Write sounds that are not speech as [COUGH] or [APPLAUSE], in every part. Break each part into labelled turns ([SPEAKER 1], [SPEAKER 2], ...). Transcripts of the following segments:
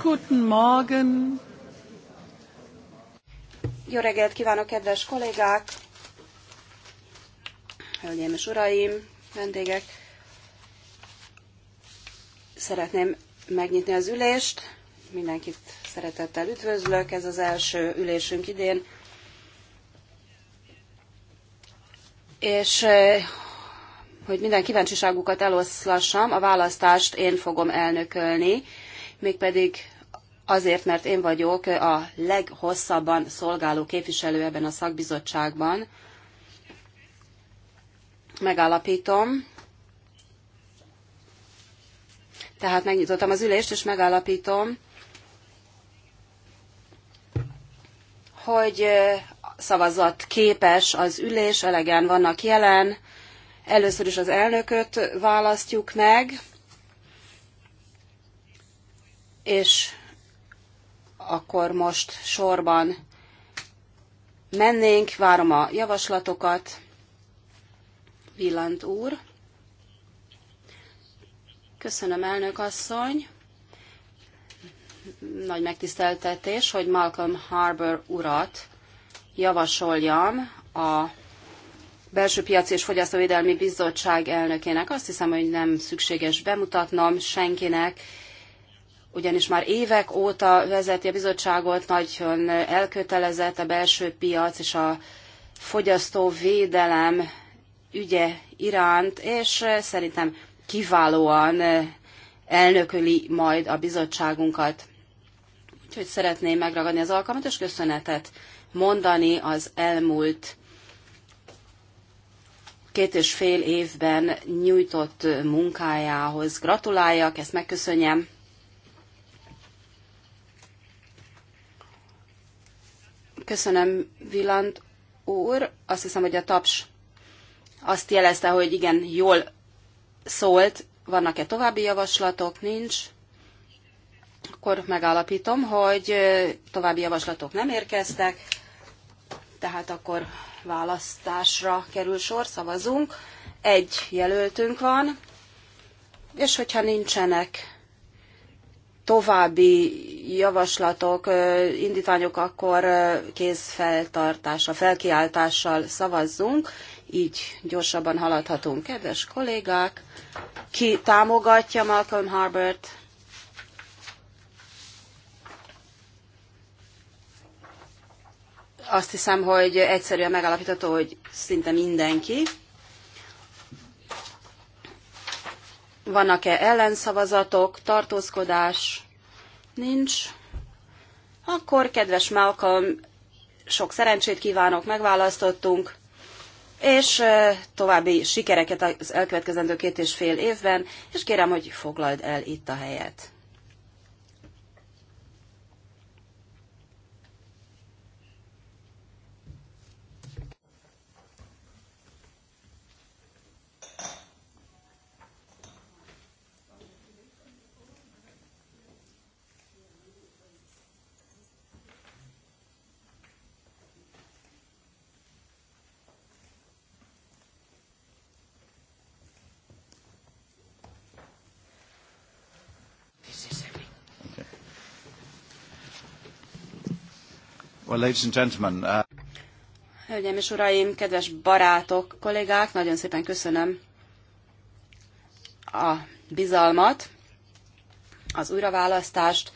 [SPEAKER 1] Guten Morgen!
[SPEAKER 2] Jó reggelt kívánok, kedves kollégák! Hölgyeim és uraim, vendégek! Szeretném megnyitni az ülést. Mindenkit szeretettel üdvözlök. Ez az első ülésünk idén. És eh, hogy minden kíváncsiságukat eloszlassam, a választást én fogom elnökölni mégpedig azért, mert én vagyok a leghosszabban szolgáló képviselő ebben a szakbizottságban. Megállapítom. Tehát megnyitottam az ülést, és megállapítom, hogy szavazat képes az ülés, elegen vannak jelen. Először is az elnököt választjuk meg és akkor most sorban mennénk, várom a javaslatokat. Villant úr. Köszönöm, elnök asszony. Nagy megtiszteltetés, hogy Malcolm Harbour urat javasoljam a Belső Piac és Fogyasztóvédelmi Bizottság elnökének. Azt hiszem, hogy nem szükséges bemutatnom senkinek, ugyanis már évek óta vezeti a bizottságot, nagyon elkötelezett a belső piac és a fogyasztóvédelem ügye iránt, és eh, szerintem kiválóan eh, elnököli majd a bizottságunkat. Úgyhogy szeretném megragadni az alkalmat, és köszönetet mondani az elmúlt két és fél évben nyújtott munkájához. Gratuláljak, ezt megköszönjem. Köszönöm, Villant úr. Azt hiszem, hogy a taps azt jelezte, hogy igen, jól szólt. Vannak-e további javaslatok? Nincs. Akkor megállapítom, hogy további javaslatok nem érkeztek, tehát akkor választásra kerül sor, szavazunk. Egy jelöltünk van, és hogyha nincsenek további javaslatok, indítványok, akkor kézfeltartással, felkiáltással szavazzunk, így gyorsabban haladhatunk. Kedves kollégák, ki támogatja Malcolm Harbert? Azt hiszem, hogy egyszerűen megalapítható, hogy szinte mindenki. Vannak-e ellenszavazatok, tartózkodás? Nincs. Akkor, kedves Malcolm, sok szerencsét kívánok, megválasztottunk, és további sikereket az elkövetkezendő két és fél évben, és kérem, hogy foglald el itt a helyet.
[SPEAKER 1] Well, ladies and gentlemen, uh...
[SPEAKER 2] Hölgyeim és uraim, kedves barátok, kollégák, nagyon szépen köszönöm a bizalmat, az újraválasztást,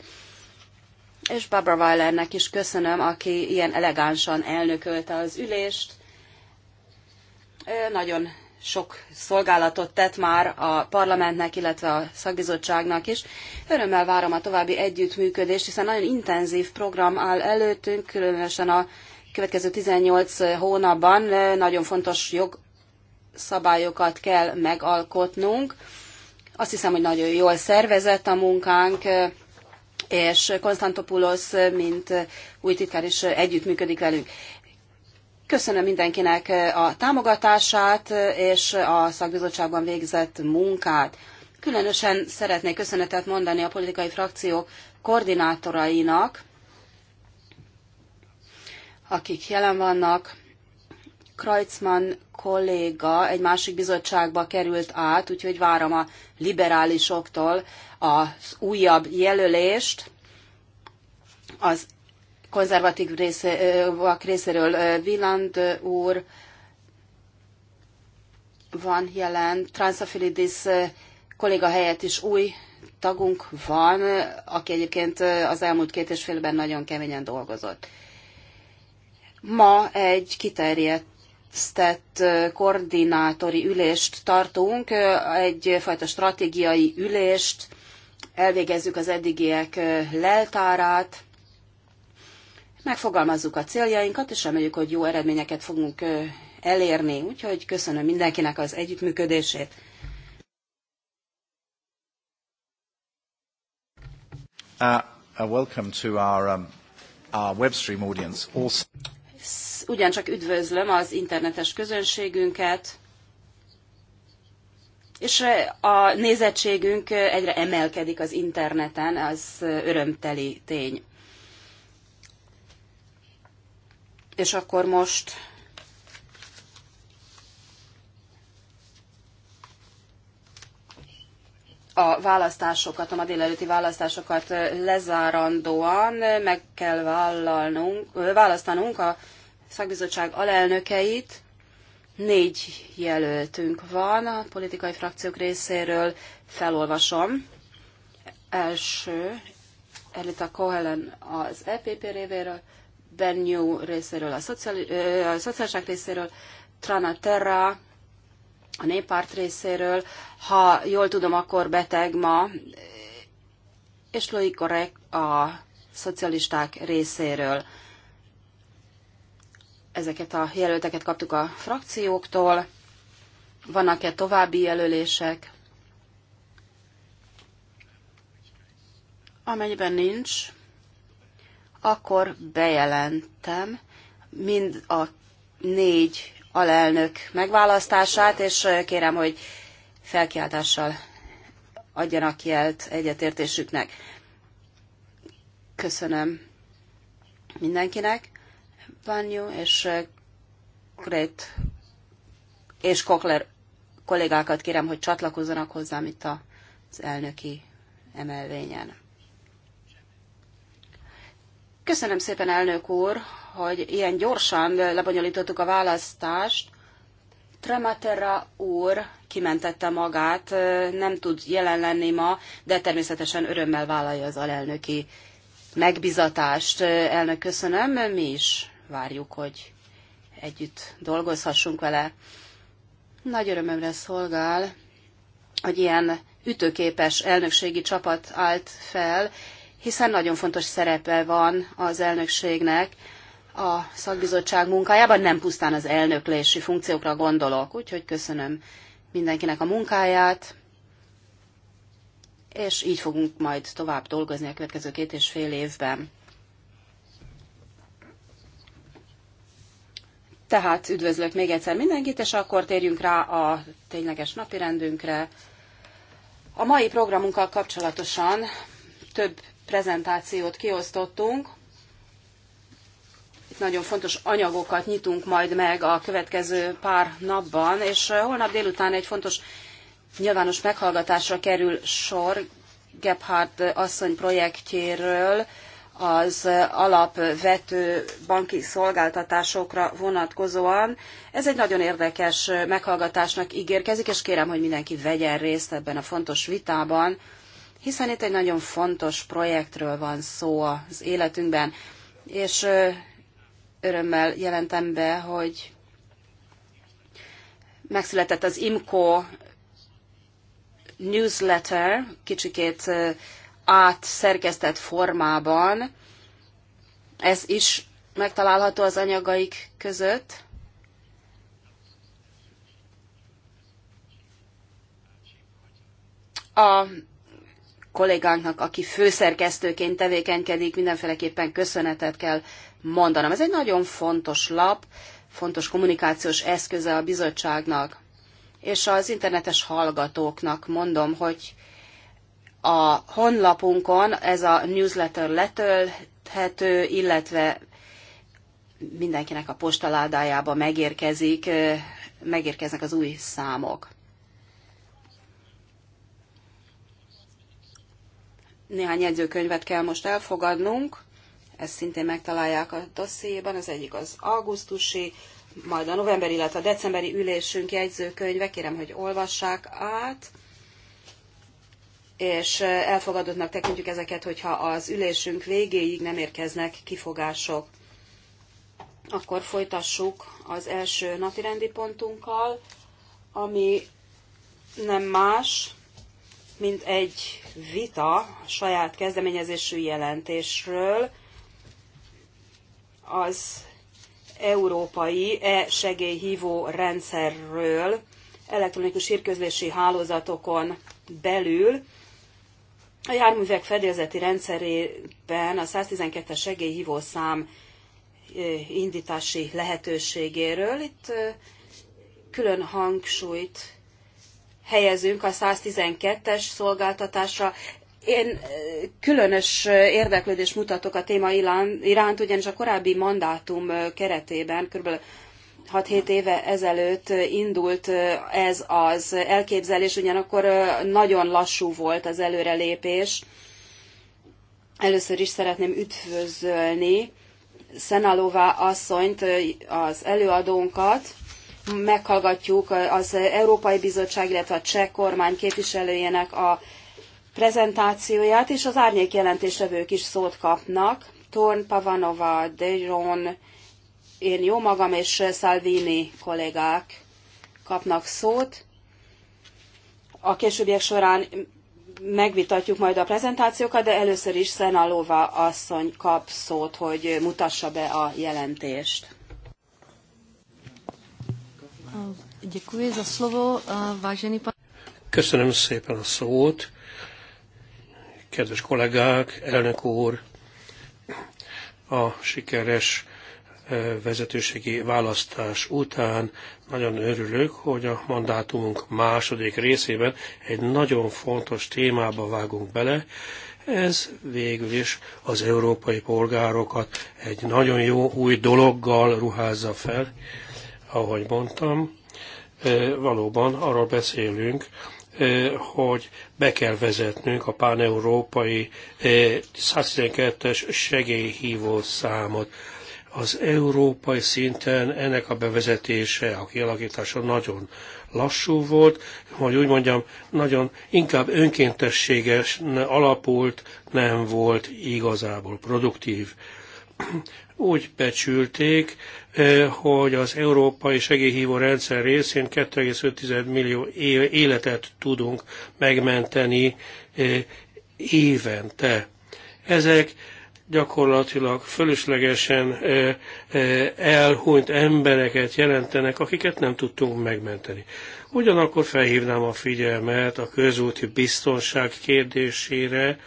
[SPEAKER 2] és Barbara Weilernek is köszönöm, aki ilyen elegánsan elnökölte az ülést. Nagyon sok szolgálatot tett már a parlamentnek, illetve a szakbizottságnak is. Örömmel várom a további együttműködést, hiszen nagyon intenzív program áll előttünk, különösen a következő 18 hónapban nagyon fontos jogszabályokat kell megalkotnunk. Azt hiszem, hogy nagyon jól szervezett a munkánk, és Konstantopulos, mint új titkár is együttműködik velünk. Köszönöm mindenkinek eh, a támogatását eh, és eh, a szakbizottságban végzett munkát. Különösen szeretnék köszönetet mondani a politikai frakciók koordinátorainak, akik jelen vannak. Kreutzmann kolléga egy másik bizottságba került át, úgyhogy várom a liberálisoktól az újabb jelölést. Az konzervatív részéről, részéről Viland úr van jelen, Transafilidis kolléga helyett is új tagunk van, aki egyébként az elmúlt két és félben nagyon keményen dolgozott. Ma egy kiterjedt koordinátori ülést tartunk, egyfajta stratégiai ülést, elvégezzük az eddigiek leltárát, megfogalmazzuk a céljainkat, és reméljük, hogy jó eredményeket fogunk elérni. Úgyhogy köszönöm mindenkinek az együttműködését.
[SPEAKER 1] Uh, uh, welcome to our, um, our webstream audience also.
[SPEAKER 2] Ugyancsak üdvözlöm az internetes közönségünket, és a nézettségünk egyre emelkedik az interneten, az örömteli tény. És akkor most a választásokat, a ma délelőtti választásokat lezárandóan meg kell vállalnunk, választanunk a szakbizottság alelnökeit. Négy jelöltünk van a politikai frakciók részéről, felolvasom. Első, Elita Kohelen az EPP révéről, Bernyó részéről, a, szociali, a szociálság részéről, Trana Terra, a néppárt részéről, ha jól tudom, akkor beteg ma, és Loïc Korek a szocialisták részéről. Ezeket a jelölteket kaptuk a frakcióktól. Vannak-e további jelölések? Amennyiben nincs, akkor bejelentem mind a négy alelnök megválasztását, és kérem, hogy felkiáltással adjanak jelt egyetértésüknek. Köszönöm mindenkinek, Banyú és Great és Kokler kollégákat kérem, hogy csatlakozzanak hozzám itt az elnöki emelvényen. Köszönöm szépen, elnök úr, hogy ilyen gyorsan lebonyolítottuk a választást. Trematerra úr kimentette magát, nem tud jelen lenni ma, de természetesen örömmel vállalja az alelnöki megbizatást. Elnök, köszönöm, mi is várjuk, hogy együtt dolgozhassunk vele. Nagy örömömre szolgál, hogy ilyen ütőképes elnökségi csapat állt fel, hiszen nagyon fontos szerepe van az elnökségnek a szakbizottság munkájában, nem pusztán az elnöklési funkciókra gondolok. Úgyhogy köszönöm mindenkinek a munkáját, és így fogunk majd tovább dolgozni a következő két és fél évben. Tehát üdvözlök még egyszer mindenkit, és akkor térjünk rá a tényleges napirendünkre. A mai programunkkal kapcsolatosan több prezentációt kiosztottunk. Itt nagyon fontos anyagokat nyitunk majd meg a következő pár napban, és holnap délután egy fontos nyilvános meghallgatásra kerül sor Gebhardt asszony projektjéről az alapvető banki szolgáltatásokra vonatkozóan. Ez egy nagyon érdekes meghallgatásnak ígérkezik, és kérem, hogy mindenki vegyen részt ebben a fontos vitában hiszen itt egy nagyon fontos projektről van szó az életünkben, és örömmel jelentem be, hogy megszületett az IMCO newsletter, kicsikét átszerkesztett formában. Ez is megtalálható az anyagaik között. A kollégánknak, aki főszerkesztőként tevékenykedik, mindenféleképpen köszönetet kell mondanom. Ez egy nagyon fontos lap, fontos kommunikációs eszköze a bizottságnak. És az internetes hallgatóknak mondom, hogy a honlapunkon ez a newsletter letölthető, illetve mindenkinek a postaládájába megérkezik, megérkeznek az új számok. Néhány jegyzőkönyvet kell most elfogadnunk, ezt szintén megtalálják a dossziéban, az egyik az augusztusi, majd a novemberi, illetve a decemberi ülésünk jegyzőkönyve, kérem, hogy olvassák át, és elfogadottnak tekintjük ezeket, hogyha az ülésünk végéig nem érkeznek kifogások. Akkor folytassuk az első napirendi pontunkkal, ami nem más, mint egy vita a saját kezdeményezésű jelentésről az európai e-segélyhívó rendszerről elektronikus hírközlési hálózatokon belül a járművek fedélzeti rendszerében a 112-es segélyhívó szám e, indítási lehetőségéről. Itt e, külön hangsúlyt helyezünk a 112-es szolgáltatásra. Én különös érdeklődést mutatok a téma iránt, ugyanis a korábbi mandátum keretében kb. 6-7 éve ezelőtt indult ez az elképzelés, ugyanakkor nagyon lassú volt az előrelépés. Először is szeretném üdvözölni Szenalová asszonyt, az előadónkat, meghallgatjuk az Európai Bizottság, illetve a cseh kormány képviselőjének a prezentációját, és az árnyék is szót kapnak. Torn Pavanova, Dejon, én jó magam és Salvini kollégák kapnak szót. A későbbiek során megvitatjuk majd a prezentációkat, de először is Szenalova asszony kap szót, hogy mutassa be a jelentést. Děkuji za slovo, vážený pan...
[SPEAKER 3] Köszönöm szépen a szót, kedves kollégák, elnök úr, a sikeres e, vezetőségi választás után nagyon örülök, hogy a mandátumunk második részében egy nagyon fontos témába vágunk bele. Ez végül is az európai polgárokat egy nagyon jó új dologgal ruházza fel ahogy mondtam, valóban arról beszélünk, hogy be kell vezetnünk a páneurópai 112-es segélyhívó számot. Az európai szinten ennek a bevezetése, a kialakítása nagyon lassú volt, hogy úgy mondjam, nagyon inkább önkéntességes, alapult, nem volt igazából produktív úgy becsülték, hogy az európai segélyhívó rendszer részén 2,5 millió életet tudunk megmenteni évente. Ezek gyakorlatilag fölöslegesen elhunyt embereket jelentenek, akiket nem tudtunk megmenteni. Ugyanakkor felhívnám a figyelmet a közúti biztonság kérdésére,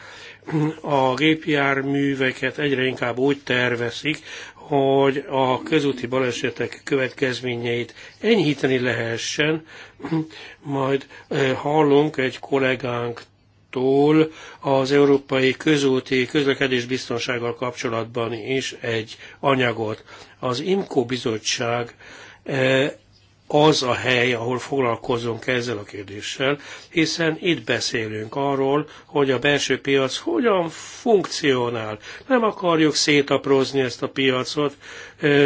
[SPEAKER 3] a gépjárműveket egyre inkább úgy tervezik, hogy a közúti balesetek következményeit enyhíteni lehessen. Majd hallunk egy kollégánktól az Európai Közúti Közlekedés Biztonsággal kapcsolatban is egy anyagot. Az IMCO bizottság az a hely, ahol foglalkozunk ezzel a kérdéssel, hiszen itt beszélünk arról, hogy a belső piac hogyan funkcionál. Nem akarjuk szétaprózni ezt a piacot,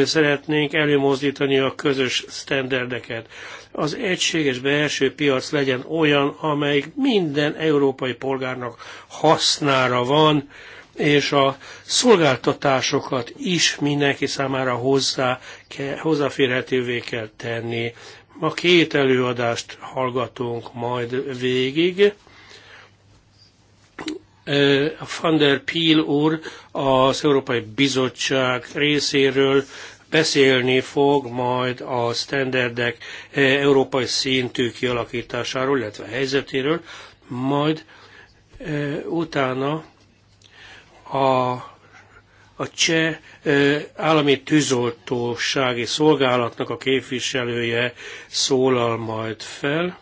[SPEAKER 3] szeretnénk előmozdítani a közös sztenderdeket. Az egységes belső piac legyen olyan, amelyik minden európai polgárnak hasznára van, és a szolgáltatásokat is mindenki számára hozzá kell, hozzáférhetővé kell tenni. Ma két előadást hallgatunk majd végig. Van der Peel úr az Európai Bizottság részéről beszélni fog majd a standardek európai szintű kialakításáról, illetve helyzetéről, majd utána a, a cseh állami tűzoltósági szolgálatnak a képviselője szólal majd fel.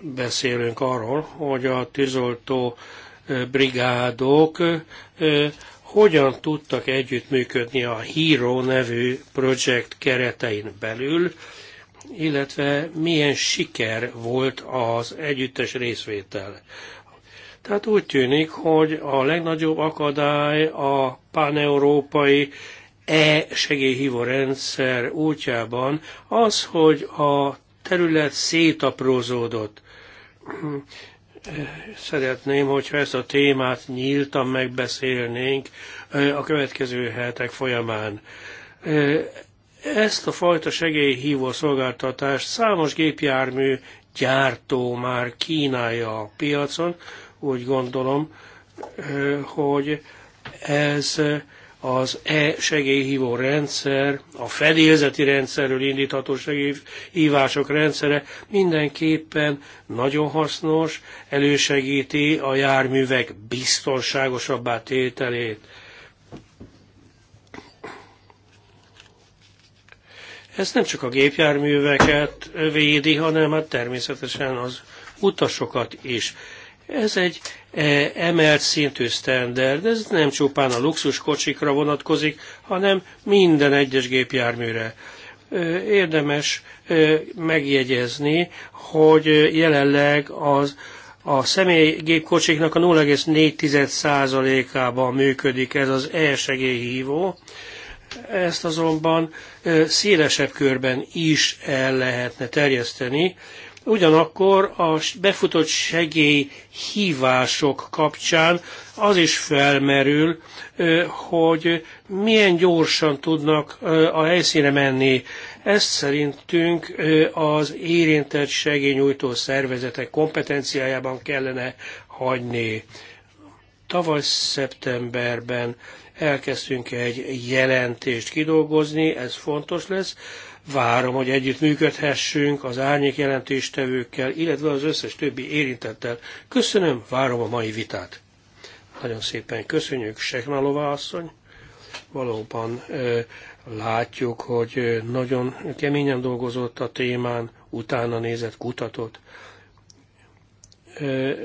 [SPEAKER 3] Beszélünk arról, hogy a tűzoltó brigádok hogyan tudtak együttműködni a Hero nevű projekt keretein belül, illetve milyen siker volt az együttes részvétel. Tehát úgy tűnik, hogy a legnagyobb akadály a paneurópai e-segélyhívó rendszer útjában az, hogy a terület szétaprózódott. Szeretném, hogyha ezt a témát nyíltan megbeszélnénk a következő hetek folyamán. Ezt a fajta segélyhívó szolgáltatást számos gépjármű gyártó már kínálja a piacon, úgy gondolom, hogy ez az e-segélyhívó rendszer, a fedélzeti rendszerről indítható segélyhívások rendszere mindenképpen nagyon hasznos, elősegíti a járművek biztonságosabbá tételét. Ez nem csak a gépjárműveket védi, hanem hát természetesen az utasokat is. Ez egy e, emelt szintű standard, ez nem csupán a luxus kocsikra vonatkozik, hanem minden egyes gépjárműre. E, érdemes e, megjegyezni, hogy jelenleg az a személygépkocsiknak a 0,4%-ában működik ez az e-segélyhívó, ezt azonban szélesebb körben is el lehetne terjeszteni, Ugyanakkor a befutott segély hívások kapcsán az is felmerül, hogy milyen gyorsan tudnak a helyszíne menni. Ezt szerintünk az érintett segélynyújtó szervezetek kompetenciájában kellene hagyni. Tavaly szeptemberben elkezdtünk egy jelentést kidolgozni, ez fontos lesz. Várom, hogy együtt működhessünk az árnyék jelentéstevőkkel, illetve az összes többi érintettel. Köszönöm, várom a mai vitát. Nagyon szépen köszönjük, Seknalova asszony. Valóban látjuk, hogy nagyon keményen dolgozott a témán, utána nézett, kutatott. Eh,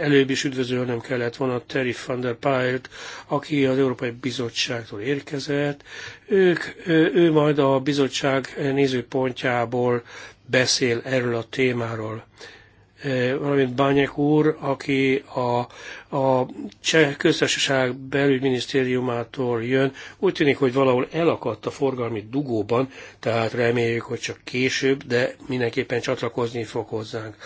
[SPEAKER 3] előbb is üdvözölnöm kellett volna Terry van der Pyle-t, aki az Európai Bizottságtól érkezett. Ők, ő majd a bizottság nézőpontjából beszél erről a témáról valamint Bányek úr, aki a, a Cseh köztársaság belügyminisztériumától jön. Úgy tűnik, hogy valahol elakadt a forgalmi dugóban, tehát reméljük, hogy csak később, de mindenképpen csatlakozni fog hozzánk.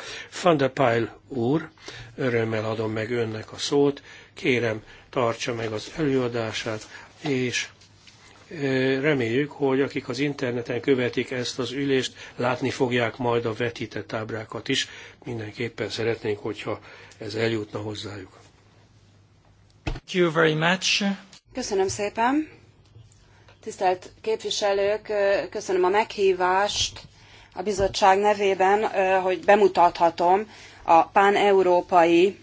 [SPEAKER 3] Van der Pyle úr, örömmel adom meg önnek a szót, kérem tartsa meg az előadását, és Reméljük, hogy akik az interneten követik ezt az ülést, látni fogják majd a vetített ábrákat is. Mindenképpen szeretnénk, hogyha ez eljutna hozzájuk. Thank you very much.
[SPEAKER 2] Köszönöm szépen. Tisztelt képviselők, köszönöm a meghívást a bizottság nevében, hogy bemutathatom a pán-európai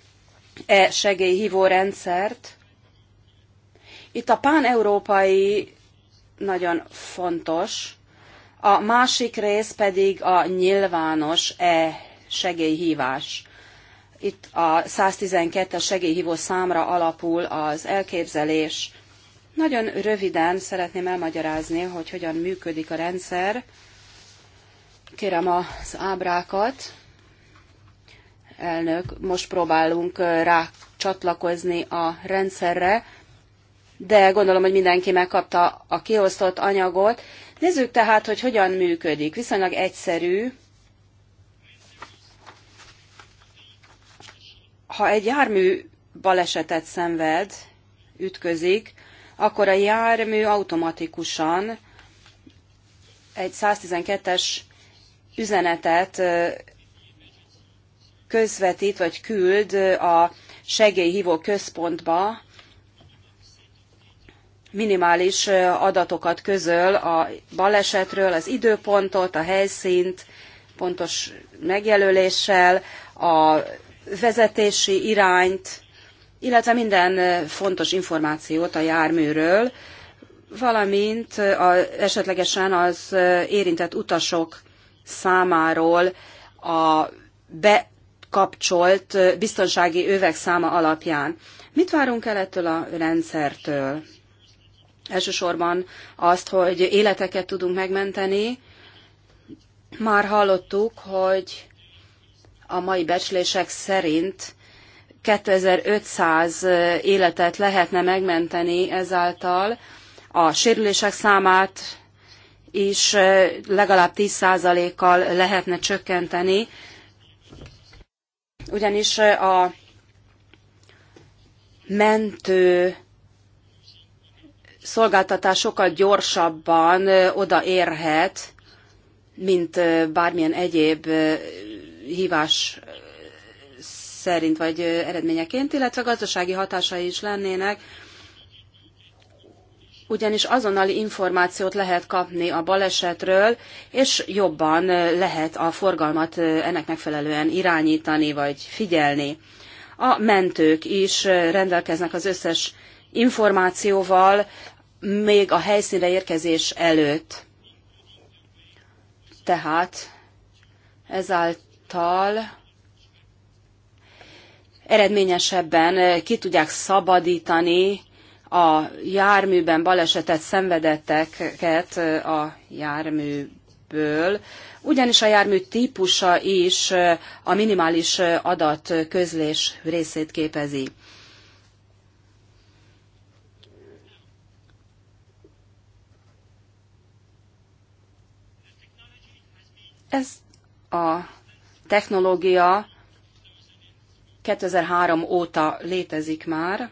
[SPEAKER 2] e-segélyhívó rendszert. Itt a pán-európai nagyon fontos. A másik rész pedig a nyilvános e segélyhívás. Itt a 112-es segélyhívó számra alapul az elképzelés. Nagyon röviden szeretném elmagyarázni, hogy hogyan működik a rendszer. Kérem az ábrákat. Elnök, most próbálunk rá csatlakozni a rendszerre de gondolom, hogy mindenki megkapta a kiosztott anyagot. Nézzük tehát, hogy hogyan működik. Viszonylag egyszerű. Ha egy jármű balesetet szenved, ütközik, akkor a jármű automatikusan egy 112-es üzenetet közvetít vagy küld a segélyhívó központba, minimális adatokat közöl a balesetről, az időpontot, a helyszínt, pontos megjelöléssel, a vezetési irányt, illetve minden fontos információt a járműről, valamint a, esetlegesen az érintett utasok számáról a bekapcsolt biztonsági övek száma alapján. Mit várunk el ettől a rendszertől? Elsősorban azt, hogy életeket tudunk megmenteni. Már hallottuk, hogy a mai becslések szerint 2500 életet lehetne megmenteni ezáltal. A sérülések számát is legalább 10%-kal lehetne csökkenteni, ugyanis a mentő szolgáltatás sokkal gyorsabban odaérhet, mint bármilyen egyéb hívás szerint vagy eredményeként, illetve gazdasági hatásai is lennének, ugyanis azonnali információt lehet kapni a balesetről, és jobban lehet a forgalmat ennek megfelelően irányítani vagy figyelni. A mentők is rendelkeznek az összes információval, még a helyszínre érkezés előtt. Tehát ezáltal eredményesebben eh, ki tudják szabadítani a járműben balesetet szenvedetteket eh, a járműből, ugyanis a jármű típusa is eh, a minimális adatközlés részét képezi. Ez a technológia 2003 óta létezik már.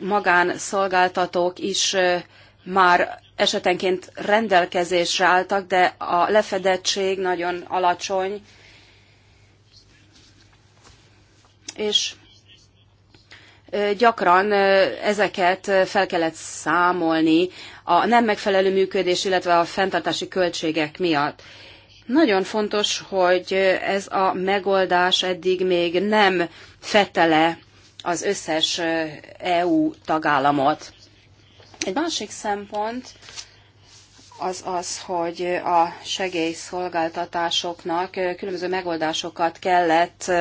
[SPEAKER 2] Magánszolgáltatók is már esetenként rendelkezésre álltak, de a lefedettség nagyon alacsony, és gyakran ezeket fel kellett számolni a nem megfelelő működés, illetve a fenntartási költségek miatt. Nagyon fontos, hogy ez a megoldás eddig még nem fetele az összes EU tagállamot. Egy másik szempont az az, hogy a segélyszolgáltatásoknak különböző megoldásokat kellett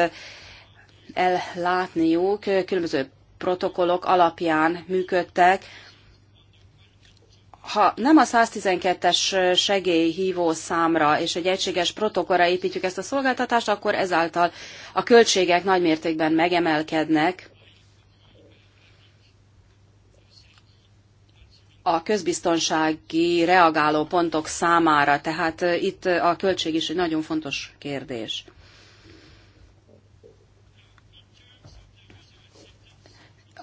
[SPEAKER 2] ellátniuk, különböző protokollok alapján működtek. Ha nem a 112-es segélyhívó számra és egy egységes protokollra építjük ezt a szolgáltatást, akkor ezáltal a költségek nagymértékben megemelkednek. a közbiztonsági reagáló pontok számára. Tehát itt a költség is egy nagyon fontos kérdés.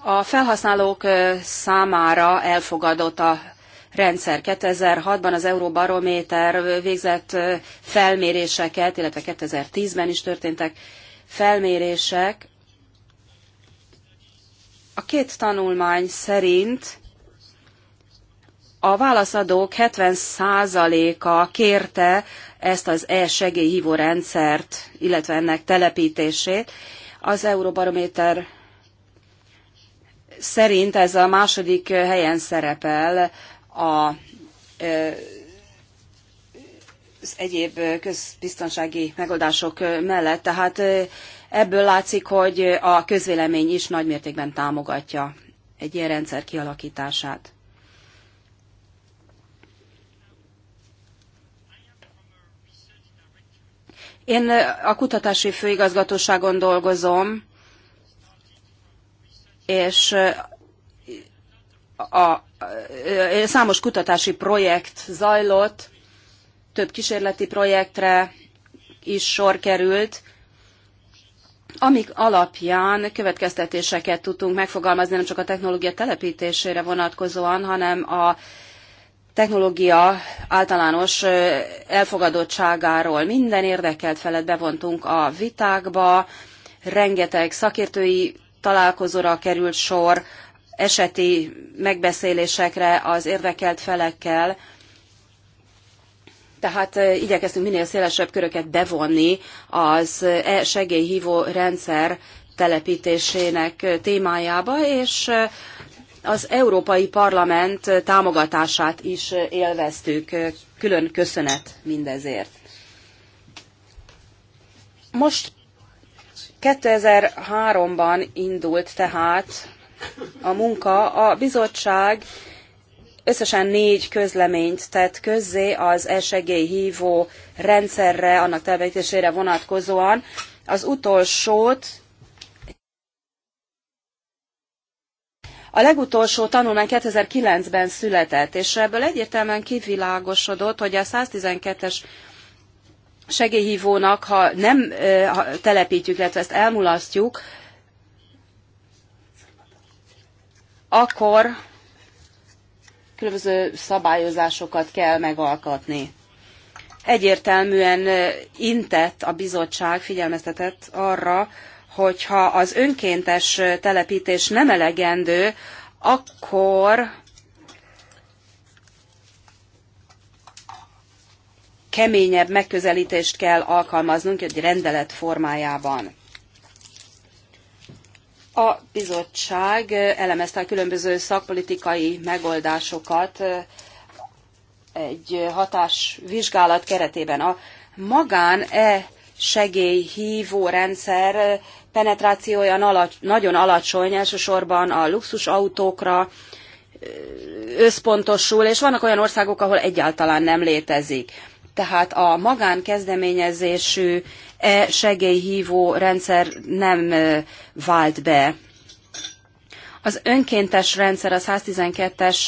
[SPEAKER 2] A felhasználók számára elfogadott a rendszer. 2006-ban az Euróbarométer végzett felméréseket, illetve 2010-ben is történtek felmérések. A két tanulmány szerint a válaszadók 70%-a kérte ezt az e-segélyhívó rendszert, illetve ennek telepítését. Az Euróbarométer szerint ez a második helyen szerepel a, az egyéb közbiztonsági megoldások mellett, tehát ebből látszik, hogy a közvélemény is nagymértékben támogatja egy ilyen rendszer kialakítását. Én a kutatási főigazgatóságon dolgozom, és a, számos kutatási projekt zajlott, több kísérleti projektre is sor került, amik alapján következtetéseket tudtunk megfogalmazni nem csak a technológia telepítésére vonatkozóan, hanem a technológia általános elfogadottságáról. Minden érdekelt felet bevontunk a vitákba, rengeteg szakértői találkozóra került sor, eseti megbeszélésekre az érdekelt felekkel, tehát eh, igyekeztünk minél szélesebb köröket bevonni az e-segélyhívó rendszer telepítésének eh, témájába, és eh, az Európai Parlament támogatását is élveztük. Külön köszönet mindezért. Most 2003-ban indult tehát a munka, a bizottság összesen négy közleményt tett közzé az esegély rendszerre, annak telepítésére vonatkozóan. Az utolsót A legutolsó tanulmány 2009-ben született, és ebből egyértelműen kivilágosodott, hogy a 112-es segélyhívónak, ha nem ha telepítjük, illetve ezt elmulasztjuk, akkor különböző szabályozásokat kell megalkatni. Egyértelműen intett a bizottság, figyelmeztetett arra, hogyha az önkéntes telepítés nem elegendő, akkor keményebb megközelítést kell alkalmaznunk egy rendelet formájában. A bizottság elemezte a különböző szakpolitikai megoldásokat egy hatásvizsgálat keretében. A magán e hívó rendszer penetrációja nagyon alacsony, elsősorban a luxusautókra összpontosul, és vannak olyan országok, ahol egyáltalán nem létezik tehát a magánkezdeményezésű e segélyhívó rendszer nem e, vált be. Az önkéntes rendszer a 112-es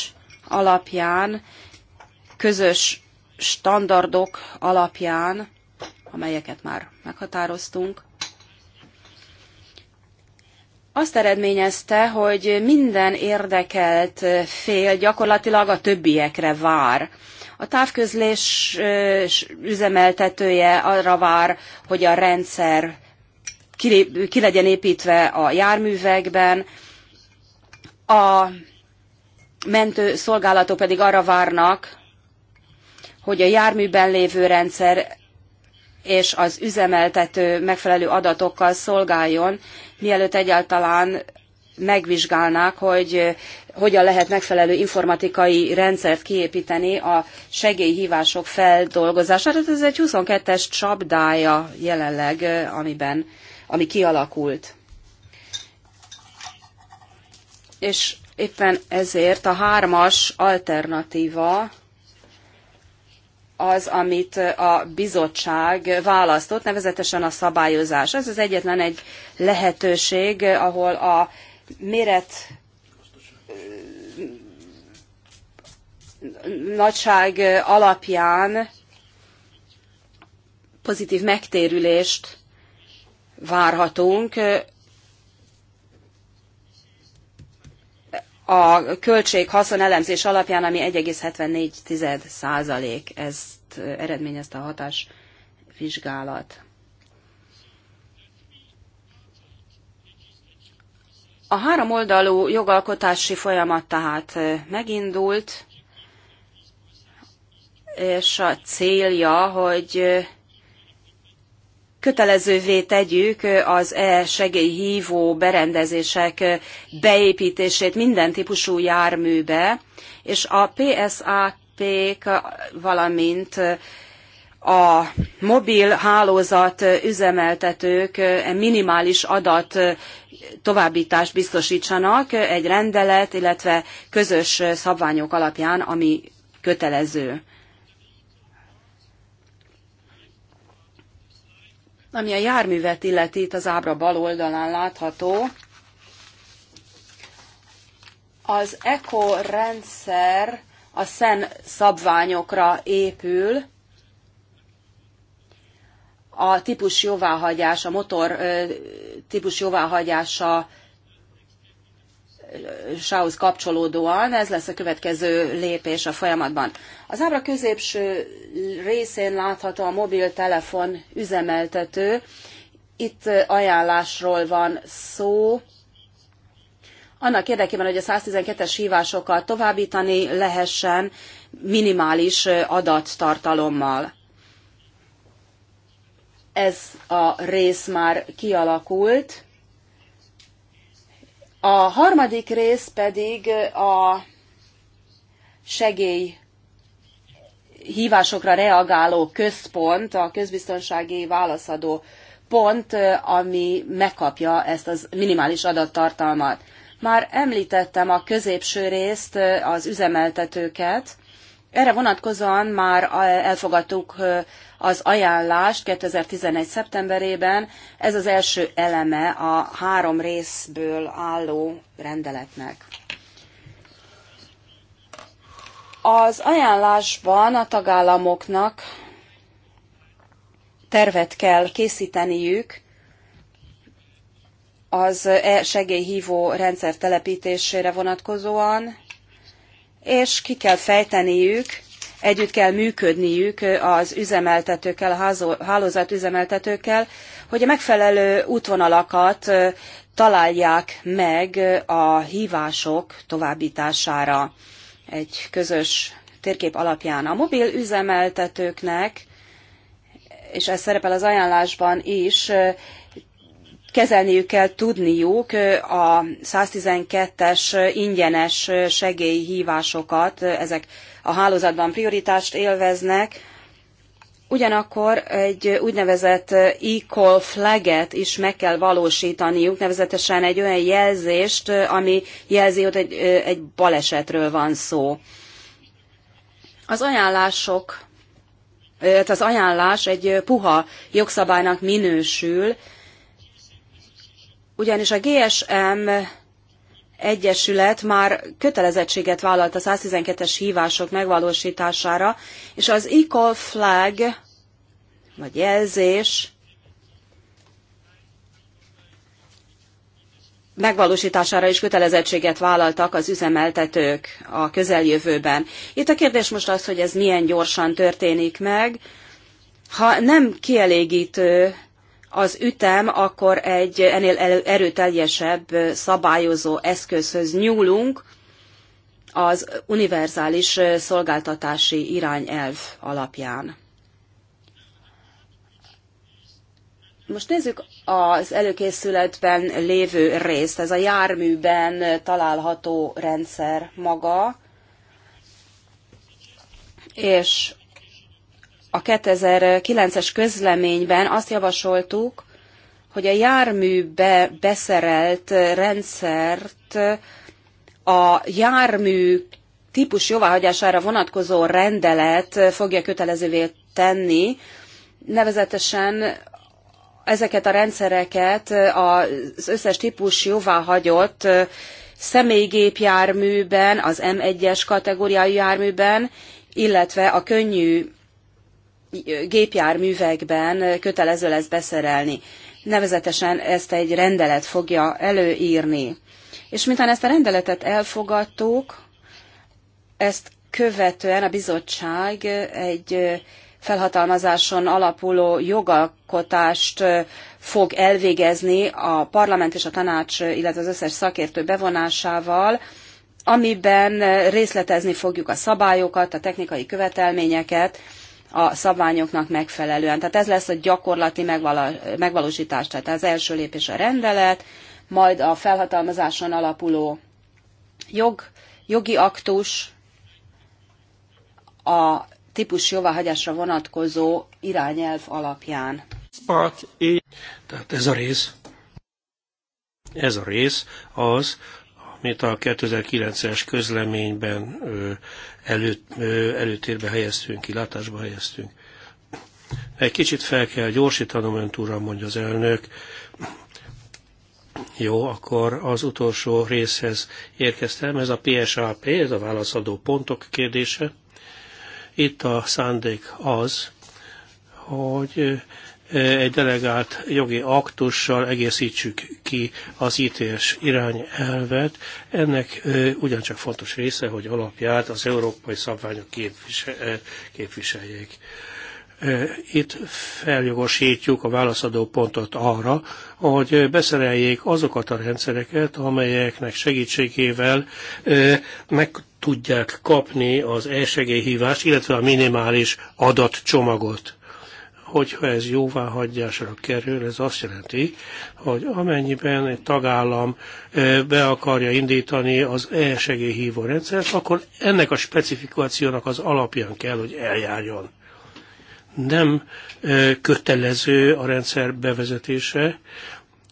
[SPEAKER 2] alapján, közös standardok alapján, amelyeket már meghatároztunk, azt eredményezte, hogy minden érdekelt fél gyakorlatilag a többiekre vár. A távközlés üzemeltetője arra vár, hogy a rendszer ki, legyen építve a járművekben, a mentő pedig arra várnak, hogy a járműben lévő rendszer és az üzemeltető megfelelő adatokkal szolgáljon, mielőtt egyáltalán megvizsgálnák, hogy hogyan lehet megfelelő informatikai rendszert kiépíteni a segélyhívások feldolgozására. Ez egy 22-es csapdája jelenleg, amiben, ami kialakult. És éppen ezért a hármas alternatíva az, amit a bizottság választott, nevezetesen a szabályozás. Ez az egyetlen egy lehetőség, ahol a méret nagyság alapján pozitív megtérülést várhatunk a költség haszon elemzés alapján, ami 1,74 százalék, ezt eredményezte a hatás vizsgálat. A három oldalú jogalkotási folyamat tehát megindult, és a célja, hogy kötelezővé tegyük az e-segélyhívó berendezések beépítését minden típusú járműbe, és a PSAP-k, valamint a mobil hálózat üzemeltetők e minimális adat továbbítást biztosítsanak egy rendelet, illetve közös szabványok alapján, ami kötelező. Ami a járművet illeti, itt az ábra bal oldalán látható, az ECO rendszer a SZEN szabványokra épül, a típus jóváhagyás, a motor típus jóváhagyása sához kapcsolódóan, ez lesz a következő lépés a folyamatban. Az ábra középső részén látható a mobiltelefon üzemeltető, itt ajánlásról van szó, annak érdekében, hogy a 112-es hívásokat továbbítani lehessen minimális adattartalommal. Ez a rész már kialakult, a harmadik rész pedig a segély hívásokra reagáló központ, a közbiztonsági válaszadó pont, ami megkapja ezt az minimális adattartalmat. Már említettem a középső részt, az üzemeltetőket. Erre vonatkozóan már elfogadtuk az ajánlást 2011. szeptemberében. Ez az első eleme a három részből álló rendeletnek. Az ajánlásban a tagállamoknak tervet kell készíteniük az e segélyhívó rendszer telepítésére vonatkozóan, és ki kell fejteniük együtt kell működniük az üzemeltetőkkel, a hálózat üzemeltetőkkel, hogy a megfelelő útvonalakat találják meg a hívások továbbítására egy közös térkép alapján. A mobil üzemeltetőknek, és ez szerepel az ajánlásban is, kezelniük kell tudniuk a 112-es ingyenes segélyhívásokat, ezek a hálózatban prioritást élveznek, Ugyanakkor egy úgynevezett e-call flaget is meg kell valósítaniuk, nevezetesen egy olyan jelzést, ami jelzi, hogy egy, egy balesetről van szó. Az ajánlások, az ajánlás egy puha jogszabálynak minősül, ugyanis a GSM Egyesület már kötelezettséget vállalt a 112-es hívások megvalósítására, és az Equal Flag, vagy jelzés, megvalósítására is kötelezettséget vállaltak az üzemeltetők a közeljövőben. Itt a kérdés most az, hogy ez milyen gyorsan történik meg. Ha nem kielégítő az ütem, akkor egy ennél erőteljesebb szabályozó eszközhöz nyúlunk az univerzális szolgáltatási irányelv alapján. Most nézzük az előkészületben lévő részt, ez a járműben található rendszer maga, és a 2009-es közleményben azt javasoltuk, hogy a járműbe beszerelt rendszert a jármű típus jóváhagyására vonatkozó rendelet fogja kötelezővé tenni, nevezetesen ezeket a rendszereket az összes típus jóváhagyott személygépjárműben, az M1-es kategóriájú járműben, illetve a könnyű gépjárművekben kötelező lesz beszerelni. Nevezetesen ezt egy rendelet fogja előírni. És miután ezt a rendeletet elfogadtuk, ezt követően a bizottság egy felhatalmazáson alapuló jogalkotást fog elvégezni a parlament és a tanács, illetve az összes szakértő bevonásával, amiben részletezni fogjuk a szabályokat, a technikai követelményeket, a szabványoknak megfelelően. Tehát ez lesz a gyakorlati megvalósítás. Tehát az első lépés a rendelet, majd a felhatalmazáson alapuló jog, jogi aktus, a típus jóváhagyásra vonatkozó irányelv alapján.
[SPEAKER 3] Tehát ez a rész, ez a rész az, amit a 2009-es közleményben elő, előtérbe helyeztünk, kilátásba helyeztünk. Egy kicsit fel kell gyorsítanom, önt uram, mondja az elnök. Jó, akkor az utolsó részhez érkeztem. Ez a PSAP, ez a válaszadó pontok kérdése. Itt a szándék az, hogy egy delegált jogi aktussal egészítsük ki az ítés irányelvet. Ennek ugyancsak fontos része, hogy alapját az európai szabványok képviseljék. Itt feljogosítjuk a válaszadó pontot arra, hogy beszereljék azokat a rendszereket, amelyeknek segítségével meg tudják kapni az e hívást, illetve a minimális adatcsomagot hogyha ez jóváhagyásra kerül, ez azt jelenti, hogy amennyiben egy tagállam be akarja indítani az e-segélyhívó rendszert, akkor ennek a specifikációnak az alapján kell, hogy eljárjon. Nem kötelező a rendszer bevezetése,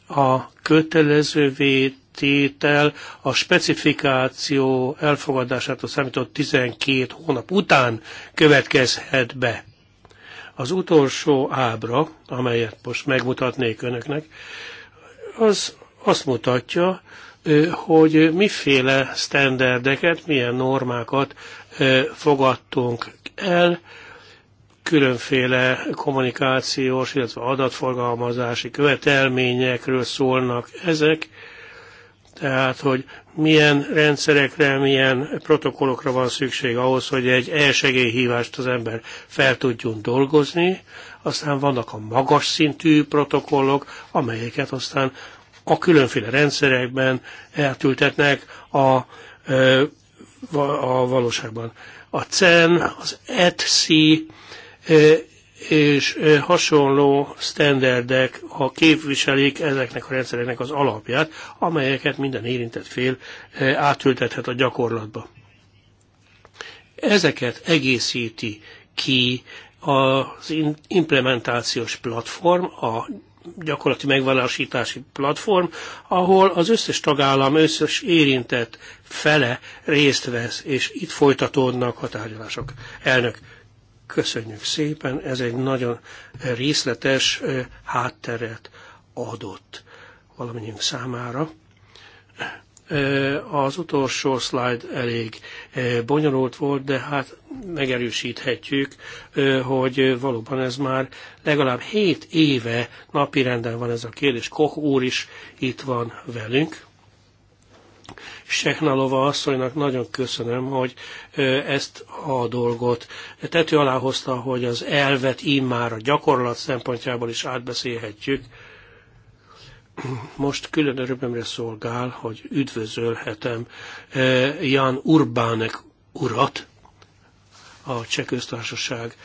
[SPEAKER 3] a kötelezővé tétel a specifikáció elfogadásától számított 12 hónap után következhet be. Az utolsó ábra, amelyet most megmutatnék önöknek, az azt mutatja, hogy miféle sztenderdeket, milyen normákat fogadtunk el, különféle kommunikációs, illetve adatforgalmazási követelményekről szólnak ezek, tehát, hogy milyen rendszerekre, milyen protokollokra van szükség ahhoz, hogy egy elsegélyhívást az ember fel tudjon dolgozni, aztán vannak a magas szintű protokollok, amelyeket aztán a különféle rendszerekben eltültetnek a, a valóságban. A CEN, az ETSI és hasonló sztenderdek, ha képviselik ezeknek a rendszereknek az alapját, amelyeket minden érintett fél átültethet a gyakorlatba. Ezeket egészíti ki az implementációs platform, a gyakorlati megvalósítási platform, ahol az összes tagállam, összes érintett fele részt vesz, és itt folytatódnak a tárgyalások. Elnök, Köszönjük szépen, ez egy nagyon részletes hátteret adott valamennyiünk számára. Az utolsó slide elég bonyolult volt, de hát megerősíthetjük, hogy valóban ez már legalább hét éve napirenden van ez a kérdés. Koch úr is itt van velünk. Sehnalova asszonynak nagyon köszönöm, hogy ezt a dolgot tető alá hozta, hogy az elvet immár a gyakorlat szempontjából is átbeszélhetjük. Most külön örömömre szolgál, hogy üdvözölhetem Jan Urbánek urat, a Cseh Köztársaság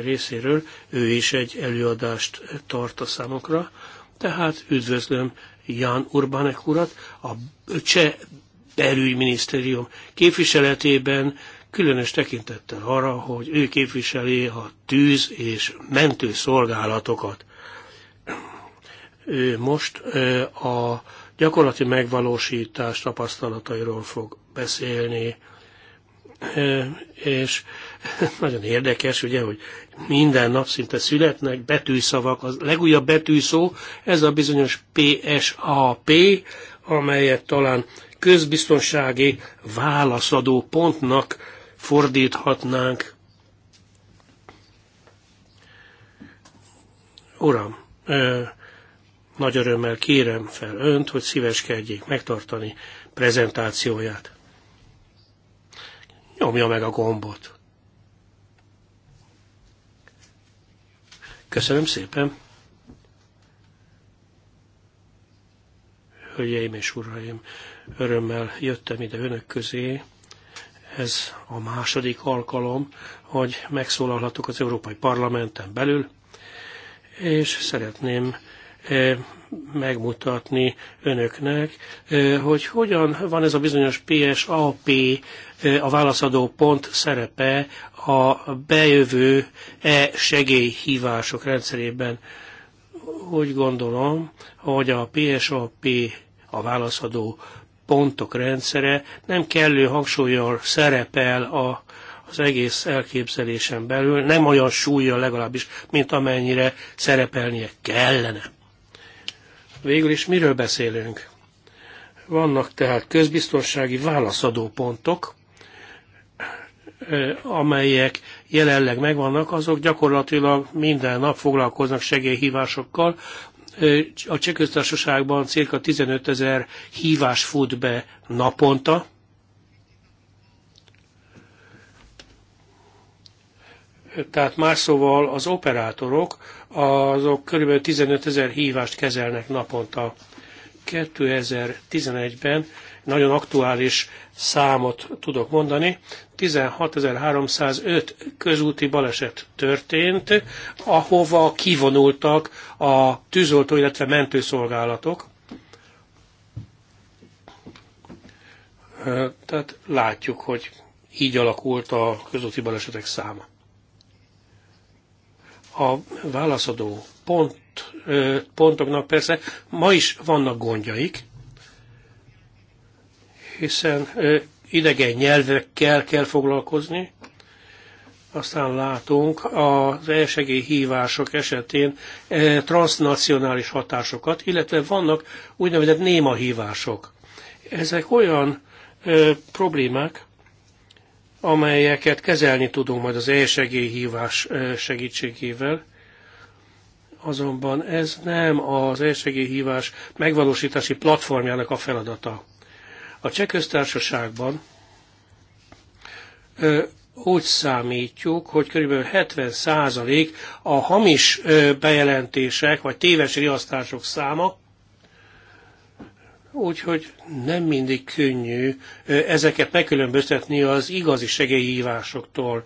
[SPEAKER 3] részéről. Ő is egy előadást tart a számokra. tehát üdvözlöm Jan Urbanek urat, a cseh belügyminisztérium képviseletében, különös tekintettel arra, hogy ő képviseli a tűz és mentő szolgálatokat. Ő most a gyakorlati megvalósítás tapasztalatairól fog beszélni, és [LAUGHS] nagyon érdekes, ugye, hogy minden nap szinte születnek betűszavak, az legújabb betűszó, ez a bizonyos PSAP, amelyet talán közbiztonsági válaszadó pontnak fordíthatnánk. Uram, ö, nagy örömmel kérem fel önt, hogy szíveskedjék megtartani prezentációját. Nyomja meg a gombot. Köszönöm szépen. Hölgyeim és uraim, örömmel jöttem ide önök közé. Ez a második alkalom, hogy megszólalhatok az Európai Parlamenten belül, és szeretném megmutatni önöknek, hogy hogyan van ez a bizonyos PSAP, a válaszadó pont szerepe a bejövő e segélyhívások rendszerében. Úgy gondolom, hogy a PSAP, a válaszadó pontok rendszere nem kellő hangsúlyjal szerepel a az egész elképzelésen belül, nem olyan súlya legalábbis, mint amennyire szerepelnie kellene. Végül is miről beszélünk? Vannak tehát közbiztonsági válaszadó pontok, amelyek jelenleg megvannak, azok gyakorlatilag minden nap foglalkoznak segélyhívásokkal. A csekköztársaságban cirka 15 ezer hívás fut be naponta, Tehát más szóval az operátorok, azok kb. 15 ezer hívást kezelnek naponta. 2011-ben nagyon aktuális számot tudok mondani. 16.305 közúti baleset történt, ahova kivonultak a tűzoltó, illetve mentőszolgálatok. Tehát látjuk, hogy így alakult a közúti balesetek száma a válaszadó pont, pontoknak persze ma is vannak gondjaik, hiszen idegen nyelvekkel kell foglalkozni, aztán látunk az hívások esetén transnacionális hatásokat, illetve vannak úgynevezett néma hívások. Ezek olyan problémák, amelyeket kezelni tudunk majd az elsegélyhívás segítségével. Azonban ez nem az elsegélyhívás megvalósítási platformjának a feladata. A cseh köztársaságban úgy számítjuk, hogy kb. 70% a hamis bejelentések vagy téves riasztások száma úgyhogy nem mindig könnyű ezeket megkülönböztetni az igazi segélyhívásoktól.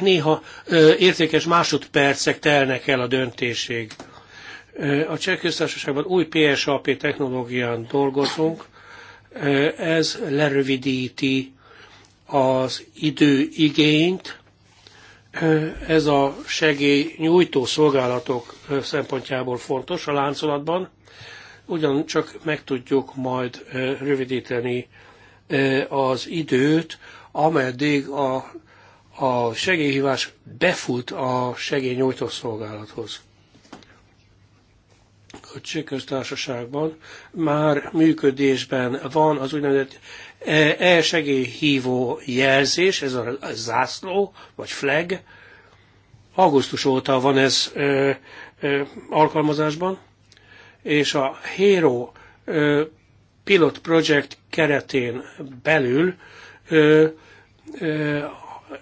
[SPEAKER 3] Néha értékes másodpercek telnek el a döntésig. A Cseh Köztársaságban új PSAP technológián dolgozunk, ez lerövidíti az időigényt, ez a segély nyújtó szolgálatok szempontjából fontos a láncolatban, ugyancsak meg tudjuk majd rövidíteni az időt, ameddig a, a segélyhívás befut a segélynyújtó szolgálathoz. A Cseh már működésben van az úgynevezett e-segélyhívó jelzés, ez a zászló, vagy flag. Augusztus óta van ez alkalmazásban és a Hero Pilot Project keretén belül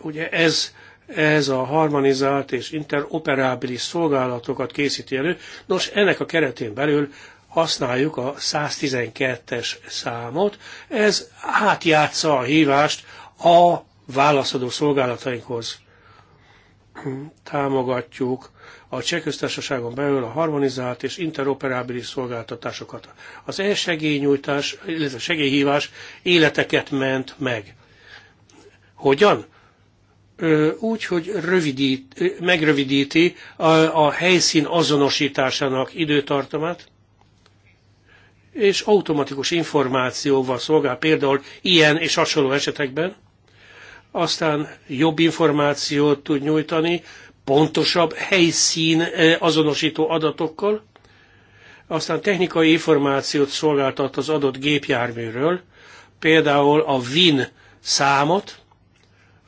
[SPEAKER 3] ugye ez, ez a harmonizált és interoperábilis szolgálatokat készíti elő. Nos, ennek a keretén belül használjuk a 112-es számot. Ez átjátsza a hívást a válaszadó szolgálatainkhoz. Támogatjuk a cseh köztársaságon belül a harmonizált és interoperábilis szolgáltatásokat. Az e-segélynyújtás, illetve segélyhívás életeket ment meg. Hogyan? úgy, hogy rövidít, megrövidíti a, a helyszín azonosításának időtartamát, és automatikus információval szolgál például ilyen és hasonló esetekben, aztán jobb információt tud nyújtani pontosabb helyszín azonosító adatokkal, aztán technikai információt szolgáltat az adott gépjárműről, például a VIN számot,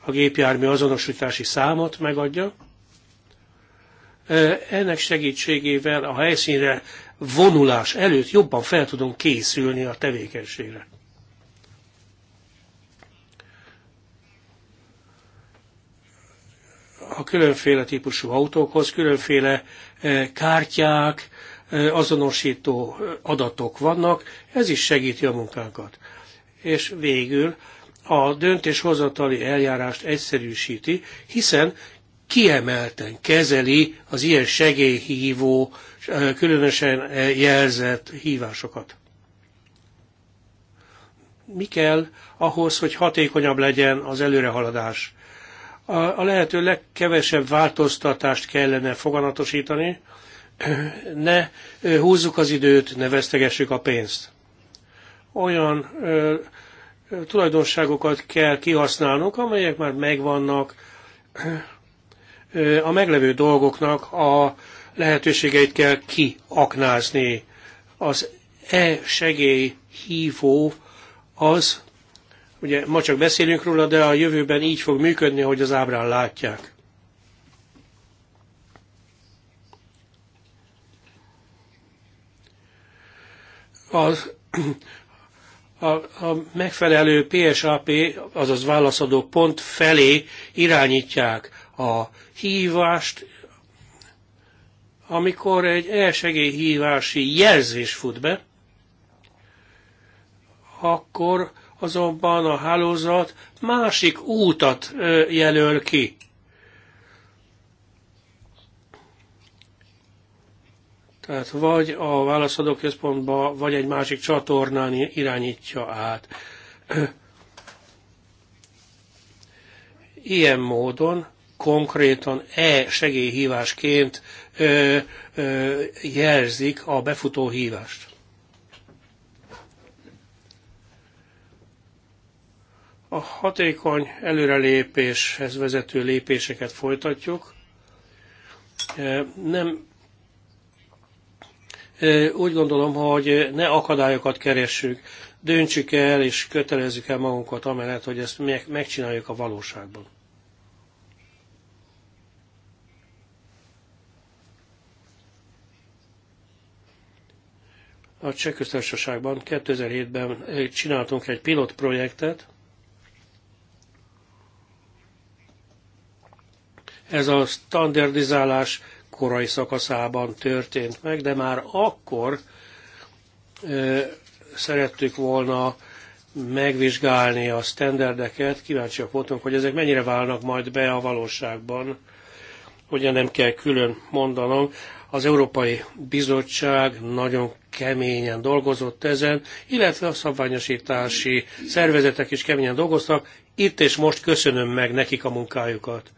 [SPEAKER 3] a gépjármű azonosítási számot megadja. Ennek segítségével a helyszínre vonulás előtt jobban fel tudunk készülni a tevékenységre. a különféle típusú autókhoz különféle e, kártyák, e, azonosító e, adatok vannak, ez is segíti a munkánkat. És végül a döntéshozatali eljárást egyszerűsíti, hiszen kiemelten kezeli az ilyen segélyhívó, különösen jelzett hívásokat. Mi kell ahhoz, hogy hatékonyabb legyen az előrehaladás? A, a lehető legkevesebb változtatást kellene foganatosítani, ne húzzuk az időt, ne vesztegessük a pénzt. Olyan ö, tulajdonságokat kell kihasználnunk, amelyek már megvannak a meglevő dolgoknak a lehetőségeit kell kiaknázni. Az e-segély hívó az, Ugye ma csak beszélünk róla, de a jövőben így fog működni, ahogy az ábrán látják. A, a, a megfelelő PSAP, azaz válaszadó pont felé irányítják a hívást, amikor egy elsegélyhívási jelzés fut be, akkor azonban a hálózat másik útat jelöl ki. Tehát vagy a válaszadóközpontba, vagy egy másik csatornán irányítja át. [CLEARS THROAT] Ilyen módon konkrétan e segélyhívásként ö, ö, jelzik a befutó hívást. A hatékony előrelépéshez vezető lépéseket folytatjuk. E, nem e, úgy gondolom, hogy ne akadályokat keressünk, döntsük el és kötelezzük el magunkat amellett, hogy ezt megcsináljuk a valóságban. A Cseh Köztársaságban 2007-ben eh, csináltunk egy pilotprojektet, Ez a standardizálás korai szakaszában történt meg, de már akkor szerettük volna megvizsgálni a standardeket, kíváncsiak voltunk, hogy ezek mennyire válnak majd be a valóságban. Ugye nem kell külön mondanom, az Európai Bizottság nagyon keményen dolgozott ezen, illetve a szabványosítási szervezetek is keményen dolgoztak. Itt és most köszönöm meg nekik a munkájukat.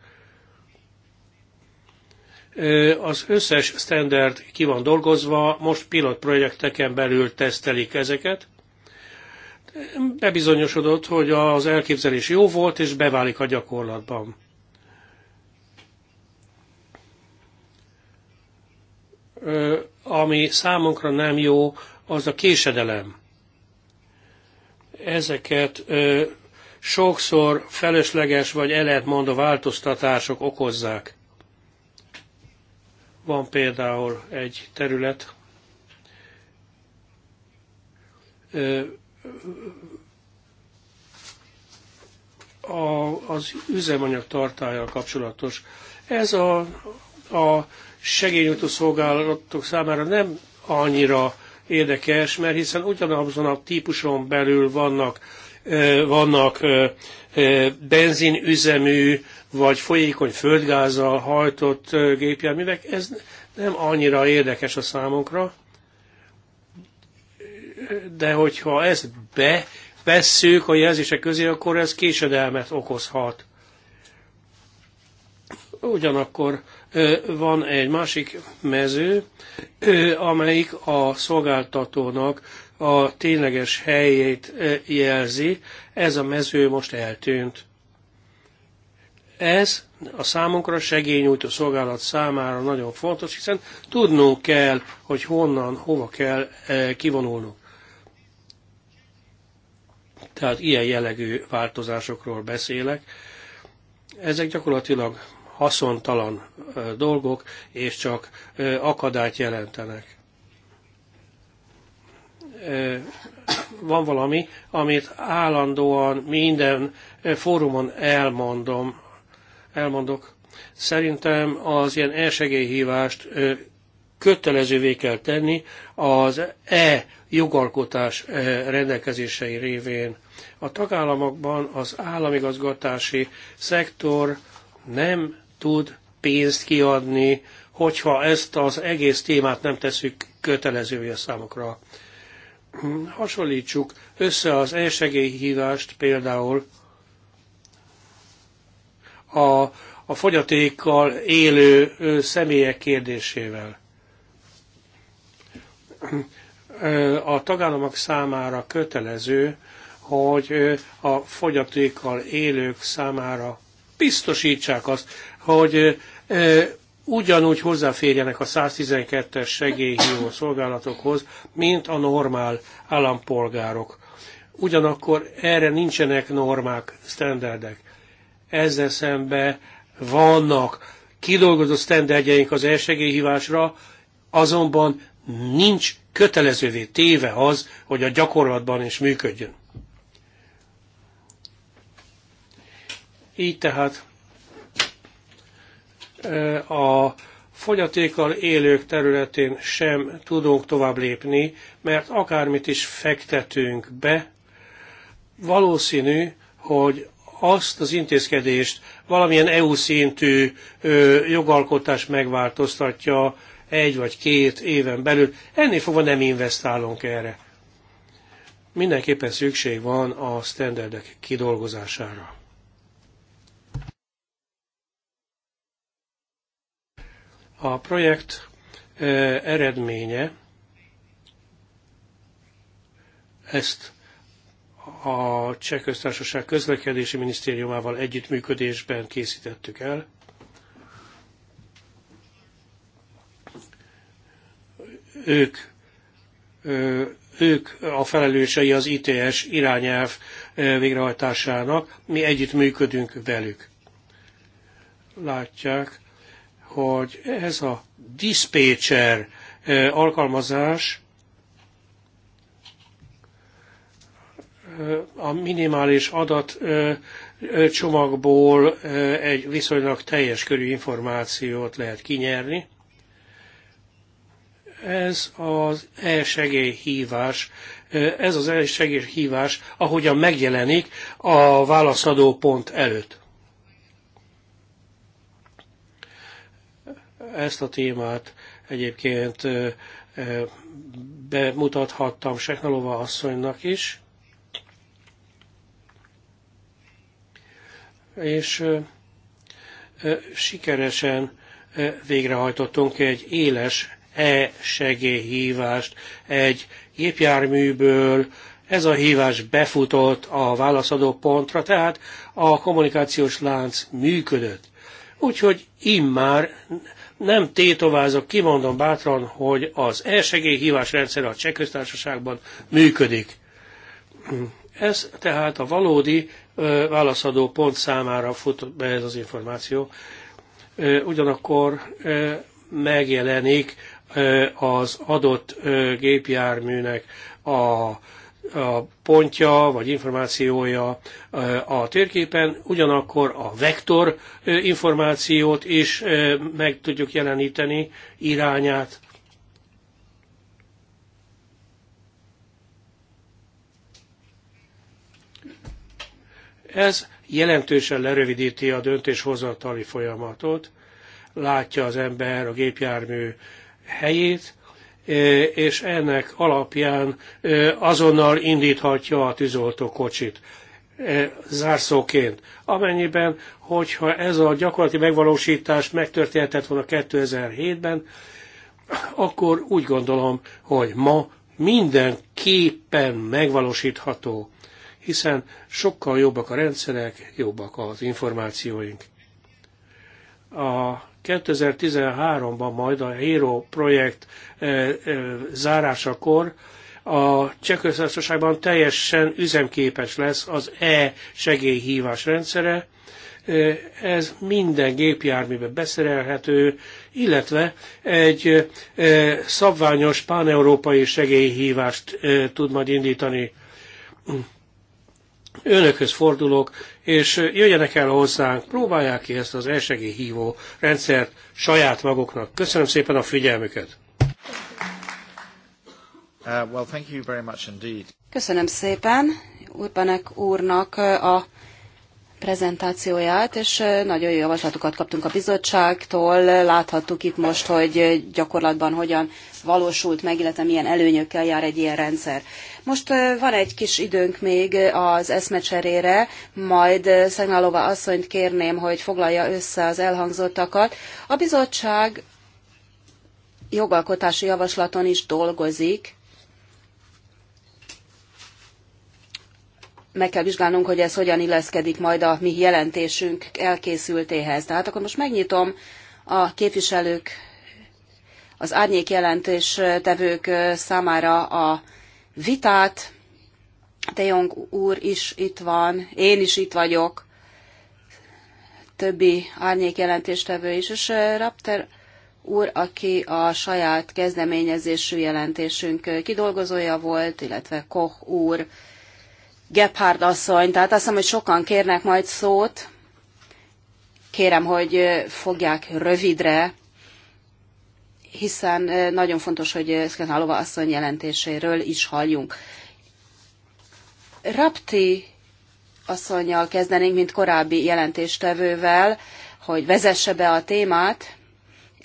[SPEAKER 3] Az összes standard ki van dolgozva, most pilotprojekteken belül tesztelik ezeket. Bebizonyosodott, hogy az elképzelés jó volt, és beválik a gyakorlatban. Ami számunkra nem jó, az a késedelem. Ezeket sokszor felesleges vagy ellentmondó változtatások okozzák. Van például egy terület, a, az üzemanyag tartája kapcsolatos. Ez a, a segélynyújtó szolgálatok számára nem annyira érdekes, mert hiszen ugyanazon a típuson belül vannak, vannak benzinüzemű vagy folyékony földgázzal hajtott gépjárművek, ez nem annyira érdekes a számunkra, de hogyha ezt bevesszük a jelzések közé, akkor ez késedelmet okozhat. Ugyanakkor van egy másik mező, amelyik a szolgáltatónak a tényleges helyét e, jelzi, ez a mező most eltűnt. Ez a számunkra segélynyújtó szolgálat számára nagyon fontos, hiszen tudnunk kell, hogy honnan, hova kell e, kivonulnunk. Tehát ilyen jellegű változásokról beszélek. Ezek gyakorlatilag haszontalan e, dolgok, és csak akadályt jelentenek van valami, amit állandóan minden fórumon elmondom, elmondok. Szerintem az ilyen elsegélyhívást kötelezővé kell tenni az e jogalkotás rendelkezései révén. A tagállamokban az államigazgatási szektor nem tud pénzt kiadni, hogyha ezt az egész témát nem tesszük kötelezővé a számokra. Hasonlítsuk össze az elsegélyhívást például a, a fogyatékkal élő személyek kérdésével. A tagállamok számára kötelező, hogy a fogyatékkal élők számára biztosítsák azt, hogy ugyanúgy hozzáférjenek a 112-es segélyhívó szolgálatokhoz, mint a normál állampolgárok. Ugyanakkor erre nincsenek normák, sztenderdek. Ezzel szembe vannak kidolgozott sztenderdjeink az elsegélyhívásra, azonban nincs kötelezővé téve az, hogy a gyakorlatban is működjön. Így tehát a fogyatékkal élők területén sem tudunk tovább lépni, mert akármit is fektetünk be, valószínű, hogy azt az intézkedést valamilyen EU szintű jogalkotás megváltoztatja egy vagy két éven belül. Ennél fogva nem investálunk erre. Mindenképpen szükség van a standardek kidolgozására. A projekt eredménye ezt a Cseh Köztársaság közlekedési minisztériumával együttműködésben készítettük el. Ők, ők a felelősei az ITS irányelv végrehajtásának, mi együttműködünk velük. Látják, hogy ez a dispatcher alkalmazás a minimális adat csomagból egy viszonylag teljes körű információt lehet kinyerni. Ez az e hívás. ez az e-segélyhívás, ahogyan megjelenik a válaszadó pont előtt. Ezt a témát egyébként bemutathattam Seknalova asszonynak is. És sikeresen végrehajtottunk egy éles e-segélyhívást egy gépjárműből, ez a hívás befutott a válaszadó pontra, tehát a kommunikációs lánc működött. Úgyhogy immár nem tétovázok, kimondom bátran, hogy az elsegélyhívás rendszer a cseh köztársaságban működik. Ez tehát a valódi ö, válaszadó pont számára fut be ez az információ. Ö, ugyanakkor ö, megjelenik ö, az adott ö, gépjárműnek a a pontja vagy információja eh, a térképen, ugyanakkor a vektor eh, információt is eh, meg tudjuk jeleníteni, irányát. Ez jelentősen lerövidíti a döntéshozatali folyamatot, látja az ember a gépjármű helyét, E, és ennek alapján e, azonnal indíthatja a tűzoltó kocsit e, zárszóként. Amennyiben, hogyha ez a gyakorlati megvalósítás megtörténhetett volna 2007-ben, akkor úgy gondolom, hogy ma mindenképpen megvalósítható, hiszen sokkal jobbak a rendszerek, jobbak az információink. A 2013-ban majd a Hero projekt eh, eh, zárásakor a Csehköztársaságban teljesen üzemképes lesz az e-segélyhívás rendszere. Eh, ez minden gépjárműbe beszerelhető, illetve egy szabványos páneurópai segélyhívást tud majd indítani önökhöz fordulok, és jöjjenek el hozzánk, próbálják ki ezt az hívó rendszert saját maguknak. Köszönöm szépen a figyelmüket!
[SPEAKER 1] Uh,
[SPEAKER 2] Köszönöm szépen Urbanek úrnak uh, a prezentációját, és nagyon jó javaslatokat kaptunk a bizottságtól. Láthattuk itt most, hogy gyakorlatban hogyan valósult meg, illetve milyen előnyökkel jár egy ilyen rendszer. Most van egy kis időnk még az eszmecserére, majd Szegnálova asszonyt kérném, hogy foglalja össze az elhangzottakat. A bizottság jogalkotási javaslaton is dolgozik, meg kell vizsgálnunk, hogy ez hogyan illeszkedik majd a mi jelentésünk elkészültéhez. Tehát akkor most megnyitom a képviselők, az árnyék tevők számára a vitát. De Jong úr is itt van, én is itt vagyok, többi árnyék jelentéstevő is, és Rapter úr, aki a saját kezdeményezésű jelentésünk kidolgozója volt, illetve Koch úr, Gebhard asszony, tehát azt hiszem, hogy sokan kérnek majd szót. Kérem, hogy fogják rövidre, hiszen nagyon fontos, hogy Szkenálova asszony jelentéséről is halljunk. Rapti asszonynal kezdenénk, mint korábbi jelentéstevővel, hogy vezesse be a témát,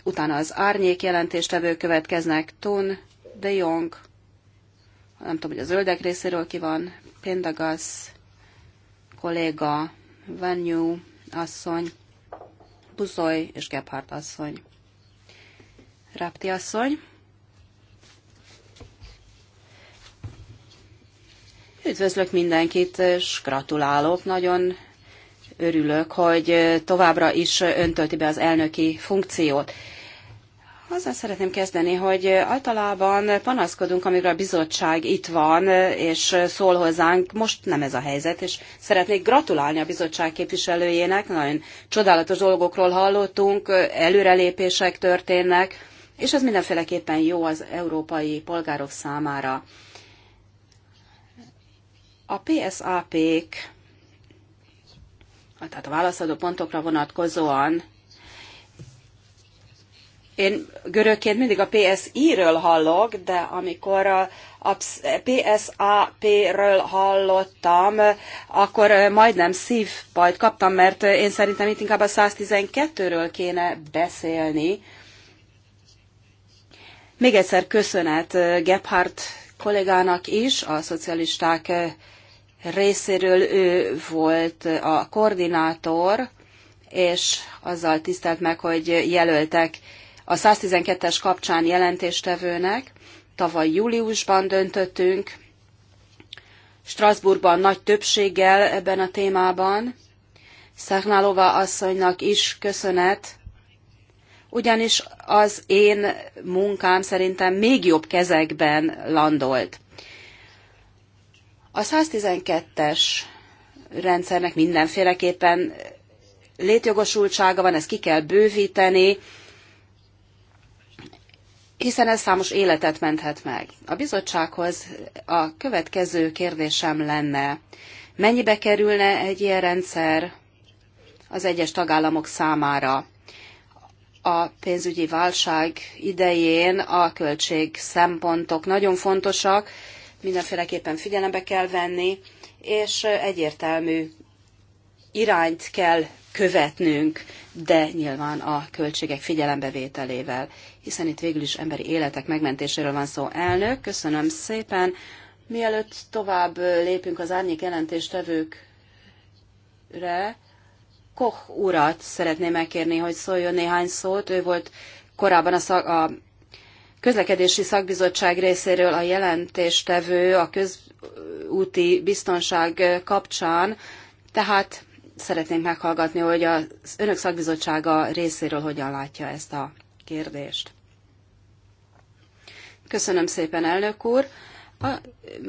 [SPEAKER 2] utána az árnyék jelentéstevő következnek, Tun, De Jong, nem tudom, hogy a zöldek részéről ki van, Pendagas kolléga, Vanyú asszony, Buzoy és Gebhardt asszony. Rapti asszony. Üdvözlök mindenkit, és gratulálok. Nagyon örülök, hogy továbbra is öntölti be az elnöki funkciót. Azzal szeretném kezdeni, hogy általában panaszkodunk, amikor a bizottság itt van, és szól hozzánk. Most nem ez a helyzet, és szeretnék gratulálni a bizottság képviselőjének. Nagyon csodálatos dolgokról hallottunk, előrelépések történnek, és ez mindenféleképpen jó az európai polgárok számára. A PSAP-k, tehát a válaszadó pontokra vonatkozóan én görögként mindig a PSI-ről hallok, de amikor a PSAP-ről hallottam, akkor majdnem szívbajt kaptam, mert én szerintem itt inkább a 112-ről kéne beszélni. Még egyszer köszönet Gebhardt kollégának is, a szocialisták részéről ő volt a koordinátor, és azzal tisztelt meg, hogy jelöltek a 112-es kapcsán jelentéstevőnek. Tavaly júliusban döntöttünk, Strasbourgban nagy többséggel ebben a témában. Szernálova asszonynak is köszönet, ugyanis az én munkám szerintem még jobb kezekben landolt. A 112-es rendszernek mindenféleképpen létjogosultsága van, ezt ki kell bővíteni, hiszen ez számos életet menthet meg. A bizottsághoz a következő kérdésem lenne, mennyibe kerülne egy ilyen rendszer az egyes tagállamok számára? A pénzügyi válság idején a költség szempontok nagyon fontosak, mindenféleképpen figyelembe kell venni, és egyértelmű irányt kell követnünk, de nyilván a költségek figyelembevételével hiszen itt végül is emberi életek megmentéséről van szó. Elnök, köszönöm szépen. Mielőtt tovább lépünk az árnyék jelentéstevőkre, Koch urat szeretném megkérni, hogy szóljon néhány szót. Ő volt korábban a, szak, a közlekedési szakbizottság részéről a jelentéstevő a közúti biztonság kapcsán, tehát szeretnénk meghallgatni, hogy az önök szakbizottsága részéről hogyan látja ezt a kérdést. Köszönöm szépen, elnök úr! A,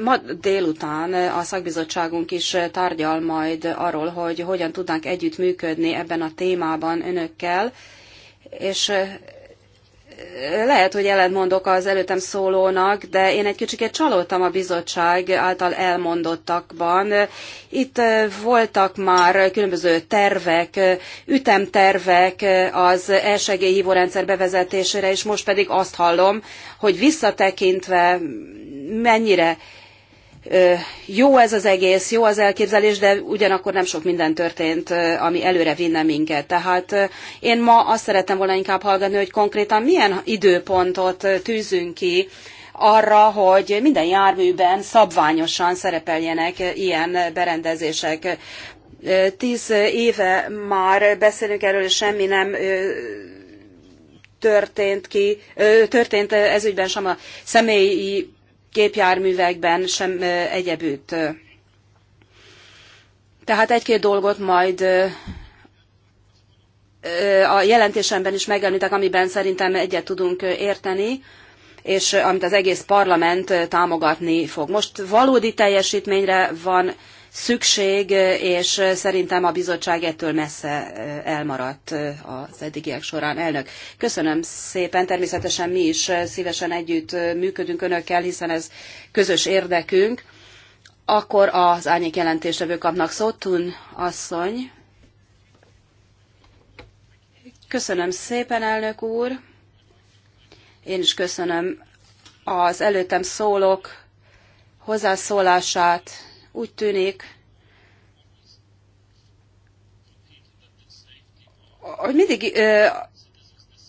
[SPEAKER 2] ma délután a szakbizottságunk is tárgyal majd arról, hogy hogyan tudnánk együttműködni ebben a témában önökkel, és lehet, hogy ellentmondok az előttem szólónak, de én egy kicsit csalódtam a bizottság által elmondottakban. Itt voltak már különböző tervek, ütemtervek az elsegélyhívó hívórendszer bevezetésére, és most pedig azt hallom, hogy visszatekintve mennyire jó ez az egész, jó az elképzelés, de ugyanakkor nem sok minden történt, ami előre vinne minket. Tehát én ma azt szerettem volna inkább hallgatni, hogy konkrétan milyen időpontot tűzünk ki arra, hogy minden járműben szabványosan szerepeljenek ilyen berendezések. Tíz éve már beszélünk erről, és semmi nem történt ki, történt ezügyben sem a személyi gépjárművekben, sem egyebütt. Tehát egy-két dolgot majd a jelentésemben is megjelenítek, amiben szerintem egyet tudunk érteni, és amit az egész parlament támogatni fog. Most valódi teljesítményre van szükség, és szerintem a bizottság ettől messze eh, elmaradt eh, az eddigiek során. Elnök, köszönöm szépen, természetesen mi is eh, szívesen együtt működünk önökkel, hiszen ez közös érdekünk. Akkor az árnyék jelentéstevő kapnak szót, Tun asszony. Köszönöm szépen, elnök úr. Én is köszönöm az előttem szólók hozzászólását, úgy tűnik, hogy mindig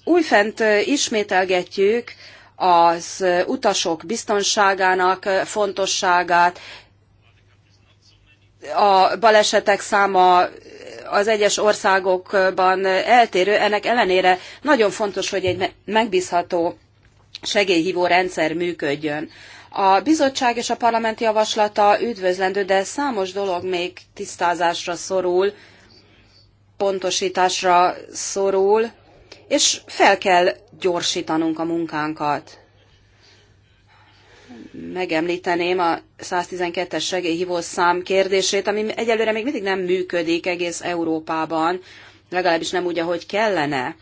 [SPEAKER 2] újfent ismételgetjük az utasok biztonságának fontosságát, a balesetek száma az egyes országokban eltérő, ennek ellenére nagyon fontos, hogy egy megbízható segélyhívó rendszer működjön. A bizottság és a parlament javaslata üdvözlendő, de számos dolog még tisztázásra szorul, pontosításra szorul, és fel kell gyorsítanunk a munkánkat. Megemlíteném a 112-es segélyhívó szám kérdését, ami egyelőre még mindig nem működik egész Európában, legalábbis nem úgy, ahogy kellene.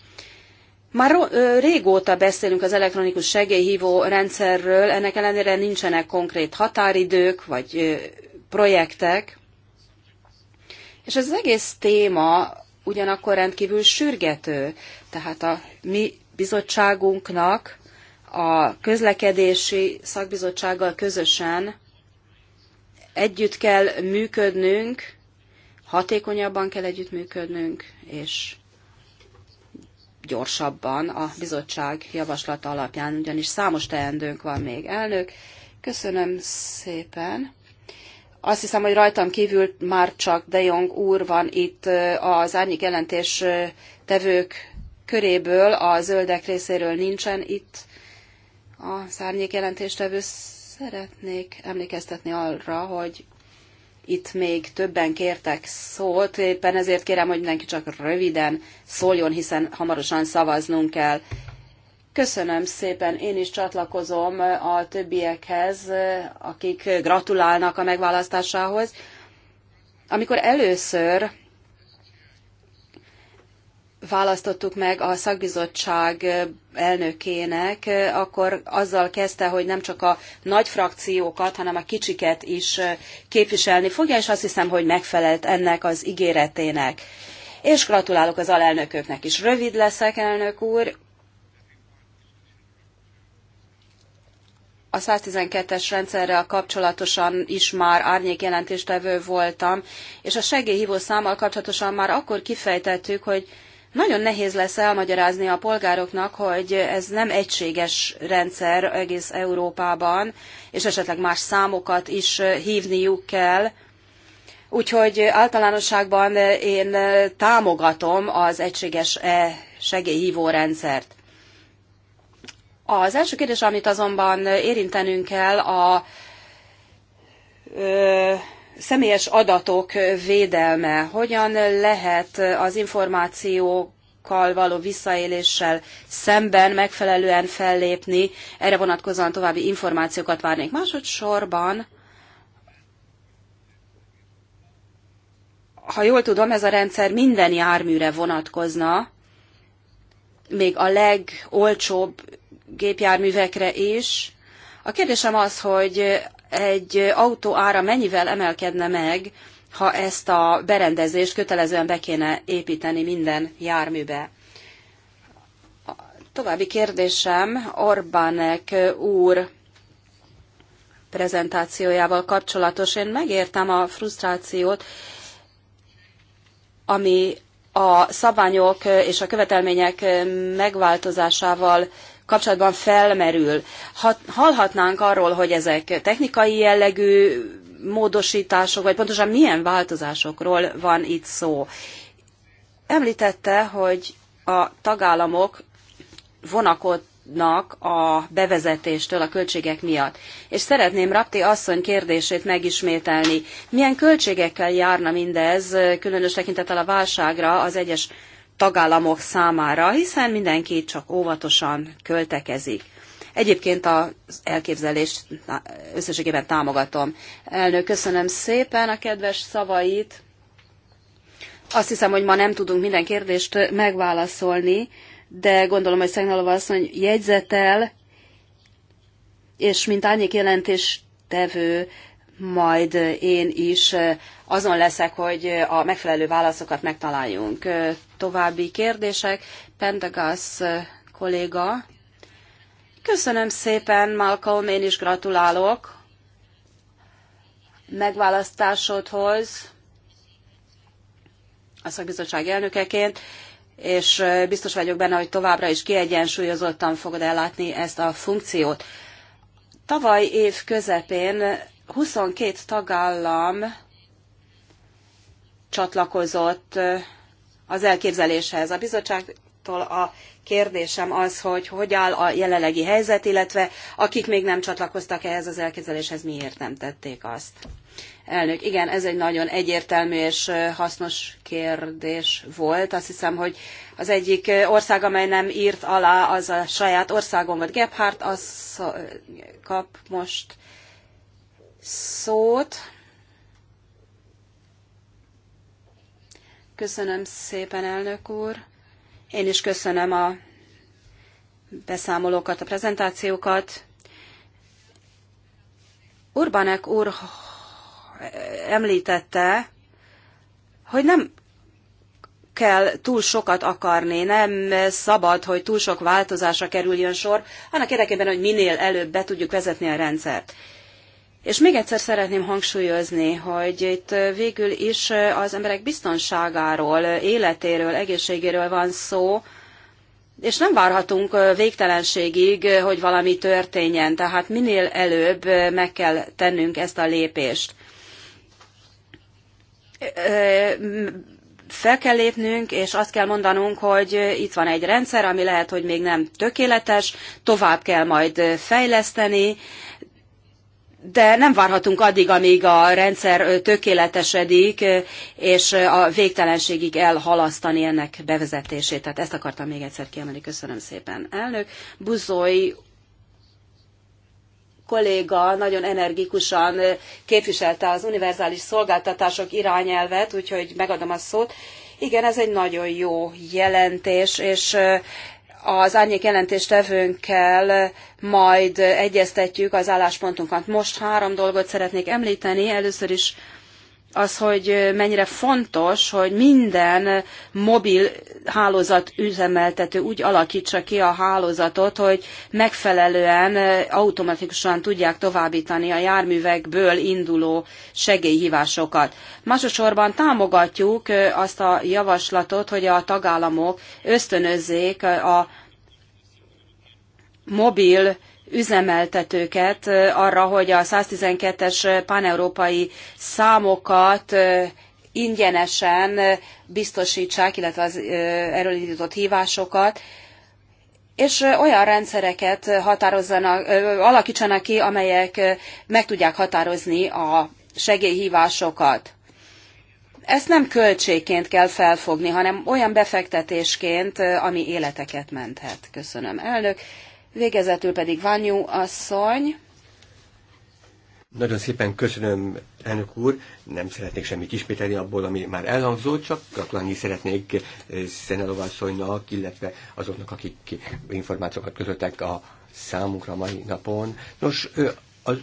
[SPEAKER 2] Már régóta beszélünk az elektronikus segélyhívó rendszerről, ennek ellenére nincsenek konkrét határidők vagy projektek, és ez az egész téma ugyanakkor rendkívül sürgető, tehát a mi bizottságunknak a közlekedési szakbizottsággal közösen együtt kell működnünk, hatékonyabban kell együttműködnünk, és gyorsabban a bizottság javaslata alapján, ugyanis számos teendőnk van még. Elnök, köszönöm szépen. Azt hiszem, hogy rajtam kívül már csak De Jong úr van itt az árnyék jelentés tevők köréből, a zöldek részéről nincsen itt a szárnyék jelentéstevő. Szeretnék emlékeztetni arra, hogy itt még többen kértek szót, éppen ezért kérem, hogy mindenki csak röviden szóljon, hiszen hamarosan szavaznunk kell. Köszönöm szépen, én is csatlakozom a többiekhez, akik gratulálnak a megválasztásához. Amikor először választottuk meg a szakbizottság elnökének, akkor azzal kezdte, hogy nem csak a nagy frakciókat, hanem a kicsiket is képviselni fogja, és azt hiszem, hogy megfelelt ennek az ígéretének. És gratulálok az alelnököknek is. Rövid leszek, elnök úr. A 112-es rendszerrel kapcsolatosan is már árnyék jelentéstevő voltam, és a segélyhívó számmal kapcsolatosan már akkor kifejtettük, hogy nagyon nehéz lesz elmagyarázni a polgároknak, hogy ez nem egységes rendszer egész Európában, és esetleg más számokat is hívniuk kell. Úgyhogy általánosságban én támogatom az egységes e segélyhívó rendszert. Az első kérdés, amit azonban érintenünk kell, a személyes adatok védelme, hogyan lehet az információkkal való visszaéléssel szemben megfelelően fellépni, erre vonatkozóan további információkat várnék. Másodszorban, ha jól tudom, ez a rendszer minden járműre vonatkozna, még a legolcsóbb gépjárművekre is. A kérdésem az, hogy egy autó ára mennyivel emelkedne meg, ha ezt a berendezést kötelezően be kéne építeni minden járműbe. A további kérdésem Orbánek úr prezentációjával kapcsolatos. Én megértem a frusztrációt, ami a szabványok és a követelmények megváltozásával kapcsolatban felmerül. hallhatnánk arról, hogy ezek technikai jellegű módosítások, vagy pontosan milyen változásokról van itt szó. Említette, hogy a tagállamok vonakodnak a bevezetéstől a költségek miatt. És szeretném Rapti asszony kérdését megismételni. Milyen költségekkel járna mindez, különös tekintettel a válságra az egyes tagállamok számára, hiszen mindenki csak óvatosan költekezik. Egyébként az elképzelést összességében támogatom. Elnök, köszönöm szépen a kedves szavait. Azt hiszem, hogy ma nem tudunk minden kérdést megválaszolni, de gondolom, hogy Szegnalova asszony jegyzetel, és mint árnyék jelentés tevő, majd én is eh, azon leszek, hogy a megfelelő válaszokat megtaláljunk további kérdések. Pendegas eh, kolléga. Köszönöm szépen, Malcolm, én is gratulálok megválasztásodhoz a szakbizottság elnökeként, és eh, biztos vagyok benne, hogy továbbra is kiegyensúlyozottan fogod ellátni ezt a funkciót. Tavaly év közepén 22 tagállam csatlakozott eh, az elképzeléshez. A bizottságtól a kérdésem az, hogy hogy áll a jelenlegi helyzet, illetve akik még nem csatlakoztak ehhez az elképzeléshez, miért nem tették azt. Elnök, igen, ez egy nagyon egyértelmű és hasznos kérdés volt. Azt hiszem, hogy az egyik ország, amely nem írt alá, az a saját országom volt. Gebhardt, az kap most szót. Köszönöm szépen, elnök úr. Én is köszönöm a beszámolókat, a prezentációkat. Urbanek úr említette, hogy nem kell túl sokat akarni, nem szabad, hogy túl sok változásra kerüljön sor, annak érdekében, hogy minél előbb be tudjuk vezetni a rendszert. És még egyszer szeretném hangsúlyozni, hogy itt végül is az emberek biztonságáról, életéről, egészségéről van szó, és nem várhatunk végtelenségig, hogy valami történjen, tehát minél előbb meg kell tennünk ezt a lépést. Fel kell lépnünk, és azt kell mondanunk, hogy itt van egy rendszer, ami lehet, hogy még nem tökéletes, tovább kell majd fejleszteni, de nem várhatunk addig, amíg a rendszer tökéletesedik, és a végtelenségig elhalasztani ennek bevezetését. Tehát ezt akartam még egyszer kiemelni. Köszönöm szépen, elnök. Buzói kolléga nagyon energikusan képviselte az univerzális szolgáltatások irányelvet, úgyhogy megadom a szót. Igen, ez egy nagyon jó jelentés, és az árnyék jelentéstevőnkkel majd egyeztetjük az álláspontunkat. Most három dolgot szeretnék említeni. Először is az, hogy mennyire fontos, hogy minden mobil hálózat üzemeltető úgy alakítsa ki a hálózatot, hogy megfelelően automatikusan tudják továbbítani a járművekből induló segélyhívásokat. Másosorban támogatjuk azt a javaslatot, hogy a tagállamok ösztönözzék a mobil üzemeltetőket arra, hogy a 112-es páneurópai számokat ingyenesen biztosítsák, illetve az erről indított hívásokat, és olyan rendszereket határozzanak, alakítsanak ki, amelyek meg tudják határozni a segélyhívásokat. Ezt nem költségként kell felfogni, hanem olyan befektetésként, ami életeket menthet. Köszönöm, elnök. Végezetül pedig Vanyu asszony.
[SPEAKER 4] Nagyon szépen köszönöm, elnök úr. Nem szeretnék semmit ismételni abból, ami már elhangzott, csak gratulálni szeretnék eh, Szenelovasszonynak, illetve azoknak, akik információkat közöttek a számunkra mai napon. Nos, eh, az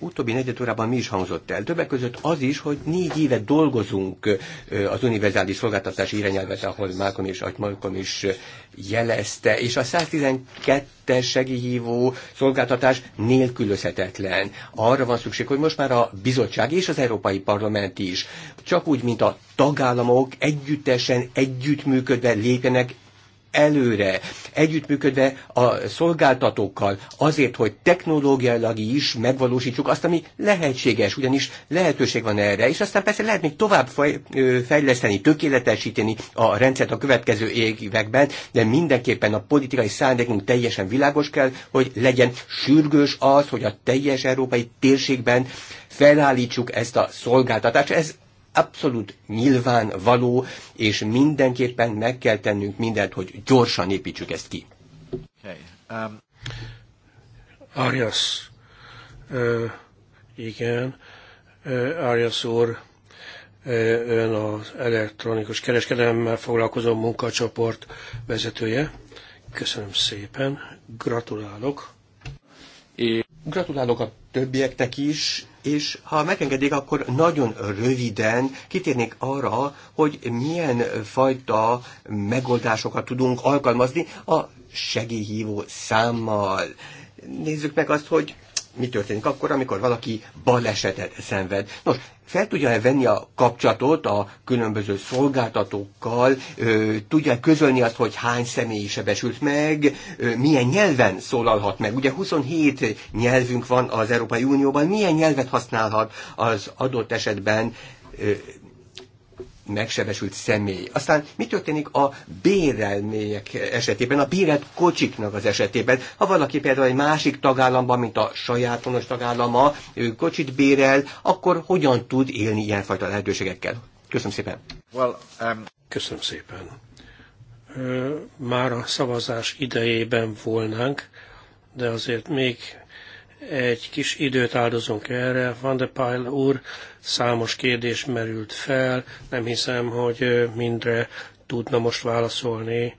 [SPEAKER 4] utóbbi negyed órában mi is hangzott el. Többek között az is, hogy négy éve dolgozunk az univerzális szolgáltatási irányelvet, ahol Malcolm és Agymalkom is jelezte, és a 112-es segélyhívó szolgáltatás nélkülözhetetlen. Arra van szükség, hogy most már a bizottság és az Európai Parlament is, csak úgy, mint a tagállamok együttesen, együttműködve lépjenek előre, együttműködve a szolgáltatókkal, azért, hogy technológiailag is megvalósítsuk azt, ami lehetséges, ugyanis lehetőség van erre, és aztán persze lehet még tovább fejleszteni, tökéletesíteni a rendszert a következő években, de mindenképpen a politikai szándékunk teljesen világos kell, hogy legyen sürgős az, hogy a teljes európai térségben felállítsuk ezt a szolgáltatást. Ez abszolút nyilván való, és mindenképpen meg kell tennünk mindent, hogy gyorsan építsük ezt ki.
[SPEAKER 1] Okay. Um...
[SPEAKER 3] Arias. Uh, igen. Uh, Arias úr ön az elektronikus kereskedelemmel foglalkozó munkacsoport vezetője. Köszönöm szépen, gratulálok. É. Gratulálok a többieknek is,
[SPEAKER 4] és ha megengedik, akkor nagyon röviden kitérnék arra, hogy milyen fajta megoldásokat tudunk alkalmazni a segélyhívó számmal. Nézzük meg azt, hogy mi történik akkor, amikor valaki balesetet szenved. Nos, fel tudja-e venni a kapcsolatot a különböző szolgáltatókkal, tudja e közölni azt, hogy hány személy sebesült meg, milyen nyelven szólalhat meg. Ugye 27 nyelvünk van az Európai Unióban, milyen nyelvet használhat az adott esetben megsebesült személy. Aztán mi történik a bérelmények esetében, a bérelt kocsiknak az esetében? Ha valaki például egy másik tagállamban, mint a sajátonos tagállama, ő kocsit bérel, akkor hogyan tud élni ilyenfajta lehetőségekkel? Köszönöm szépen.
[SPEAKER 1] Well, um...
[SPEAKER 3] Köszönöm szépen. Már a szavazás idejében volnánk, de azért még egy kis időt áldozunk erre. Van de Pyle úr, számos kérdés merült fel, nem hiszem, hogy mindre tudna most válaszolni.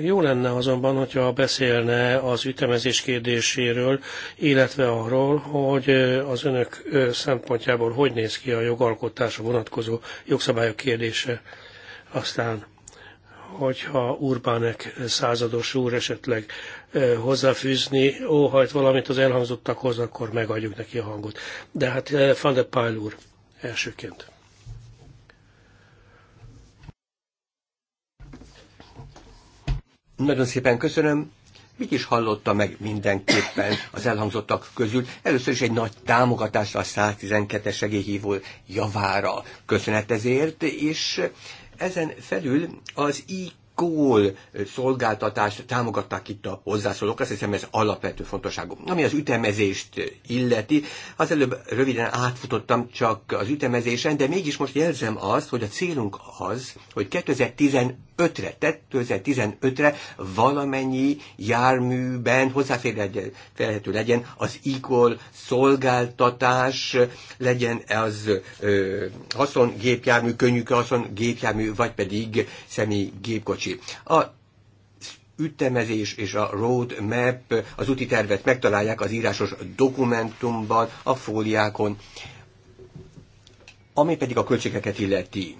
[SPEAKER 3] Jó lenne azonban, hogyha beszélne az ütemezés kérdéséről, illetve arról, hogy az önök szempontjából hogy néz ki a jogalkotásra vonatkozó jogszabályok kérdése. Aztán hogyha Urbánek százados úr esetleg eh, hozzáfűzni, óhajt valamit az elhangzottakhoz, akkor megadjuk neki a hangot. De hát eh, Van de Pál úr elsőként. Nagyon szépen köszönöm.
[SPEAKER 4] Mit is hallotta meg mindenképpen az elhangzottak közül? Először is egy nagy támogatásra a 112-es segélyhívó javára köszönet ezért, és ezen felül az IK Kól szolgáltatást támogatták itt a hozzászólók, azt hiszem ez alapvető fontosságú. Ami az ütemezést illeti, az előbb röviden átfutottam csak az ütemezésen, de mégis most jelzem azt, hogy a célunk az, hogy 2015 2015-re, 2015-re valamennyi járműben hozzáférhető legyen az ikol szolgáltatás, legyen az ö, haszongépjármű, könnyű haszongépjármű, vagy pedig gépkocsi. A ütemezés és a roadmap, az úti tervet megtalálják az írásos dokumentumban, a fóliákon, ami pedig a költségeket illeti.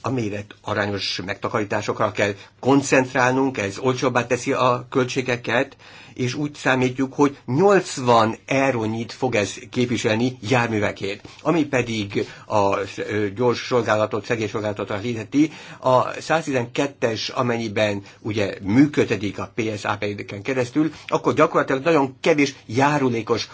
[SPEAKER 4] a méret arányos megtakarításokra kell koncentrálnunk, ez olcsóbbá teszi a költségeket, és úgy számítjuk, hogy 80 eronyit fog ez képviselni járművekért. Ami pedig a gyors szolgálatot, szolgálatot illeti, a 112-es, amennyiben ugye működik a PSAP-ken keresztül, akkor gyakorlatilag nagyon kevés járulékos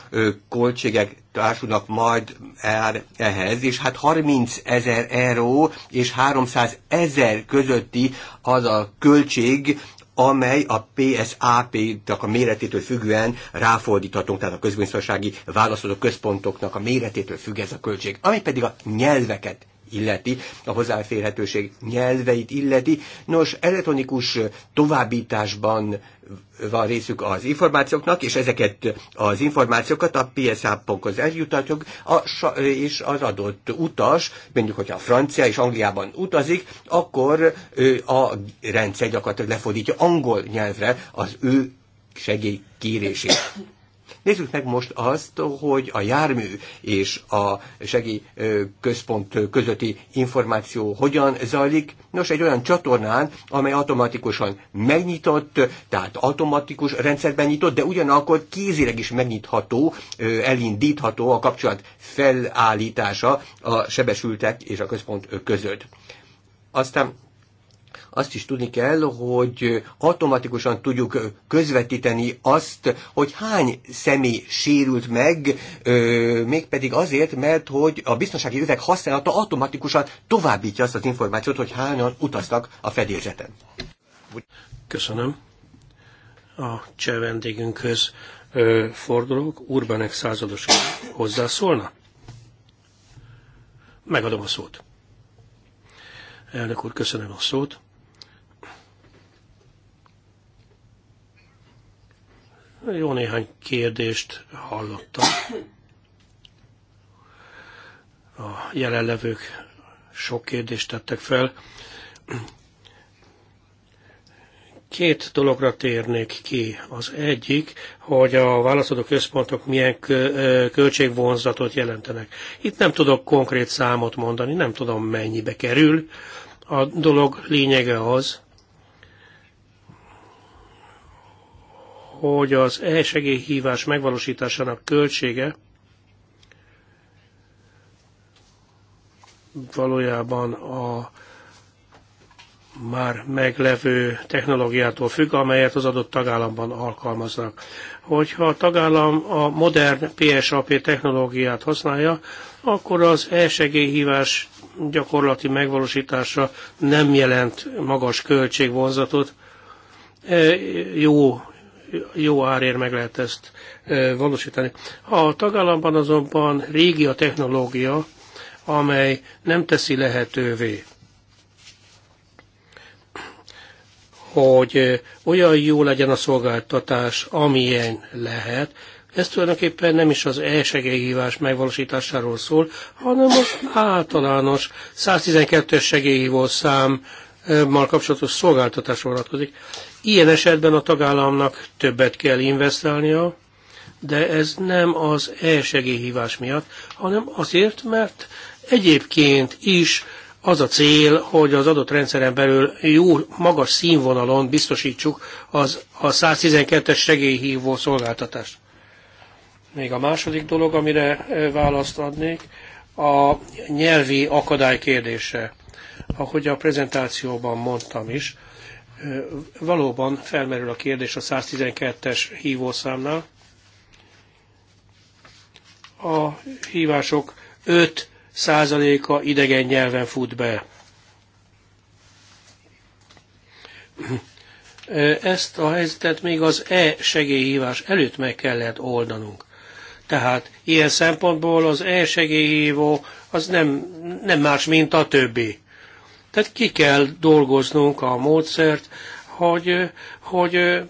[SPEAKER 4] költségek társulnak majd el ehhez, és hát 30 ezer euró és 300 ezer közötti az a költség, amely a PSAP-nak a méretétől függően ráfordíthatunk, tehát a közbiztonsági válaszoló központoknak a méretétől függ ez a költség, ami pedig a nyelveket illeti, a hozzáférhetőség nyelveit illeti. Nos, elektronikus továbbításban van részük az információknak, és ezeket az információkat a PSA-pokhoz eljutatjuk, a, és az adott utas, mondjuk, hogyha a francia és Angliában utazik, akkor a rendszer gyakorlatilag lefordítja angol nyelvre az ő segélykérését. Nézzük meg most azt, hogy a jármű és a segélyközpont közötti információ hogyan zajlik. Nos, egy olyan csatornán, amely automatikusan megnyitott, tehát automatikus rendszerben nyitott, de ugyanakkor kézileg is megnyitható, elindítható a kapcsolat felállítása a sebesültek és a központ között. Aztán azt is tudni kell, hogy automatikusan tudjuk közvetíteni azt, hogy hány személy sérült meg, mégpedig azért, mert hogy a biztonsági üveg használata automatikusan továbbítja azt az információt, hogy hányan utaztak a fedélzeten.
[SPEAKER 3] Köszönöm. A cseh vendégünkhöz fordulók, Urbanek százados hozzászólna? Megadom a szót. Elnök úr, köszönöm a szót. Jó néhány kérdést hallottam a jelenlevők sok kérdést tettek fel. Két dologra térnék ki. Az egyik, hogy a válaszadó központok milyen költségvonzatot jelentenek. Itt nem tudok konkrét számot mondani, nem tudom mennyibe kerül. A dolog lényege az, hogy az e-segélyhívás megvalósításának költsége valójában a már meglevő technológiától függ, amelyet az adott tagállamban alkalmaznak. Hogyha a tagállam a modern PSAP technológiát használja, akkor az e-segélyhívás gyakorlati megvalósítása nem jelent magas költségvonzatot. E, jó jó árért meg lehet ezt valósítani. A tagállamban azonban régi a technológia, amely nem teszi lehetővé, hogy olyan jó legyen a szolgáltatás, amilyen lehet. Ez tulajdonképpen nem is az e-segélyhívás megvalósításáról szól, hanem az általános 112-es segélyhívó kapcsolatos szolgáltatásról vonatkozik. Ilyen esetben a tagállamnak többet kell investálnia, de ez nem az elsegélyhívás miatt, hanem azért, mert egyébként is az a cél, hogy az adott rendszeren belül jó, magas színvonalon biztosítsuk az, a 112-es segélyhívó szolgáltatást. Még a második dolog, amire választ adnék, a nyelvi akadály kérdése. Ahogy a prezentációban mondtam is, valóban felmerül a kérdés a 112-es hívószámnál. A hívások 5 százaléka idegen nyelven fut be. Ezt a helyzetet még az e-segélyhívás előtt meg kellett oldanunk. Tehát ilyen szempontból az e-segélyhívó az nem, nem más, mint a többi. Tehát ki kell dolgoznunk a módszert, hogy, hogy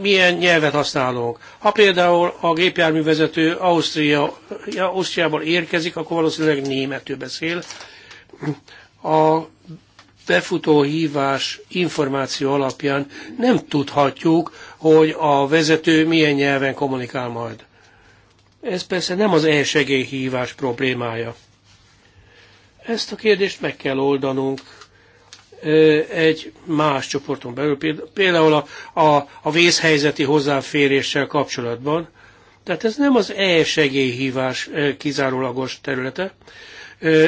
[SPEAKER 3] milyen nyelvet használunk. Ha például a gépjárművezető Ausztria, Ausztriából érkezik, akkor valószínűleg németül beszél. A befutó hívás információ alapján nem tudhatjuk, hogy a vezető milyen nyelven kommunikál majd. Ez persze nem az elsegélyhívás problémája. Ezt a kérdést meg kell oldanunk egy más csoporton belül, például a, a, a vészhelyzeti hozzáféréssel kapcsolatban. Tehát ez nem az e-segélyhívás kizárólagos területe.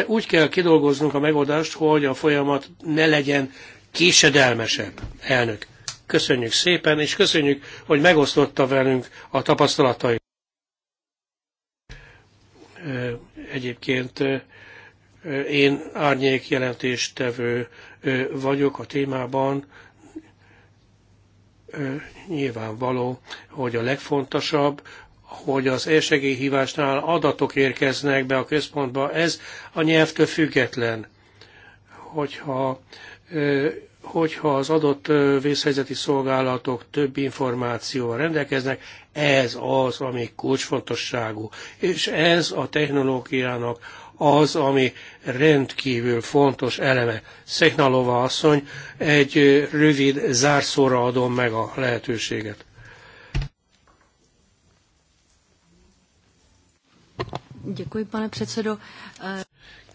[SPEAKER 3] Úgy kell kidolgoznunk a megoldást, hogy a folyamat ne legyen késedelmesebb, elnök. Köszönjük szépen, és köszönjük, hogy megosztotta velünk a tapasztalatait. Egyébként én árnyék jelentéstevő vagyok a témában. Nyilvánvaló, hogy a legfontosabb, hogy az elsegélyhívásnál adatok érkeznek be a központba, ez a nyelvtől független. Hogyha, hogyha az adott vészhelyzeti szolgálatok több információval rendelkeznek, ez az, ami kulcsfontosságú. És ez a technológiának az, ami rendkívül fontos eleme. Szeknalova asszony, egy rövid zárszóra adom meg a lehetőséget.
[SPEAKER 2] pane předsedo.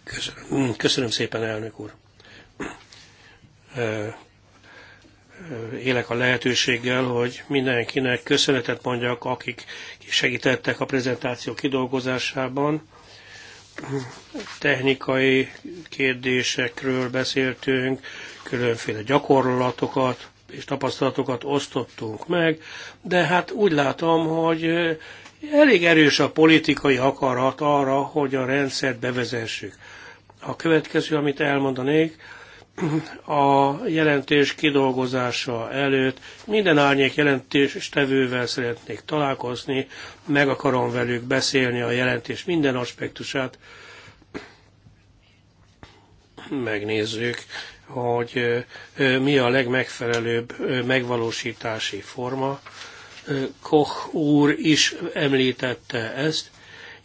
[SPEAKER 3] Köszönöm, köszönöm szépen, elnök úr. Élek a lehetőséggel, hogy mindenkinek köszönetet mondjak, akik segítettek a prezentáció kidolgozásában technikai kérdésekről beszéltünk, különféle gyakorlatokat és tapasztalatokat osztottunk meg, de hát úgy látom, hogy elég erős a politikai akarat arra, hogy a rendszert bevezessük. A következő, amit elmondanék, a jelentés kidolgozása előtt minden árnyék jelentéstevővel szeretnék találkozni, meg akarom velük beszélni a jelentés minden aspektusát. Megnézzük, hogy mi a legmegfelelőbb megvalósítási forma. Koch úr is említette ezt,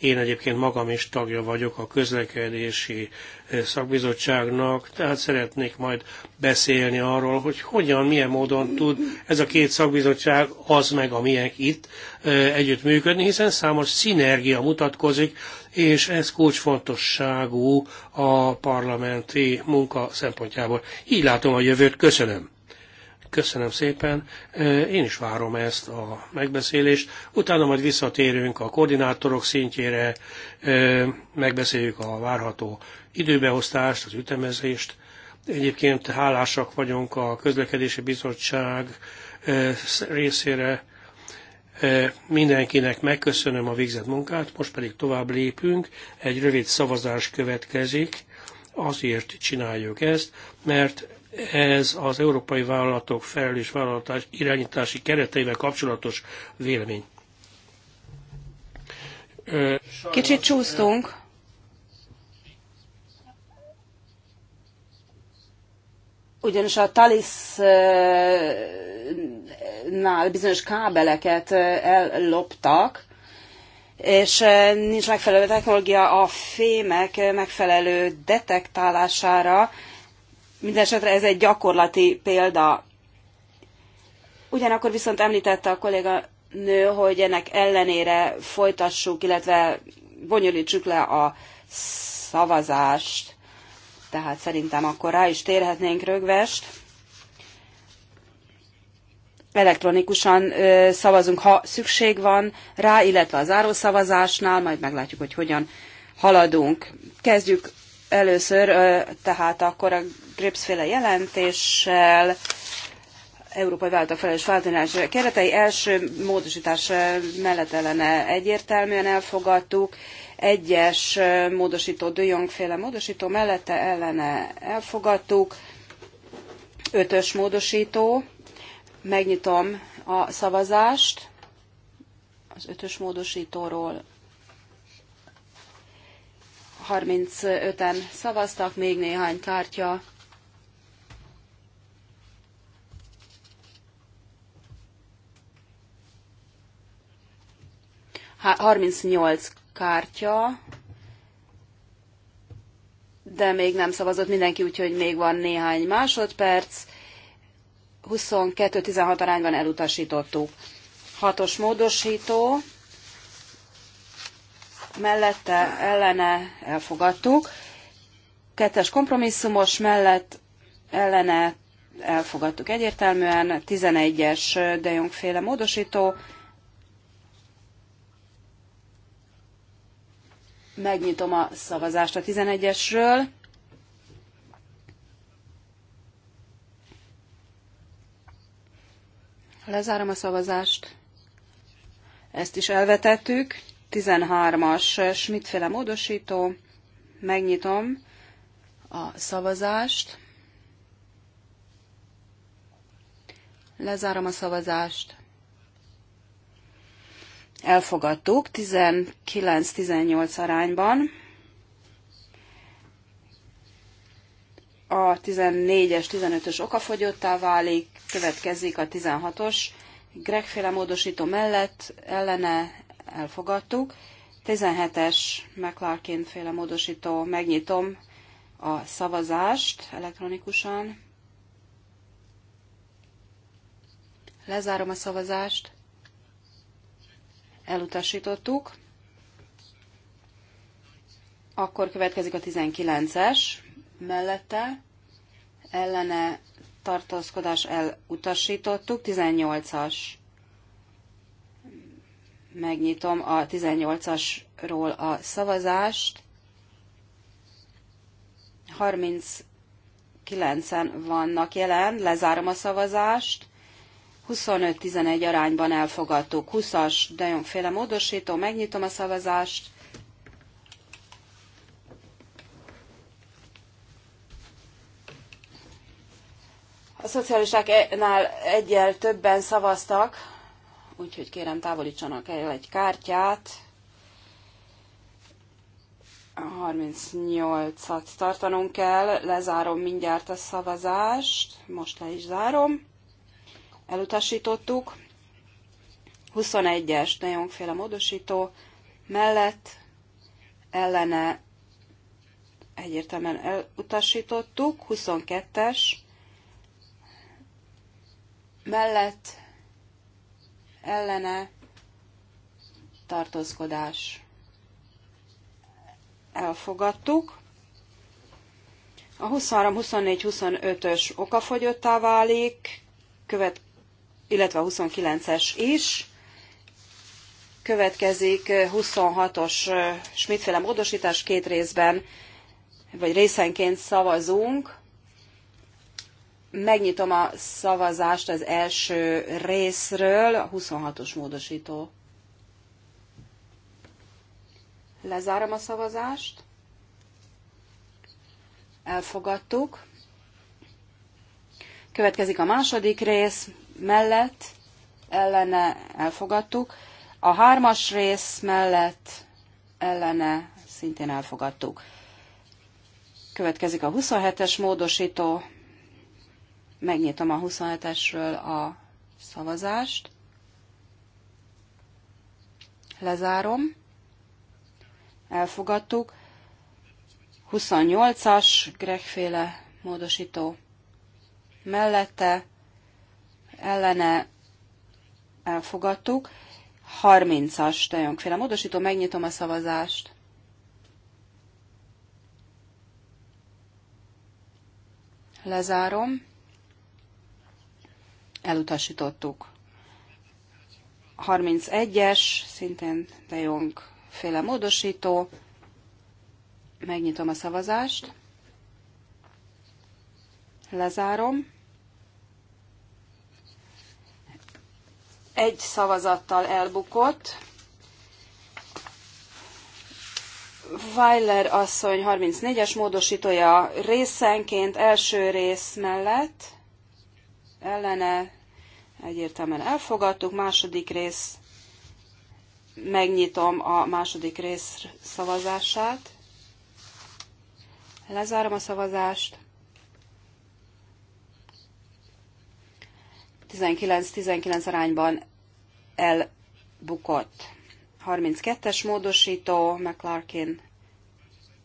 [SPEAKER 3] én egyébként magam is tagja vagyok a közlekedési eh, szakbizottságnak, tehát szeretnék majd beszélni arról, hogy hogyan, milyen módon tud ez a két szakbizottság, az meg a miénk itt eh, együtt működni, hiszen számos szinergia mutatkozik, és ez kulcsfontosságú a parlamenti munka szempontjából. Így látom a jövőt, köszönöm. Köszönöm szépen. Én is várom ezt a megbeszélést. Utána majd visszatérünk a koordinátorok szintjére, megbeszéljük a várható időbeosztást, az ütemezést. Egyébként hálásak vagyunk a közlekedési bizottság részére. Mindenkinek megköszönöm a végzett munkát, most pedig tovább lépünk, egy rövid szavazás következik. Azért csináljuk ezt, mert ez az európai vállalatok felelős vállalatás irányítási kereteivel kapcsolatos vélemény.
[SPEAKER 2] Kicsit csúsztunk. Ugyanis a Talisnál bizonyos kábeleket elloptak, és nincs megfelelő technológia a fémek megfelelő detektálására, Mindenesetre ez egy gyakorlati példa. Ugyanakkor viszont említette a kolléga nő, hogy ennek ellenére folytassuk, illetve bonyolítsuk le a szavazást. Tehát szerintem akkor rá is térhetnénk rögvest. Elektronikusan ö, szavazunk, ha szükség van rá, illetve a zárószavazásnál, majd meglátjuk, hogy hogyan haladunk. Kezdjük először, ö, tehát akkor a Gripsféle jelentéssel, Európai Váltak Felelős Feltűnás keretei első módosítás mellett ellene egyértelműen elfogadtuk, egyes módosító, Dujong féle módosító mellette ellene elfogadtuk, ötös módosító, megnyitom a szavazást az ötös módosítóról. 35-en szavaztak, még néhány kártya 38 kártya, de még nem szavazott mindenki, úgyhogy még van néhány másodperc. 22-16 arányban elutasítottuk. Hatos módosító, mellette ellene elfogadtuk. Kettes kompromisszumos mellett ellene elfogadtuk egyértelműen. 11-es de féle módosító Megnyitom a szavazást a 11-esről. Lezárom a szavazást. Ezt is elvetettük. 13-as Schmidtféle módosító. Megnyitom a szavazást. Lezárom a szavazást elfogadtuk 19-18 arányban. A 14-es, 15-ös okafogyottá válik, következik a 16-os Gregféle módosító mellett ellene elfogadtuk. 17-es McLarkin féle módosító, megnyitom a szavazást elektronikusan. Lezárom a szavazást elutasítottuk. Akkor következik a 19-es mellette, ellene tartózkodás elutasítottuk, 18-as. Megnyitom a 18-asról a szavazást. 39-en vannak jelen, lezárom a szavazást. 25-11 arányban elfogadtuk. 20-as Dejongféle módosító, megnyitom a szavazást. A szocialistáknál egyel többen szavaztak, úgyhogy kérem távolítsanak el egy kártyát. 38-at tartanunk kell, lezárom mindjárt a szavazást, most le is zárom elutasítottuk. 21-es de Jongféle módosító mellett ellene egyértelműen elutasítottuk. 22-es mellett ellene tartózkodás elfogadtuk. A 23, 24, 25-ös okafogyottá válik, követ, illetve a 29-es is. Következik 26-os eh, eh, Schmidt-féle módosítás két részben, vagy részenként szavazunk. Megnyitom a szavazást az első részről, a 26-os módosító. Lezárom a szavazást. Elfogadtuk. Következik a második rész, mellett ellene elfogadtuk, a hármas rész mellett ellene szintén elfogadtuk. Következik a 27-es módosító. Megnyitom a 27-esről a szavazást. Lezárom. Elfogadtuk. 28-as Gregféle módosító mellette ellene elfogadtuk. 30-as tejönkféle módosítom, megnyitom a szavazást. Lezárom. Elutasítottuk. 31-es, szintén Jong féle módosító. Megnyitom a szavazást. Lezárom. egy szavazattal elbukott. Weiler asszony 34-es módosítója részenként első rész mellett ellene egyértelműen elfogadtuk, második rész megnyitom a második rész szavazását. Lezárom a szavazást. 19-19 arányban elbukott. 32-es módosító McClarkin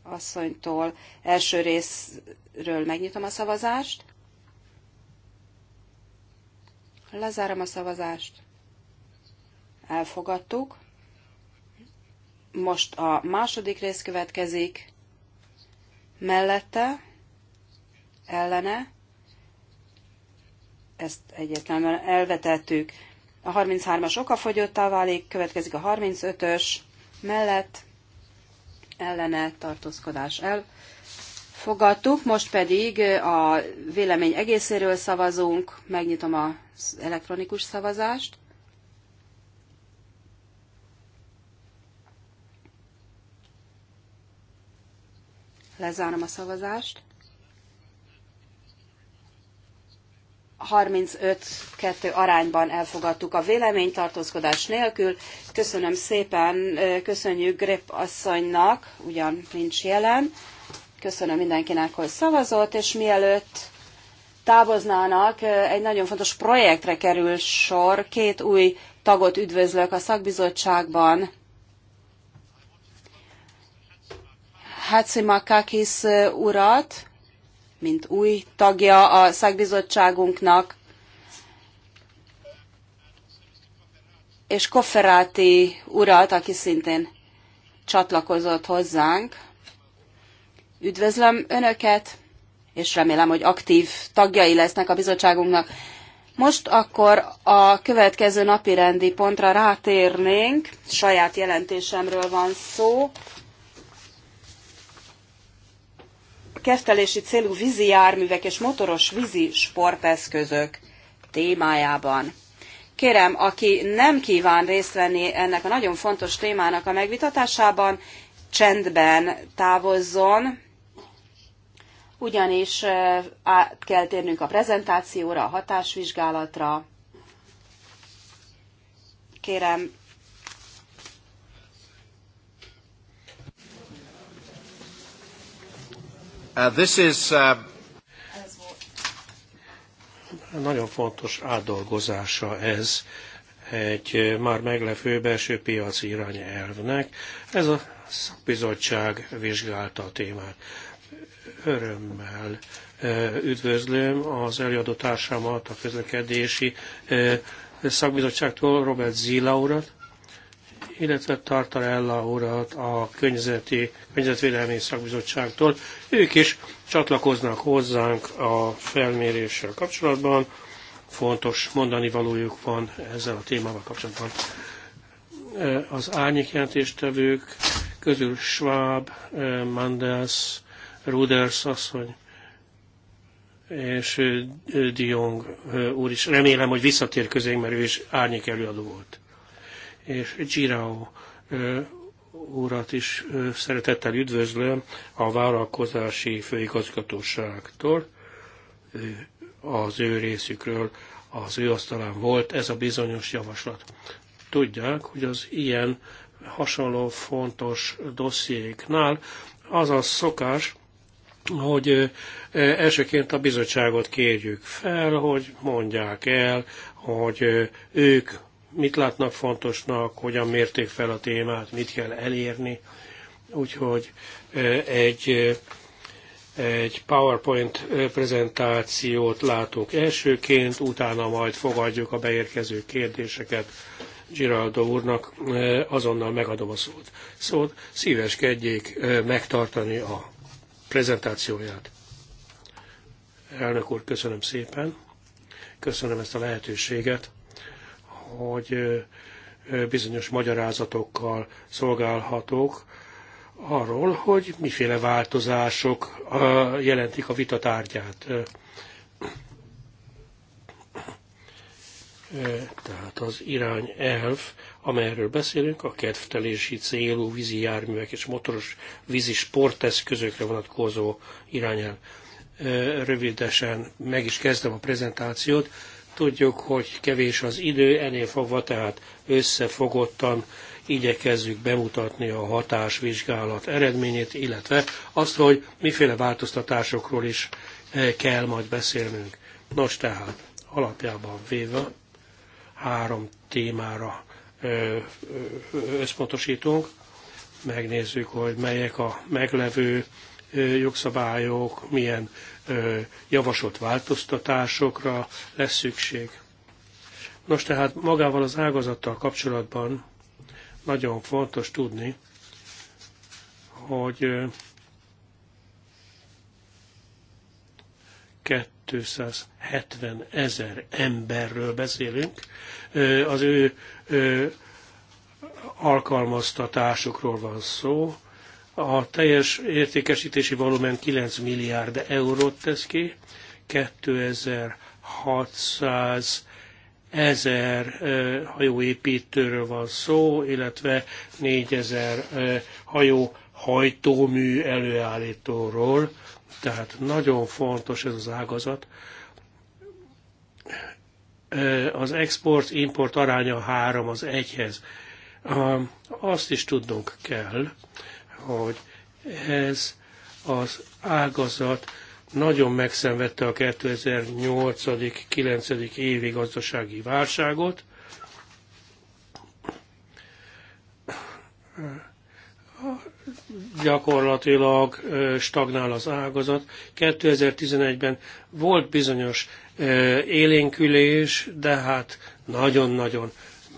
[SPEAKER 2] asszonytól első részről megnyitom a szavazást. Lezárom a szavazást. Elfogadtuk. Most a második rész következik. Mellette, ellene, ezt egyértelműen elvetettük. A 33-as okafogyottá válik, következik a 35-ös mellett ellene tartózkodás el. Fogadtuk, most pedig a vélemény egészéről szavazunk, megnyitom az elektronikus szavazást. Lezárom a szavazást. 35-2 arányban elfogadtuk a vélemény tartózkodás nélkül. Köszönöm szépen, köszönjük Grip asszonynak, ugyan nincs jelen. Köszönöm mindenkinek, hogy szavazott, és mielőtt távoznának, egy nagyon fontos projektre kerül sor. Két új tagot üdvözlök a szakbizottságban. Hatsimakakis urat, mint új tagja a szakbizottságunknak, és Kofferáti urat, aki szintén csatlakozott hozzánk. Üdvözlöm Önöket, és remélem, hogy aktív tagjai lesznek a bizottságunknak. Most akkor a következő napi rendi pontra rátérnénk, saját jelentésemről van szó, kertelési célú vízi járművek és motoros vízi sporteszközök témájában. Kérem, aki nem kíván részt venni ennek a nagyon fontos témának a megvitatásában, csendben távozzon, ugyanis át kell térnünk a prezentációra, a hatásvizsgálatra. Kérem,
[SPEAKER 3] Uh, this is, uh... Nagyon fontos átdolgozása ez egy már meglevő belső piaci irányelvnek. Ez a szakbizottság vizsgálta a témát. Örömmel üdvözlöm az előadó társamat, a közlekedési szakbizottságtól, Robert Zila urat, illetve Tartarella urat a Környezeti, Környezetvédelmi Szakbizottságtól. Ők is csatlakoznak hozzánk a felméréssel kapcsolatban. Fontos mondani valójuk van ezzel a témával kapcsolatban. Az árnyékjelentéstevők közül Schwab, Mandels, Ruders asszony és Diong úr is. Remélem, hogy visszatér közénk, mert ő is árnyék előadó volt és Girao urat is szeretettel üdvözlöm a vállalkozási főigazgatóságtól. Az ő részükről az ő asztalán volt ez a bizonyos javaslat. Tudják, hogy az ilyen hasonló fontos dossziéknál az a szokás, hogy elsőként a bizottságot kérjük fel, hogy mondják el, hogy ők mit látnak fontosnak, hogyan mérték fel a témát, mit kell elérni. Úgyhogy egy, egy PowerPoint prezentációt látunk elsőként, utána majd fogadjuk a beérkező kérdéseket. Giraldo úrnak azonnal megadom a szót. Szóval szíveskedjék megtartani a prezentációját. Elnök úr, köszönöm szépen. Köszönöm ezt a lehetőséget hogy bizonyos magyarázatokkal szolgálhatok arról, hogy miféle változások jelentik a vita tárgyát. Tehát az irányelv, amelyről beszélünk, a kedvtelési célú vízi járművek és motoros vízi sporteszközökre vonatkozó irányelv. Rövidesen meg is kezdem a prezentációt Tudjuk, hogy kevés az idő, ennél fogva tehát összefogottan igyekezzük bemutatni a hatásvizsgálat eredményét, illetve azt, hogy miféle változtatásokról is eh, kell majd beszélnünk. Nos tehát, alapjában véve három témára eh, összpontosítunk, megnézzük, hogy melyek a meglevő eh, jogszabályok, milyen javasolt változtatásokra lesz szükség. Nos, tehát magával az ágazattal kapcsolatban nagyon fontos tudni, hogy 270 ezer emberről beszélünk, az ő alkalmaztatásukról van szó, a teljes értékesítési volumen 9 milliárd eurót tesz ki, 2600 ezer hajóépítőről van szó, illetve 4000 hajó hajtómű előállítóról, tehát nagyon fontos ez az ágazat. Az export-import aránya három az egyhez, hez Azt is tudnunk kell, hogy ez az ágazat nagyon megszenvedte a 2008-9. évi gazdasági válságot. Gyakorlatilag stagnál az ágazat. 2011-ben volt bizonyos élénkülés, de hát nagyon-nagyon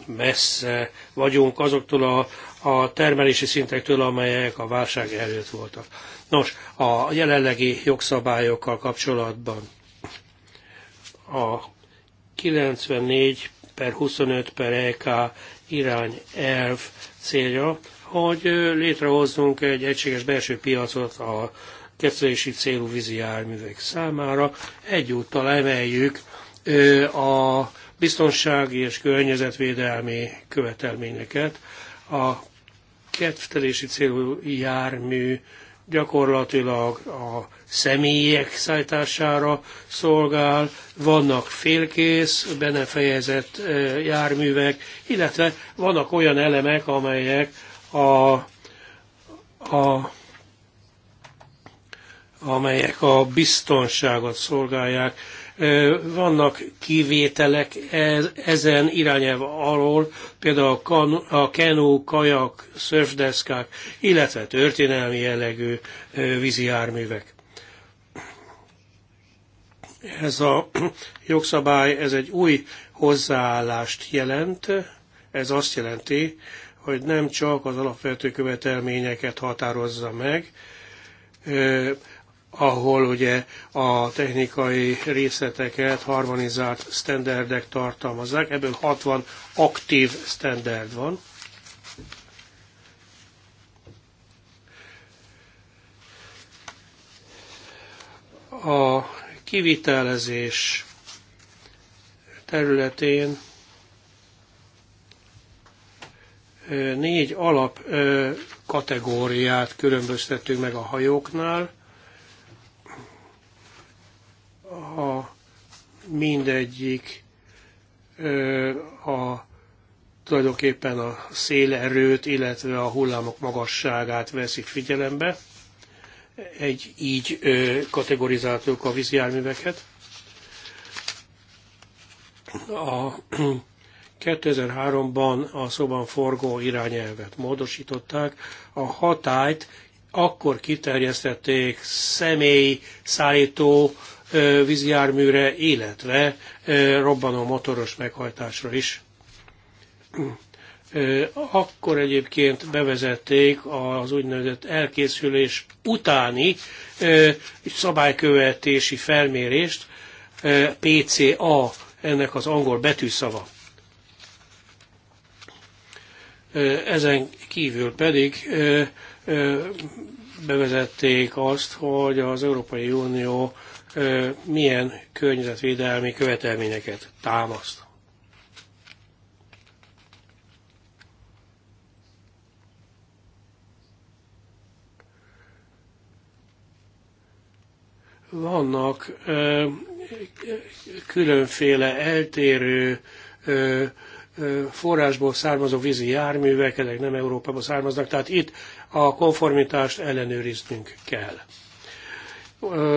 [SPEAKER 3] messze vagyunk azoktól a, a termelési szintektől, amelyek a válság előtt voltak. Nos, a jelenlegi jogszabályokkal kapcsolatban a 94 per 25 per EK irányelv célja, hogy létrehozzunk egy egységes belső piacot a kezelési célú vízi járművek számára. Egyúttal emeljük a biztonsági és környezetvédelmi követelményeket a kettelési célú jármű gyakorlatilag a személyek szállítására szolgál, vannak félkész, benefejezett járművek, illetve vannak olyan elemek, amelyek a, a amelyek a biztonságot szolgálják. Vannak kivételek e-, ezen irányelv alól, például a kenó, kajak, szörfdeszkák, illetve történelmi jellegű vízi járművek. Ez a [CLEARS THROAT] jogszabály, ez egy új hozzáállást jelent, ez azt jelenti, hogy nem csak az alapvető követelményeket határozza meg, ahol ugye a technikai részleteket harmonizált standardek tartalmazzák, ebből 60 aktív standard van. A kivitelezés területén négy alap kategóriát különböztettünk meg a hajóknál, a mindegyik a tulajdonképpen a szélerőt, illetve a hullámok magasságát veszi figyelembe. Egy így kategorizáltuk a vízjárműveket. A 2003-ban a szoban forgó irányelvet módosították, a hatályt akkor kiterjesztették személy szállító vízjárműre, illetve robbanó motoros meghajtásra is. Akkor egyébként bevezették az úgynevezett elkészülés utáni szabálykövetési felmérést, PCA ennek az angol betűszava. Ezen kívül pedig bevezették azt, hogy az Európai Unió milyen környezetvédelmi követelményeket támaszt. Vannak ö, különféle eltérő ö, forrásból származó vízi járművek, ezek nem Európában származnak, tehát itt a konformitást ellenőriznünk kell.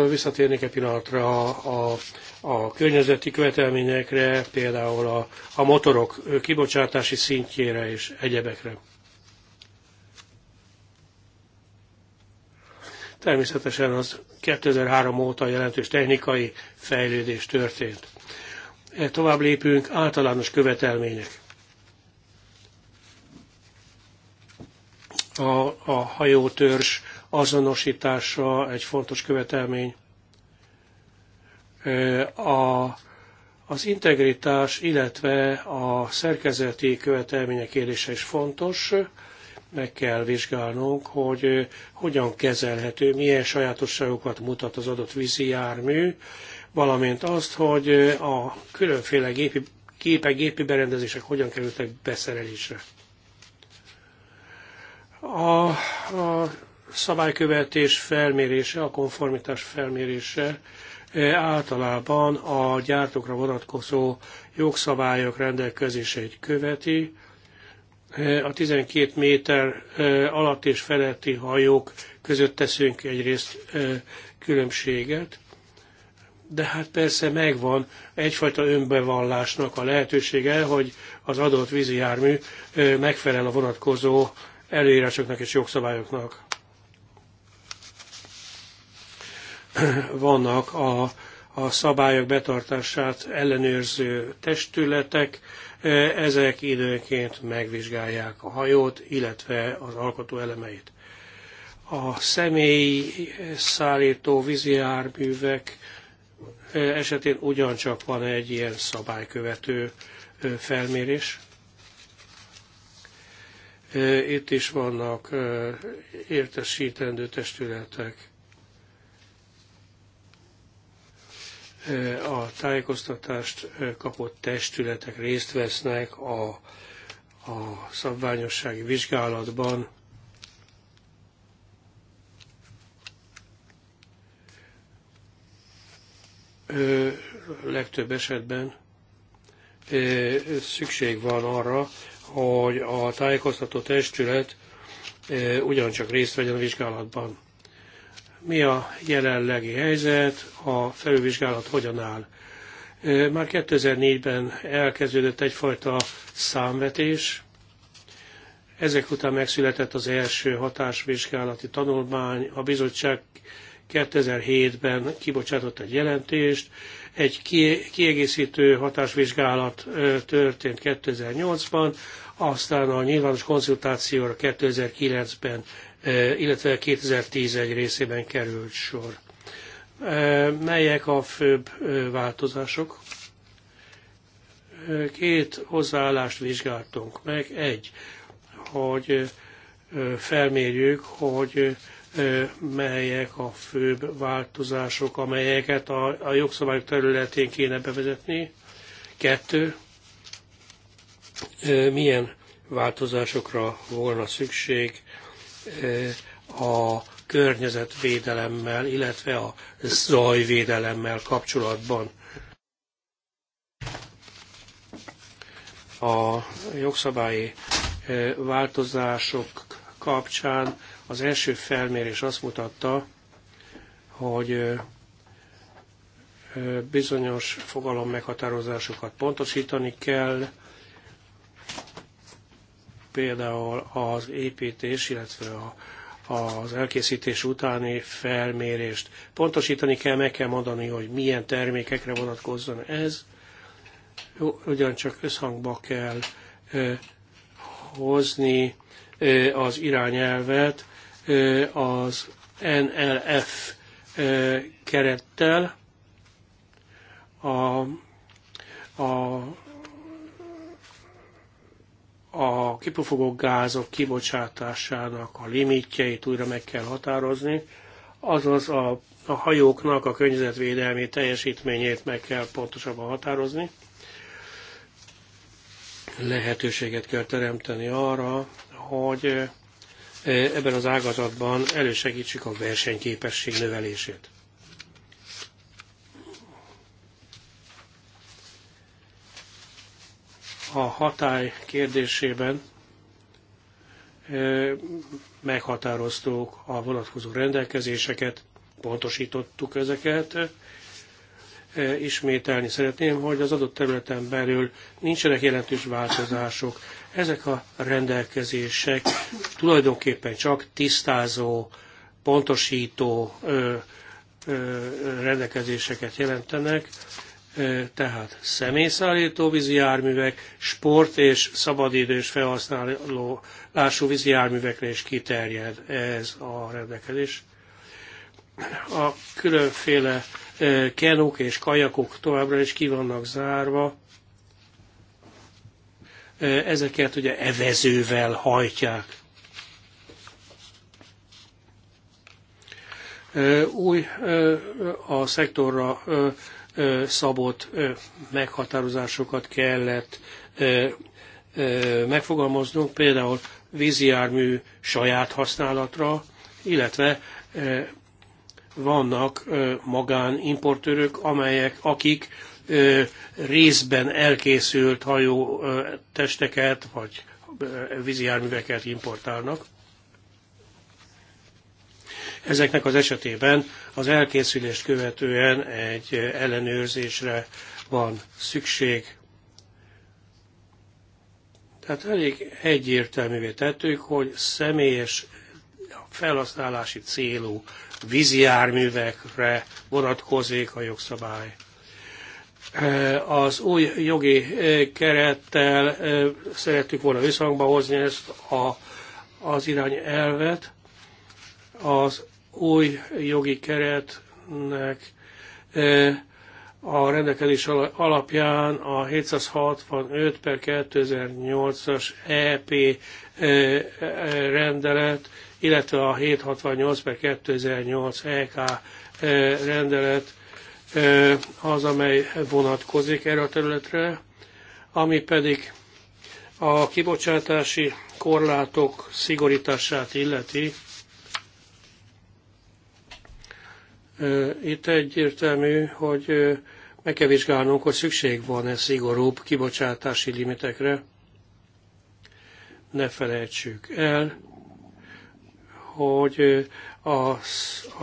[SPEAKER 3] Visszatérnék egy pillanatra a, a, a környezeti követelményekre, például a, a motorok kibocsátási szintjére és egyebekre. Természetesen az 2003 óta jelentős technikai fejlődés történt. E, tovább lépünk általános követelmények. A, a hajótörzs azonosítása egy fontos követelmény. A, az integritás, illetve a szerkezeti követelmények kérdése is fontos. Meg kell vizsgálnunk, hogy hogyan kezelhető, milyen sajátosságokat mutat az adott vízi jármű, valamint azt, hogy a különféle gépi, képek, gépi berendezések hogyan kerültek beszerelésre. A, a szabálykövetés felmérése, a konformitás felmérése e, általában a gyártókra vonatkozó jogszabályok rendelkezéseit követi. E, a 12 méter e, alatt és feletti hajók között teszünk egyrészt különbséget, de hát persze megvan egyfajta önbevallásnak a lehetősége, hogy az adott vízi jármű megfelel a vonatkozó előírásoknak és jogszabályoknak. [CLEARS THROAT] vannak a, a szabályok betartását ellenőrző testületek, e, ezek időnként megvizsgálják a hajót, illetve az alkotó elemeit. A személyi szállító vízijárművek e, esetén ugyancsak van egy ilyen szabálykövető e, felmérés. Itt is vannak értesítendő testületek. Eh, a tájékoztatást eh, kapott testületek részt vesznek a, a szabványossági vizsgálatban. Eh, legtöbb esetben szükség van arra, hogy a tájékoztató testület ugyancsak részt vegyen a vizsgálatban mi a jelenlegi helyzet, a felülvizsgálat hogyan áll. Már 2004-ben elkezdődött egyfajta számvetés, ezek után megszületett az első hatásvizsgálati tanulmány, a bizottság 2007-ben kibocsátott egy jelentést, egy kiegészítő hatásvizsgálat történt 2008-ban, aztán a nyilvános konzultációra 2009-ben illetve 2011 részében került sor. Melyek a főbb változások? Két hozzáállást vizsgáltunk meg. Egy, hogy felmérjük, hogy melyek a főbb változások, amelyeket a, a jogszabályok területén kéne bevezetni. Kettő, milyen változásokra volna szükség a környezetvédelemmel, illetve a zajvédelemmel kapcsolatban. A jogszabályi e, változások kapcsán az első felmérés azt mutatta, hogy e, e, bizonyos fogalom meghatározásokat pontosítani kell, például az építés, illetve a, az elkészítés utáni felmérést. Pontosítani kell, meg kell mondani, hogy milyen termékekre vonatkozzon ez. Ugyancsak összhangba kell ö, hozni ö, az irányelvet ö, az NLF ö, kerettel. A, a a kipufogó gázok kibocsátásának a limitjeit újra meg kell határozni, azaz a, a hajóknak a környezetvédelmi teljesítményét meg kell pontosabban határozni. Lehetőséget kell teremteni arra, hogy eh, ebben az ágazatban elősegítsük a versenyképesség növelését. a hatály kérdésében meghatároztuk a vonatkozó rendelkezéseket, pontosítottuk ezeket. Ismételni szeretném, hogy az adott területen belül nincsenek jelentős változások. Ezek a rendelkezések tulajdonképpen csak tisztázó, pontosító rendelkezéseket jelentenek, tehát személyszállító vízi járművek, sport és szabadidős felhasználású vízi járművekre is kiterjed ez a rendelkezés. A különféle kenuk és kajakok továbbra is ki vannak zárva. Ezeket ugye evezővel hajtják. Új a szektorra szabott meghatározásokat kellett megfogalmaznunk, például vízjármű saját használatra, illetve vannak magánimportőrök, amelyek, akik részben elkészült hajó testeket vagy vízjárműveket importálnak. Ezeknek az esetében az elkészülést követően egy ellenőrzésre van szükség. Tehát elég egyértelművé tettük, hogy személyes felhasználási célú víziárművekre vonatkozik a jogszabály. Az új jogi kerettel szerettük volna összhangba hozni ezt a, az irányelvet. Az új jogi keretnek e, a rendelkezés alapján a 765 per 2008-as EP e, e, rendelet, illetve a 768 per 2008 EK rendelet az, amely vonatkozik erre a területre, ami pedig a kibocsátási korlátok szigorítását illeti, Itt egyértelmű, hogy meg kell vizsgálnunk, hogy szükség van-e szigorúbb kibocsátási limitekre. Ne felejtsük el, hogy a,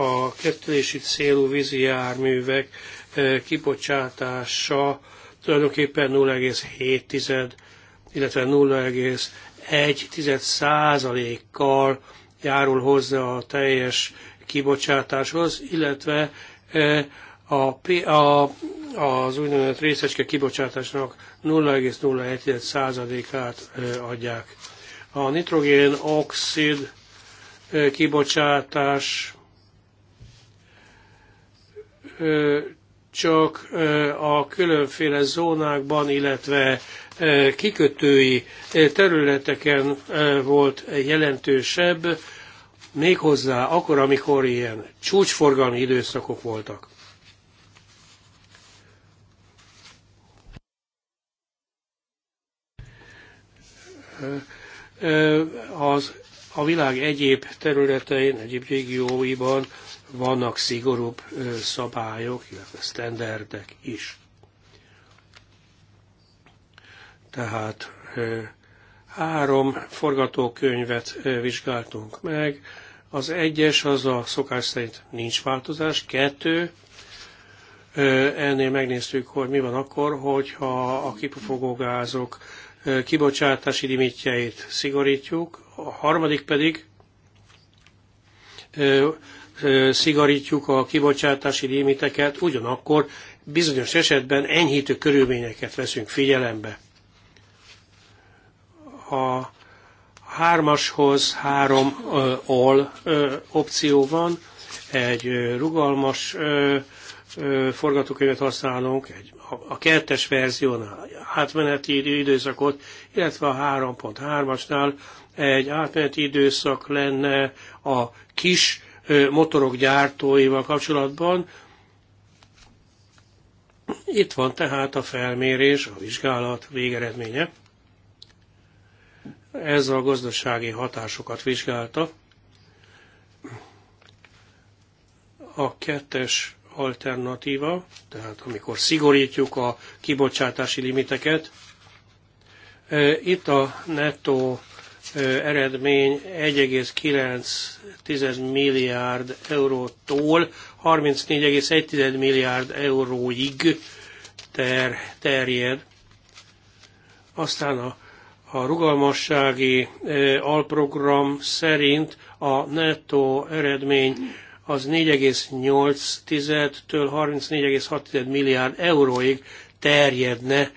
[SPEAKER 3] a kettőlési célú vízi járművek kibocsátása tulajdonképpen 0,7, illetve 0,1 százalékkal járul hozzá a teljes kibocsátáshoz, illetve e, a, a, az úgynevezett részecske kibocsátásnak 0,01%-át e, adják. A nitrogén oxid e, kibocsátás csak a különféle zónákban, illetve kikötői területeken volt jelentősebb, méghozzá akkor, amikor ilyen csúcsforgalmi időszakok voltak. Az, a világ egyéb területein, egyéb régióiban vannak szigorúbb szabályok, illetve sztenderdek is. Tehát három forgatókönyvet vizsgáltunk meg, az egyes az a szokás szerint nincs változás, kettő, ennél megnéztük, hogy mi van akkor, hogyha a kipufogógázok kibocsátási limitjeit szigorítjuk, a harmadik pedig szigorítjuk a kibocsátási limiteket, ugyanakkor bizonyos esetben enyhítő körülményeket veszünk figyelembe. A hármashoz három all opció van, egy rugalmas forgatókönyvet használunk, egy, a kertes verziónál átmeneti időszakot, illetve a 3.3-asnál egy átmeneti időszak lenne a kis motorok gyártóival kapcsolatban. Itt van tehát a felmérés, a vizsgálat végeredménye. Ez a gazdasági hatásokat vizsgálta. A kettes alternatíva, tehát amikor szigorítjuk a kibocsátási limiteket, e, itt a nettó e, eredmény 1,9 milliárd eurótól 34,1 milliárd euróig ter, terjed. Aztán a a rugalmassági alprogram szerint a nettó eredmény az 4,8-től 34,6 milliárd euróig terjedne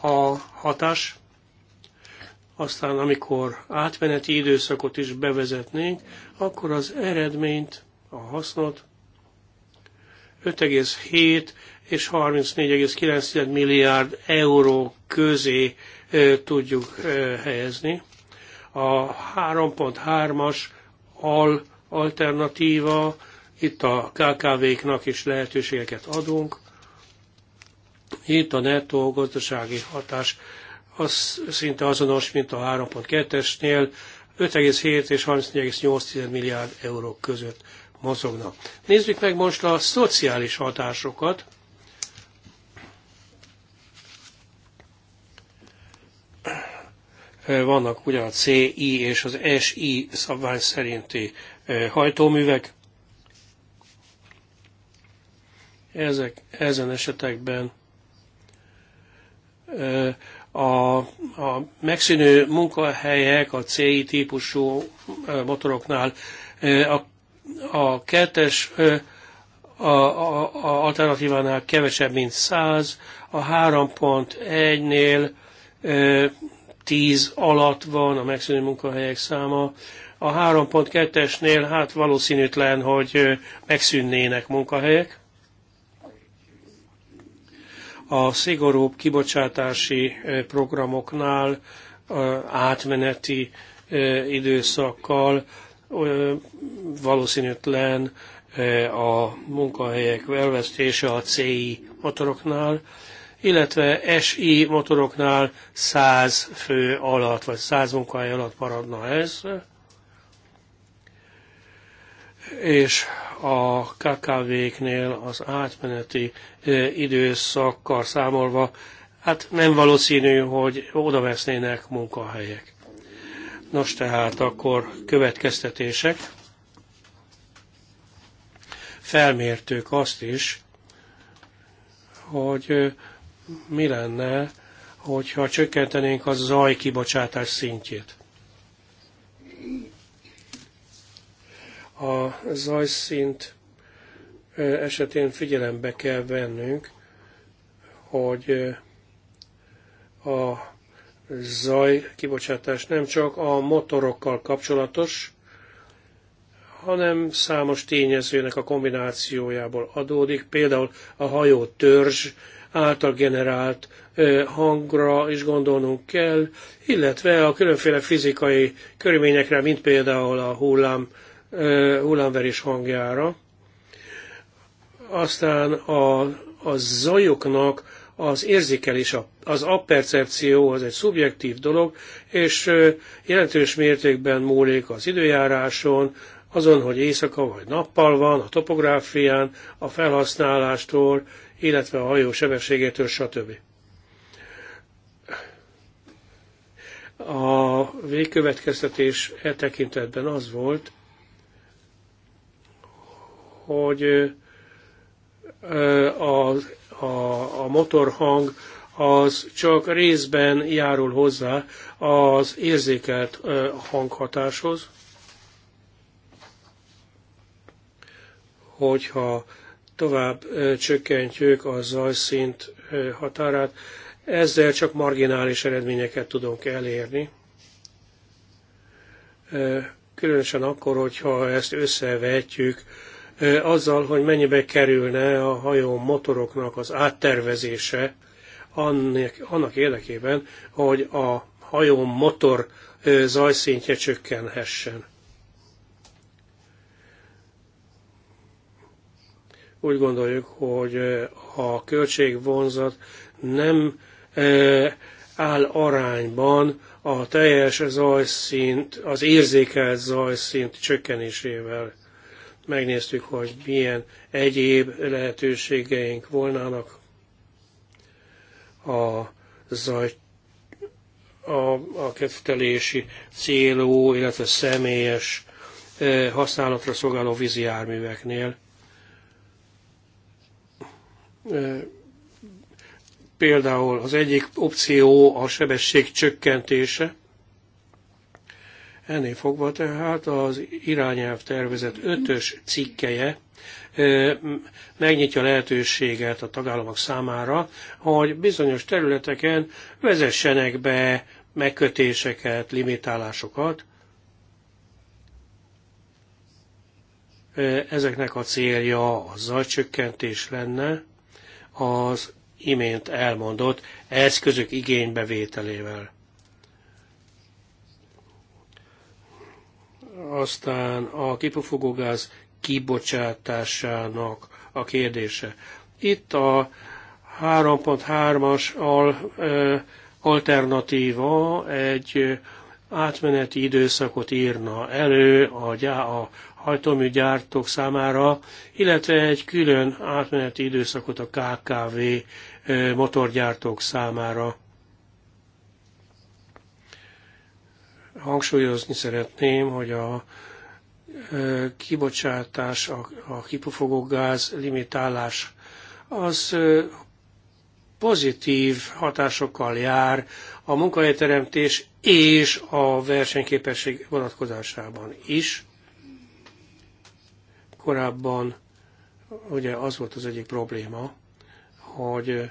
[SPEAKER 3] a hatás. Aztán, amikor átmeneti időszakot is bevezetnénk, akkor az eredményt, a hasznot 5,7 és 34,9 milliárd euró közé tudjuk helyezni. A 3.3-as al alternatíva, itt a KKV-knak is lehetőségeket adunk. Itt a nettó gazdasági hatás az szinte azonos, mint a 3.2-esnél, 5,7 és 34,8 milliárd euró között mozognak. Nézzük meg most a szociális hatásokat. Eh, vannak ugye a CI és az SI szabvány szerinti eh, hajtóművek. Ezek, ezen esetekben eh, a, a megszűnő munkahelyek a CI típusú motoroknál a, a kettes a, a, a alternatívánál kevesebb, mint 100, a 3.1-nél 10 alatt van a megszűnő munkahelyek száma. A 3.2-esnél hát valószínűtlen, hogy megszűnnének munkahelyek. A szigorúbb kibocsátási programoknál átmeneti időszakkal valószínűtlen a munkahelyek elvesztése a CI motoroknál, illetve SI motoroknál 100 fő alatt, vagy 100 munkahely alatt maradna ez. És a KKV-knél az átmeneti időszakkal számolva, hát nem valószínű, hogy oda vesznének munkahelyek. Nos tehát akkor következtetések. Felmértük azt is, hogy mi lenne, hogyha csökkentenénk a kibocsátás szintjét? A zajszint esetén figyelembe kell vennünk, hogy a zaj kibocsátás nem csak a motorokkal kapcsolatos, hanem számos tényezőnek a kombinációjából adódik, például a hajó törzs által generált hangra is gondolnunk kell, illetve a különféle fizikai körülményekre, mint például a hullám, hullámverés hangjára. Aztán a, a zajoknak az érzékelés, az appercepció az egy szubjektív dolog, és jelentős mértékben múlik az időjáráson, azon, hogy éjszaka vagy nappal van, a topográfián, a felhasználástól, illetve a hajó sebességétől, stb. A végkövetkeztetés e tekintetben az volt, hogy a, a, a motorhang az csak részben járul hozzá az érzékelt hanghatáshoz, hogyha tovább csökkentjük a zajszint határát, ezzel csak marginális eredményeket tudunk elérni. Különösen akkor, hogyha ezt összevetjük azzal, hogy mennyibe kerülne a hajó motoroknak az áttervezése annak érdekében, hogy a hajó motor zajszintje csökkenhessen. Úgy gondoljuk, hogy a költségvonzat nem áll arányban a teljes zajszint, az érzékelt zajszint csökkenésével. Megnéztük, hogy milyen egyéb lehetőségeink volnának a zaj a, a kettelési célú, illetve személyes használatra szolgáló vízi járműveknél. Például az egyik opció a sebesség csökkentése. Ennél fogva tehát az irányelv tervezet ötös cikkeje megnyitja lehetőséget a tagállamok számára, hogy bizonyos területeken vezessenek be megkötéseket, limitálásokat. Ezeknek a célja a zajcsökkentés lenne, az imént elmondott eszközök igénybevételével. Aztán a kipufogógáz kibocsátásának a kérdése. Itt a 3.3-as al, alternatíva egy átmeneti időszakot írna elő a, a, hajtóműgyártók számára, illetve egy külön átmeneti időszakot a KKV motorgyártók számára. Hangsúlyozni szeretném, hogy a kibocsátás, a kipufogó gáz limitálás az pozitív hatásokkal jár a munkahelyteremtés és a versenyképesség vonatkozásában is. Korábban ugye az volt az egyik probléma, hogy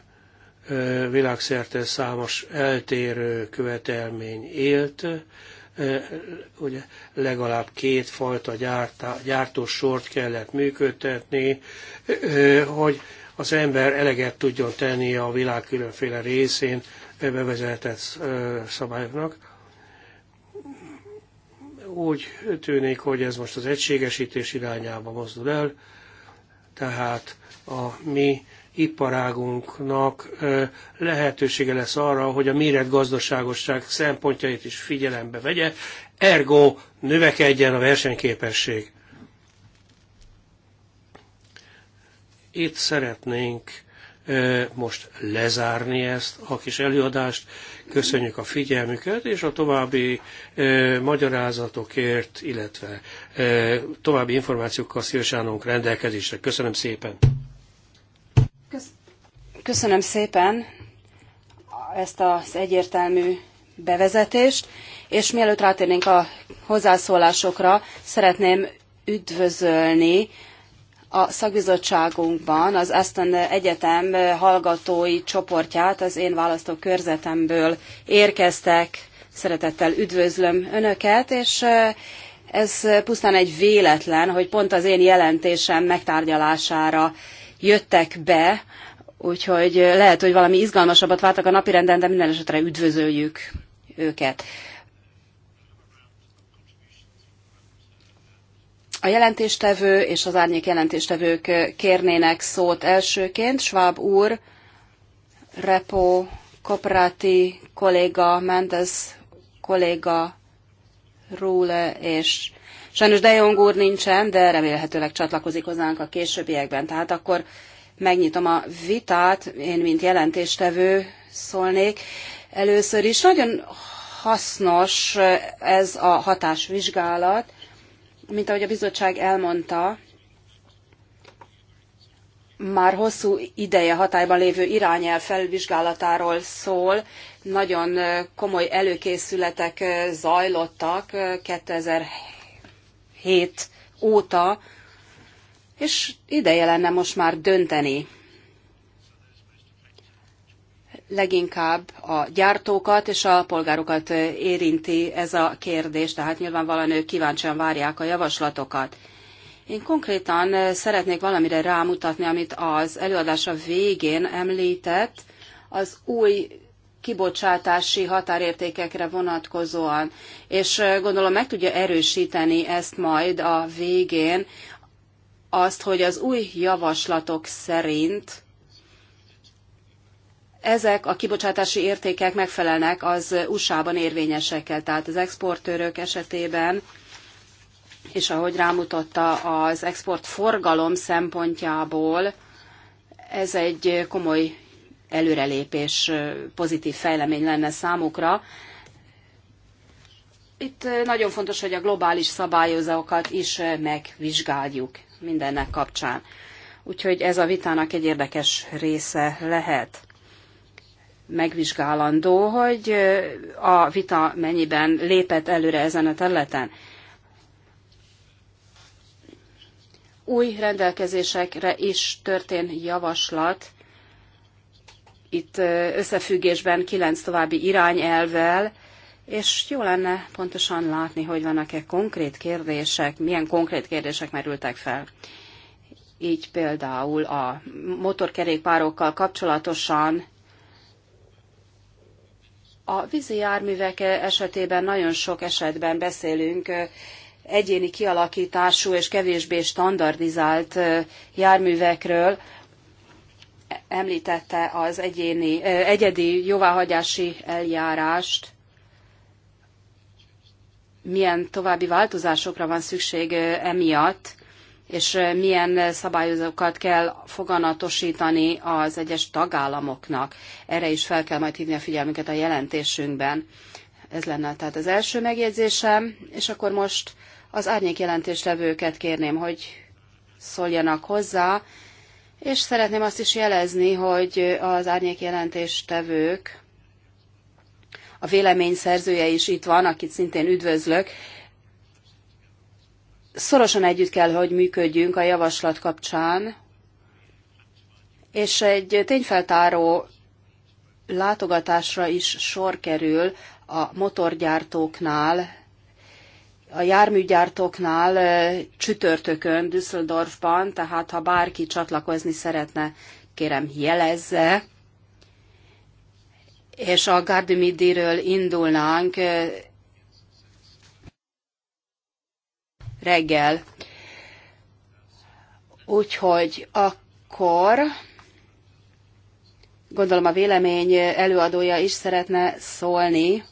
[SPEAKER 3] világszerte számos eltérő követelmény élt, ugye legalább két fajta gyártá, gyártósort kellett működtetni, hogy az ember eleget tudjon tenni a világ különféle részén bevezetett szabályoknak úgy tűnik, hogy ez most az egységesítés irányába mozdul el, tehát a mi iparágunknak lehetősége lesz arra, hogy a méretgazdaságosság szempontjait is figyelembe vegye, ergo növekedjen a versenyképesség. Itt szeretnénk most lezárni ezt a kis előadást. Köszönjük a figyelmüket, és a további magyarázatokért, illetve további információkkal szívesen rendelkezésre. Köszönöm szépen!
[SPEAKER 2] Köszönöm szépen ezt az egyértelmű bevezetést, és mielőtt rátérnénk a hozzászólásokra, szeretném üdvözölni a szakbizottságunkban az Aston Egyetem hallgatói csoportját az én választókörzetemből érkeztek. Szeretettel üdvözlöm Önöket, és ez pusztán egy véletlen, hogy pont az én jelentésem megtárgyalására jöttek be, úgyhogy lehet, hogy valami izgalmasabbat vártak a napirenden, de minden esetre üdvözöljük őket. A jelentéstevő és az árnyék jelentéstevők kérnének szót elsőként. Schwab úr, Repo, Koprati kolléga, Mendes, kolléga, Rúle és sajnos De Jong úr nincsen, de remélhetőleg csatlakozik hozzánk a későbbiekben. Tehát akkor megnyitom a vitát, én mint jelentéstevő szólnék. Először is nagyon hasznos ez a hatásvizsgálat, mint ahogy a bizottság elmondta, már hosszú ideje hatályban lévő irányelv felvizsgálatáról szól. Nagyon komoly előkészületek zajlottak 2007 óta, és ideje lenne most már dönteni leginkább a gyártókat és a polgárokat eh, érinti ez a kérdés, tehát nyilvánvalóan ők kíváncsian várják a javaslatokat. Én konkrétan eh, szeretnék valamire rámutatni, amit az előadása végén említett, az új kibocsátási határértékekre vonatkozóan, és eh, gondolom meg tudja erősíteni ezt majd a végén, azt, hogy az új javaslatok szerint ezek a kibocsátási értékek megfelelnek az USA-ban érvényesekkel, tehát az exportőrök esetében, és ahogy rámutatta az export forgalom szempontjából, ez egy komoly előrelépés, pozitív fejlemény lenne számukra. Itt nagyon fontos, hogy a globális szabályozókat is megvizsgáljuk mindennek kapcsán. Úgyhogy ez a vitának egy érdekes része lehet megvizsgálandó, hogy a vita mennyiben lépett előre ezen a területen. Új rendelkezésekre is történt javaslat, itt összefüggésben kilenc további irányelvvel, és jó lenne pontosan látni, hogy vannak-e konkrét kérdések, milyen konkrét kérdések merültek fel. Így például a motorkerékpárokkal kapcsolatosan a vízi járművek esetében nagyon sok esetben beszélünk egyéni kialakítású és kevésbé standardizált járművekről. Említette az egyéni, egyedi jóváhagyási eljárást. Milyen további változásokra van szükség emiatt? és eh, milyen szabályozókat kell foganatosítani az egyes tagállamoknak. Erre is fel kell majd hívni a figyelmüket a jelentésünkben. Ez lenne tehát az első megjegyzésem, és akkor most az árnyék jelentéstevőket kérném, hogy szóljanak hozzá, és szeretném azt is jelezni, hogy az árnyék jelentéstevők, a vélemény szerzője is itt van, akit szintén üdvözlök, Szorosan együtt kell, hogy működjünk a javaslat kapcsán, és egy tényfeltáró látogatásra is sor kerül a motorgyártóknál, a járműgyártóknál csütörtökön Düsseldorfban, tehát ha bárki csatlakozni szeretne, kérem jelezze. És a Gardimidiről indulnánk reggel. Úgyhogy akkor gondolom a vélemény előadója is szeretne szólni.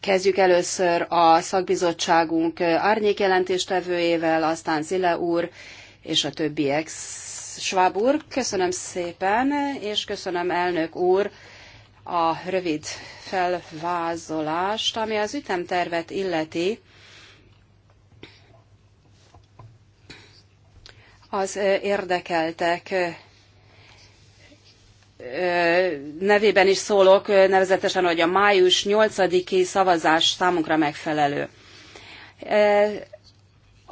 [SPEAKER 2] Kezdjük először a szakbizottságunk árnyékjelentéstevőjével, aztán Zile úr és a többiek. Schwab úr, köszönöm szépen, és köszönöm elnök úr a rövid felvázolást, ami az ütemtervet illeti. Az érdekeltek nevében is szólok, nevezetesen, hogy a május 8-i szavazás számunkra megfelelő.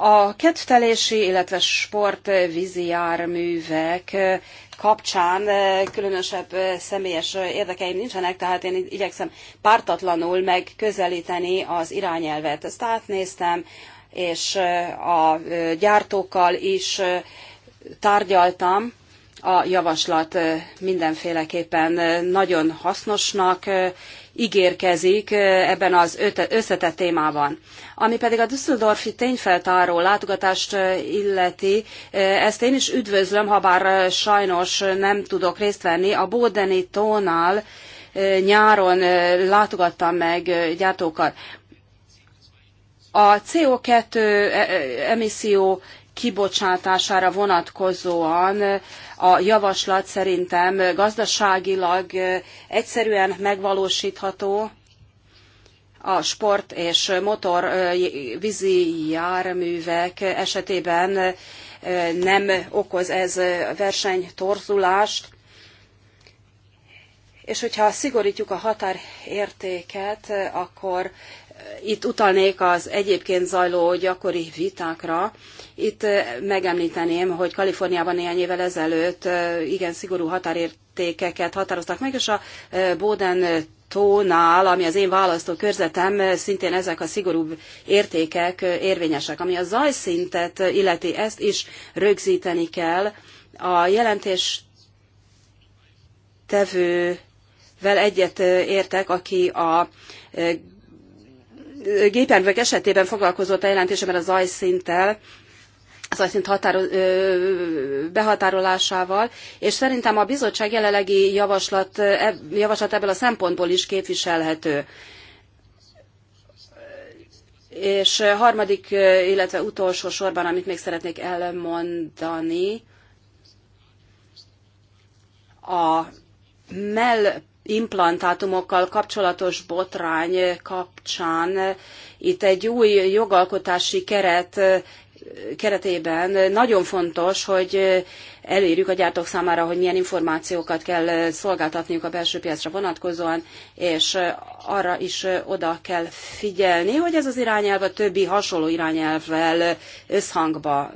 [SPEAKER 2] A kettelési, illetve sport járművek kapcsán eh, különösebb eh, személyes eh, érdekeim nincsenek, tehát én igyekszem pártatlanul megközelíteni az irányelvet. Ezt átnéztem, és a gyártókkal is tárgyaltam. A javaslat mindenféleképpen nagyon hasznosnak ígérkezik ebben az összetett témában. Ami pedig a Düsseldorfi tényfeltáró látogatást illeti, ezt én is üdvözlöm, ha bár sajnos nem tudok részt venni. A Bódeni tónál nyáron látogattam meg gyártókat. A CO2 e- e- emisszió kibocsátására vonatkozóan a javaslat szerintem gazdaságilag egyszerűen megvalósítható, a sport és motor vízi járművek esetében nem okoz ez versenytorzulást. És hogyha szigorítjuk a határértéket, akkor itt utalnék az egyébként zajló gyakori vitákra. Itt eh, megemlíteném, hogy Kaliforniában néhány évvel ezelőtt eh, igen szigorú határértékeket határoztak meg, és a eh, Bowden tónál, ami az én választókörzetem, szintén ezek a szigorúbb értékek érvényesek. Ami a zajszintet illeti, ezt is rögzíteni kell. A jelentés tevővel egyet értek, aki a gépjárművek esetében foglalkozott a jelentésemben a zajszinttel, a zajszint határo, behatárolásával, és szerintem a bizottság jelenlegi javaslat, e, javaslat ebből a szempontból is képviselhető és harmadik, illetve utolsó sorban, amit még szeretnék elmondani, a mell implantátumokkal kapcsolatos botrány kapcsán itt egy új jogalkotási keret keretében nagyon fontos, hogy elérjük a gyártók számára, hogy milyen információkat kell szolgáltatniuk a belső piacra vonatkozóan, és arra is oda kell figyelni, hogy ez az irányelv a többi hasonló irányelvvel összhangba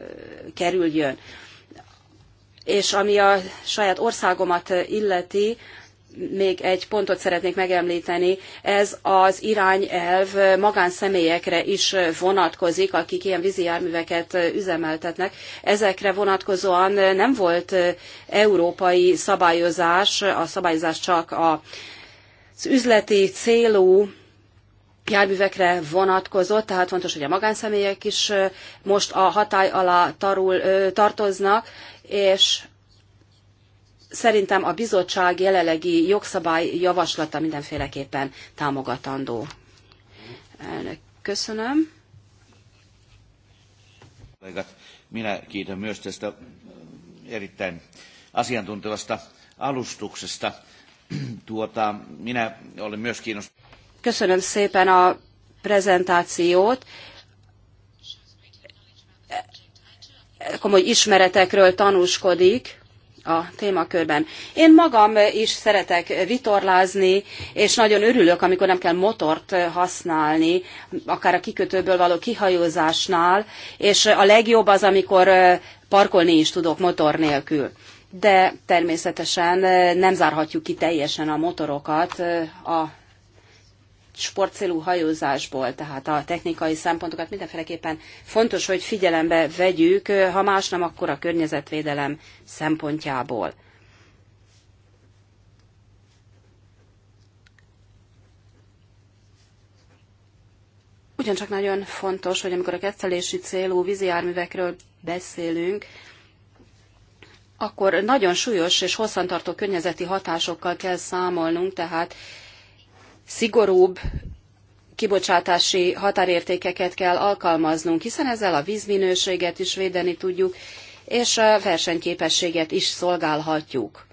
[SPEAKER 2] kerüljön. És ami a saját országomat illeti, még egy pontot szeretnék megemlíteni, ez az irányelv magánszemélyekre is vonatkozik, akik ilyen vízi járműveket üzemeltetnek. Ezekre vonatkozóan nem volt európai szabályozás, a szabályozás csak az üzleti célú járművekre vonatkozott, tehát fontos, hogy a magánszemélyek is most a hatály alá tarul, tartoznak, és szerintem a bizottság jelenlegi jogszabály javaslata mindenféleképpen támogatandó. Elnök, köszönöm.
[SPEAKER 1] Minä kiitän myös tästä erittäin asiantuntevasta
[SPEAKER 3] alustuksesta. Tuota, minä olen myös kiinnostunut.
[SPEAKER 2] Köszönöm szépen a prezentációt. Komoly ismeretekről tanúskodik a témakörben. Én magam is szeretek vitorlázni, és nagyon örülök, amikor nem kell motort használni, akár a kikötőből való kihajózásnál, és a legjobb az, amikor parkolni is tudok motor nélkül. De természetesen nem zárhatjuk ki teljesen a motorokat a sportcélú hajózásból, tehát a technikai szempontokat mindenféleképpen fontos, hogy figyelembe vegyük, ha más nem, akkor a környezetvédelem szempontjából. Ugyancsak nagyon fontos, hogy amikor a kettelési célú vízijárművekről beszélünk, akkor nagyon súlyos és hosszantartó környezeti hatásokkal kell számolnunk, tehát szigorúbb kibocsátási határértékeket kell alkalmaznunk, hiszen ezzel a vízminőséget is védeni tudjuk, és a versenyképességet is szolgálhatjuk.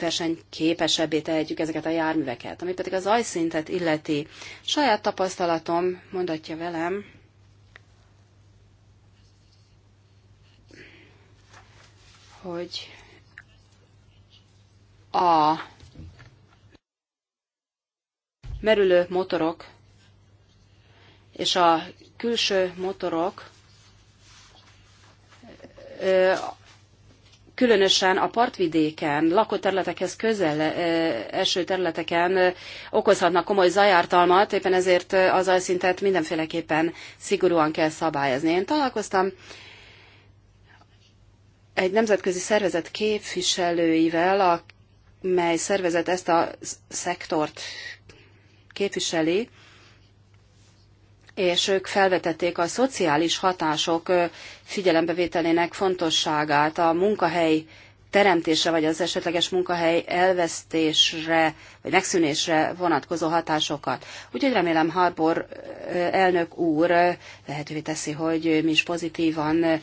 [SPEAKER 2] Versenyképesebbé tehetjük ezeket a járműveket. Ami pedig az ajszintet illeti, saját tapasztalatom mondatja velem, hogy a merülő motorok és a külső motorok különösen a partvidéken, lakott területekhez közel eső területeken okozhatnak komoly zajártalmat, éppen ezért az zajszintet mindenféleképpen szigorúan kell szabályozni. Én találkoztam egy nemzetközi szervezet képviselőivel, mely szervezet ezt a szektort képviseli, és ők felvetették a szociális hatások figyelembevételének fontosságát a munkahely teremtésre, vagy az esetleges munkahely elvesztésre, vagy megszűnésre vonatkozó hatásokat. Úgyhogy remélem Harbor elnök úr lehetővé teszi, hogy mi is pozitívan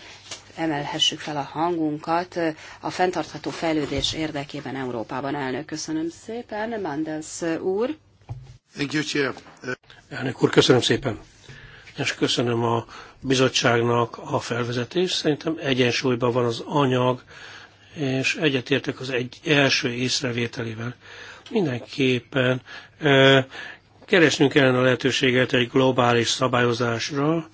[SPEAKER 2] emelhessük fel a hangunkat a fenntartható fejlődés érdekében Európában. Elnök, köszönöm szépen, Mandels úr.
[SPEAKER 3] Elnök úr, köszönöm szépen. És köszönöm a bizottságnak a felvezetést. Szerintem egyensúlyban van az anyag, és egyetértek az egy első észrevételével. Mindenképpen keresnünk kellene a lehetőséget egy globális szabályozásra,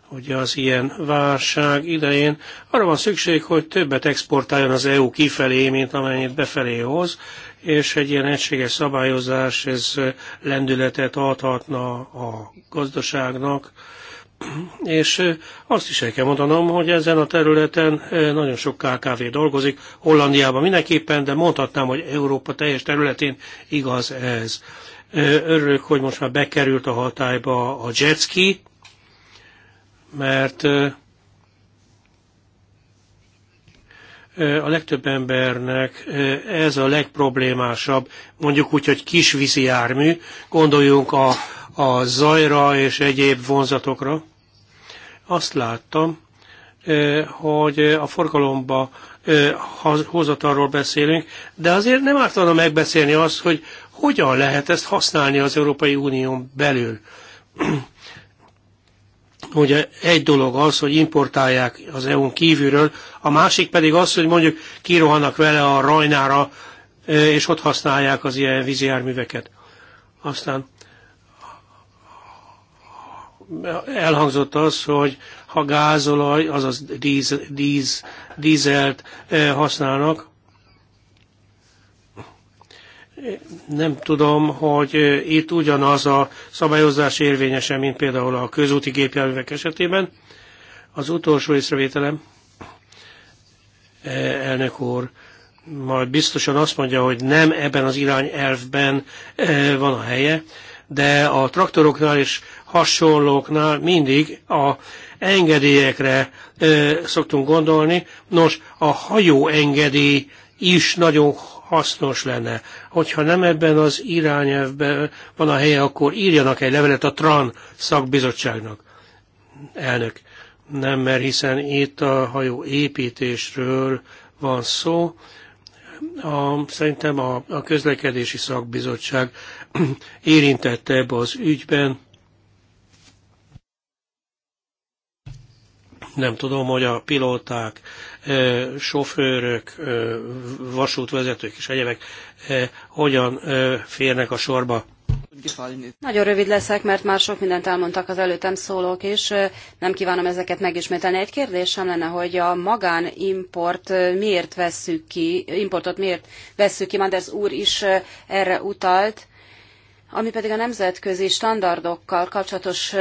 [SPEAKER 3] hogy az ilyen válság idején arra van szükség, hogy többet exportáljon az EU kifelé, mint amennyit befelé hoz, és egy ilyen egységes szabályozás, ez lendületet adhatna a gazdaságnak, és azt is el kell mondanom, hogy ezen a területen nagyon sok KKV dolgozik, Hollandiában mindenképpen, de mondhatnám, hogy Európa teljes területén igaz ez. Örülök, hogy most már bekerült a hatályba a jetski, mert a legtöbb embernek ez a legproblémásabb, mondjuk úgy, hogy kis vízi jármű, gondoljunk a, a zajra és egyéb vonzatokra. Azt láttam, hogy a forgalomba hozatarról beszélünk, de azért nem ártana megbeszélni azt, hogy hogyan lehet ezt használni az Európai Unión belül mondja egy dolog az, hogy importálják az EU-n kívülről, a másik pedig az, hogy mondjuk kirohannak vele a rajnára, és ott használják az ilyen víziárműveket. Aztán elhangzott az, hogy ha gázolaj, azaz díz, díz, dízelt használnak, nem tudom, hogy itt ugyanaz a szabályozás érvényesen, mint például a közúti gépjárművek esetében. Az utolsó észrevételem, eh, elnök úr, majd biztosan azt mondja, hogy nem ebben az irányelvben eh, van a helye, de a traktoroknál és hasonlóknál mindig a engedélyekre eh, szoktunk gondolni. Nos, a hajó engedély is nagyon hasznos lenne. Hogyha nem ebben az irányelvben van a helye, akkor írjanak egy levelet a TRAN szakbizottságnak. Elnök, nem, mert hiszen itt a hajó építésről van szó. A, szerintem a, a közlekedési szakbizottság [CLEARS THROAT] érintette, ebbe az ügyben. Nem tudom, hogy a pilóták sofőrök, vasútvezetők és egyebek hogyan férnek a sorba.
[SPEAKER 2] Nagyon rövid leszek, mert már sok mindent elmondtak az előttem szólók, és nem kívánom ezeket megismételni. Egy kérdésem lenne, hogy a magánimport miért vesszük ki, importot miért vesszük ki, Manders úr is erre utalt, ami pedig a nemzetközi standardokkal kapcsolatos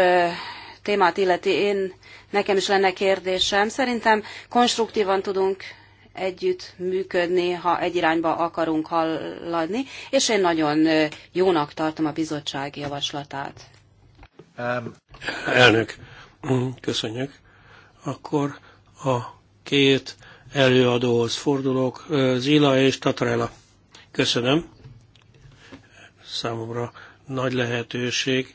[SPEAKER 2] témát illeti, én nekem is lenne kérdésem. Szerintem konstruktívan tudunk együtt működni, ha egy irányba akarunk haladni, és én nagyon jónak tartom a bizottság javaslatát.
[SPEAKER 3] Um, Elnök, köszönjük. Akkor a két előadóhoz fordulok, Zila és Tatarella. Köszönöm. Számomra nagy lehetőség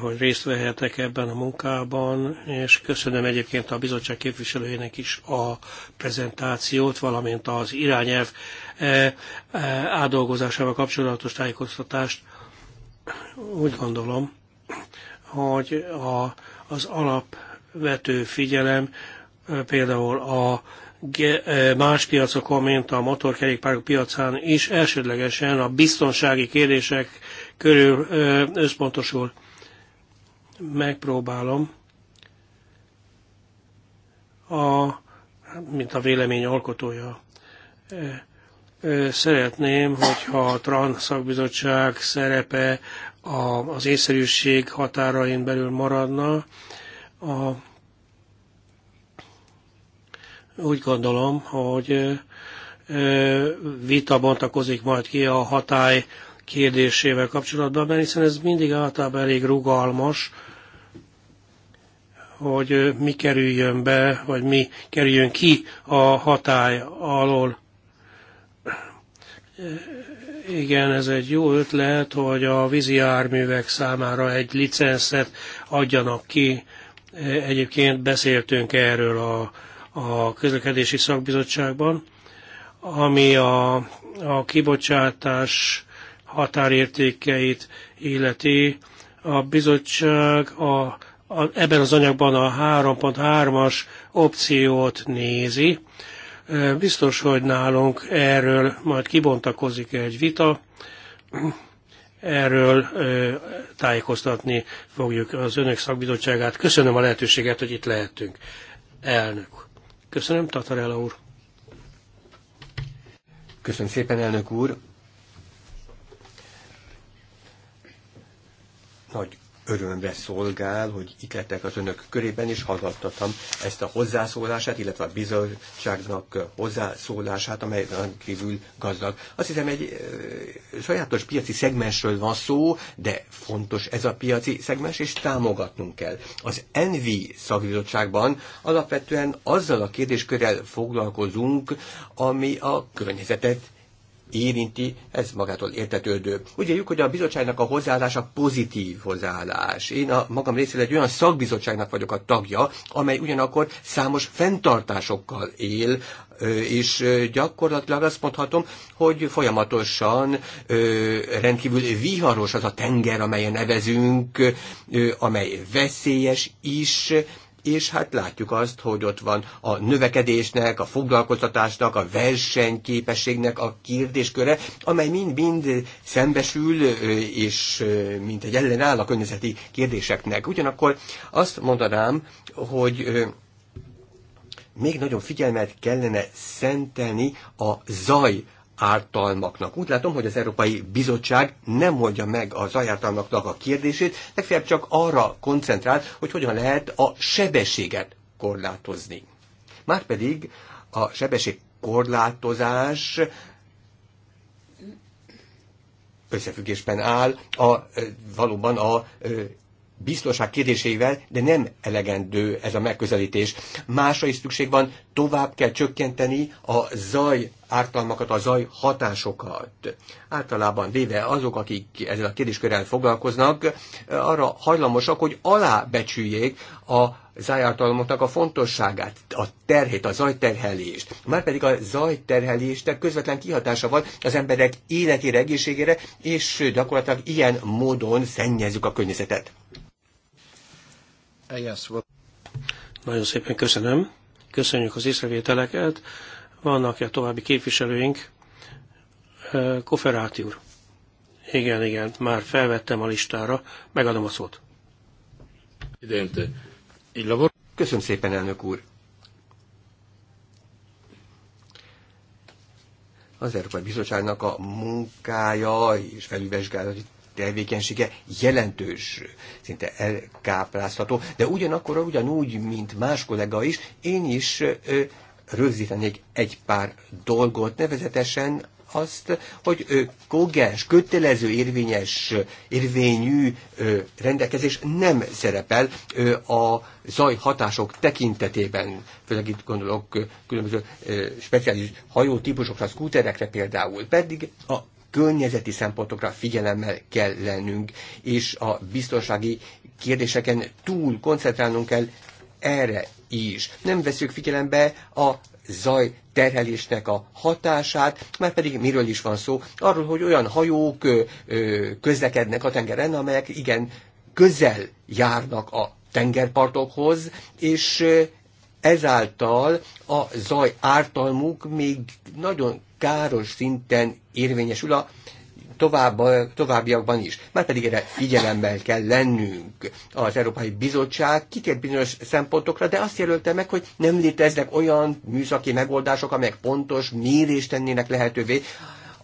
[SPEAKER 3] hogy részt vehetek ebben a munkában, és köszönöm egyébként a bizottság képviselőjének is a prezentációt, valamint az irányelv átdolgozásával kapcsolatos tájékoztatást. Úgy gondolom, hogy a, az alapvető figyelem például a más piacokon, mint a motorkerékpárok piacán is elsődlegesen a biztonsági kérdések körül összpontosul megpróbálom a, mint a vélemény alkotója, e, e, szeretném, hogyha a trans szakbizottság szerepe a, az észszerűség határain belül maradna. A, úgy gondolom, hogy e, vita bontakozik majd ki a hatály kérdésével kapcsolatban, mert hiszen ez mindig általában elég rugalmas, hogy mi kerüljön be, vagy mi kerüljön ki a hatály alól. Igen, ez egy jó ötlet, hogy a vízi járművek számára egy licenszet adjanak ki. Egyébként beszéltünk erről a, a közlekedési szakbizottságban, ami a, a kibocsátás határértékeit illeti. A bizottság a ebben az anyagban a 3.3-as opciót nézi. Biztos, hogy nálunk erről majd kibontakozik egy vita, erről tájékoztatni fogjuk az önök szakbizottságát. Köszönöm a lehetőséget, hogy itt lehetünk. Elnök. Köszönöm, Tatarella úr. Köszönöm
[SPEAKER 4] szépen, elnök úr. Nagy örömre szolgál, hogy itt lettek az önök körében, és hallgattam ezt a hozzászólását, illetve a bizottságnak hozzászólását, amely rendkívül gazdag. Azt hiszem, egy ö, sajátos piaci szegmensről van szó, de fontos ez a piaci szegmens, és támogatnunk kell. Az ENVI szakbizottságban alapvetően azzal a kérdéskörrel foglalkozunk, ami a környezetet érinti, ez magától értetődő. Úgy éljük, hogy a bizottságnak a hozzáállása pozitív hozzáállás. Én a magam részéről egy olyan szakbizottságnak vagyok a tagja, amely ugyanakkor számos fenntartásokkal él, és gyakorlatilag azt mondhatom, hogy folyamatosan rendkívül viharos az a tenger, amelyen nevezünk, amely veszélyes is, és hát látjuk azt, hogy ott van a növekedésnek, a foglalkoztatásnak, a versenyképességnek a kérdésköre, amely mind-mind szembesül, és mint egy ellenáll a környezeti kérdéseknek. Ugyanakkor azt mondanám, hogy még nagyon figyelmet kellene szentelni a zaj ártalmaknak. Úgy látom, hogy az Európai Bizottság nem oldja meg az ajártalmaknak a kérdését, legfeljebb csak arra koncentrál, hogy hogyan lehet a sebességet korlátozni. Márpedig a sebesség korlátozás összefüggésben áll a, valóban a biztonság kérdéseivel, de nem elegendő ez a megközelítés. Másra is szükség van, tovább kell csökkenteni a zaj ártalmakat, a zaj hatásokat. Általában véve azok, akik ezzel a kérdéskörrel foglalkoznak, arra hajlamosak, hogy alábecsüljék a zajártalmaknak a fontosságát, a terhét, a zajterhelést. Márpedig a zajterhelésnek közvetlen kihatása van az emberek életére, egészségére, és gyakorlatilag ilyen módon
[SPEAKER 3] szennyezzük a környezetet. Nagyon szépen köszönöm. Köszönjük az észrevételeket. Vannak-e további képviselőink? Koferáti úr. Igen, igen, már felvettem a listára. Megadom a szót. Köszönöm
[SPEAKER 4] szépen, elnök úr. Az Európai Bizottságnak a munkája és felülvizsgálati tevékenysége jelentős, szinte elkápráztató, de ugyanakkor ugyanúgy, mint más kollega is, én is ö, rögzítenék egy pár dolgot, nevezetesen azt, hogy kogens, kötelező érvényes, érvényű rendelkezés nem szerepel a zaj hatások tekintetében. Főleg itt gondolok különböző speciális hajó típusokra, szkúterekre például. Pedig a környezeti szempontokra figyelemmel kell lennünk, és a biztonsági kérdéseken túl koncentrálnunk kell erre is. Nem veszük figyelembe a zaj terhelésnek a hatását, mert pedig miről is van szó? Arról, hogy olyan hajók közlekednek a tengeren, amelyek igen közel járnak a tengerpartokhoz, és ezáltal a zaj ártalmuk még nagyon káros szinten érvényesül a tovább, továbbiakban is. Márpedig erre figyelemmel kell lennünk. Az Európai Bizottság kitért bizonyos szempontokra, de azt jelölte meg, hogy nem léteznek olyan műszaki megoldások, amelyek pontos mérést tennének lehetővé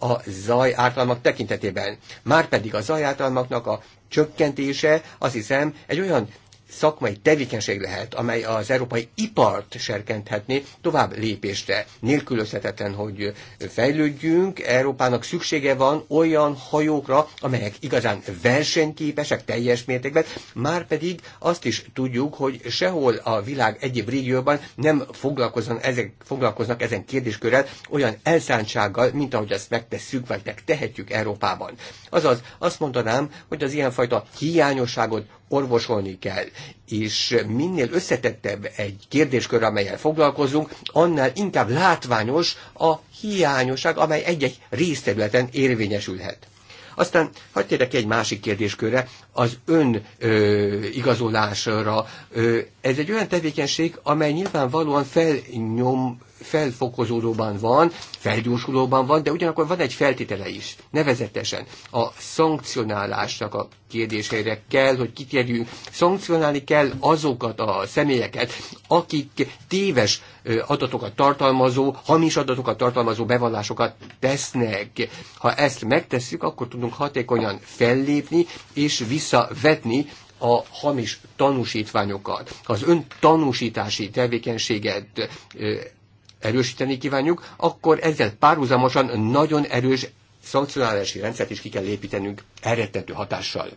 [SPEAKER 4] a zaj ártalmak tekintetében. Márpedig a zaj ártalmaknak a csökkentése, azt hiszem, egy olyan szakmai tevékenység lehet, amely az európai ipart serkenthetné tovább lépésre. Nélkülözhetetlen, hogy fejlődjünk, Európának szüksége van olyan hajókra, amelyek igazán versenyképesek teljes mértékben, már pedig azt is tudjuk, hogy sehol a világ egyéb régióban nem foglalkoznak ezen, foglalkoznak ezen kérdéskörrel olyan elszántsággal, mint ahogy ezt megtesszük, vagy megtehetjük Európában. Azaz, azt mondanám, hogy az ilyenfajta hiányosságot orvosolni kell, és minél összetettebb egy kérdéskör, amelyel foglalkozunk, annál inkább látványos a hiányosság, amely egy-egy részterületen érvényesülhet. Aztán hadd térek egy másik kérdéskörre, az ön ö, igazolásra. Ö, ez egy olyan tevékenység, amely nyilvánvalóan felnyom, felfokozódóban van, felgyorsulóban van, de ugyanakkor van egy feltétele is. Nevezetesen a szankcionálásnak a kérdéseire kell, hogy kitérjünk. Szankcionálni kell azokat a személyeket, akik téves adatokat tartalmazó, hamis adatokat tartalmazó bevallásokat tesznek. Ha ezt megtesszük, akkor tudunk hatékonyan fellépni és visszavetni a hamis tanúsítványokat, az öntanúsítási tevékenységet erősíteni kívánjuk, akkor ezzel párhuzamosan nagyon erős szankcionálási rendszert is ki kell építenünk elrettető hatással.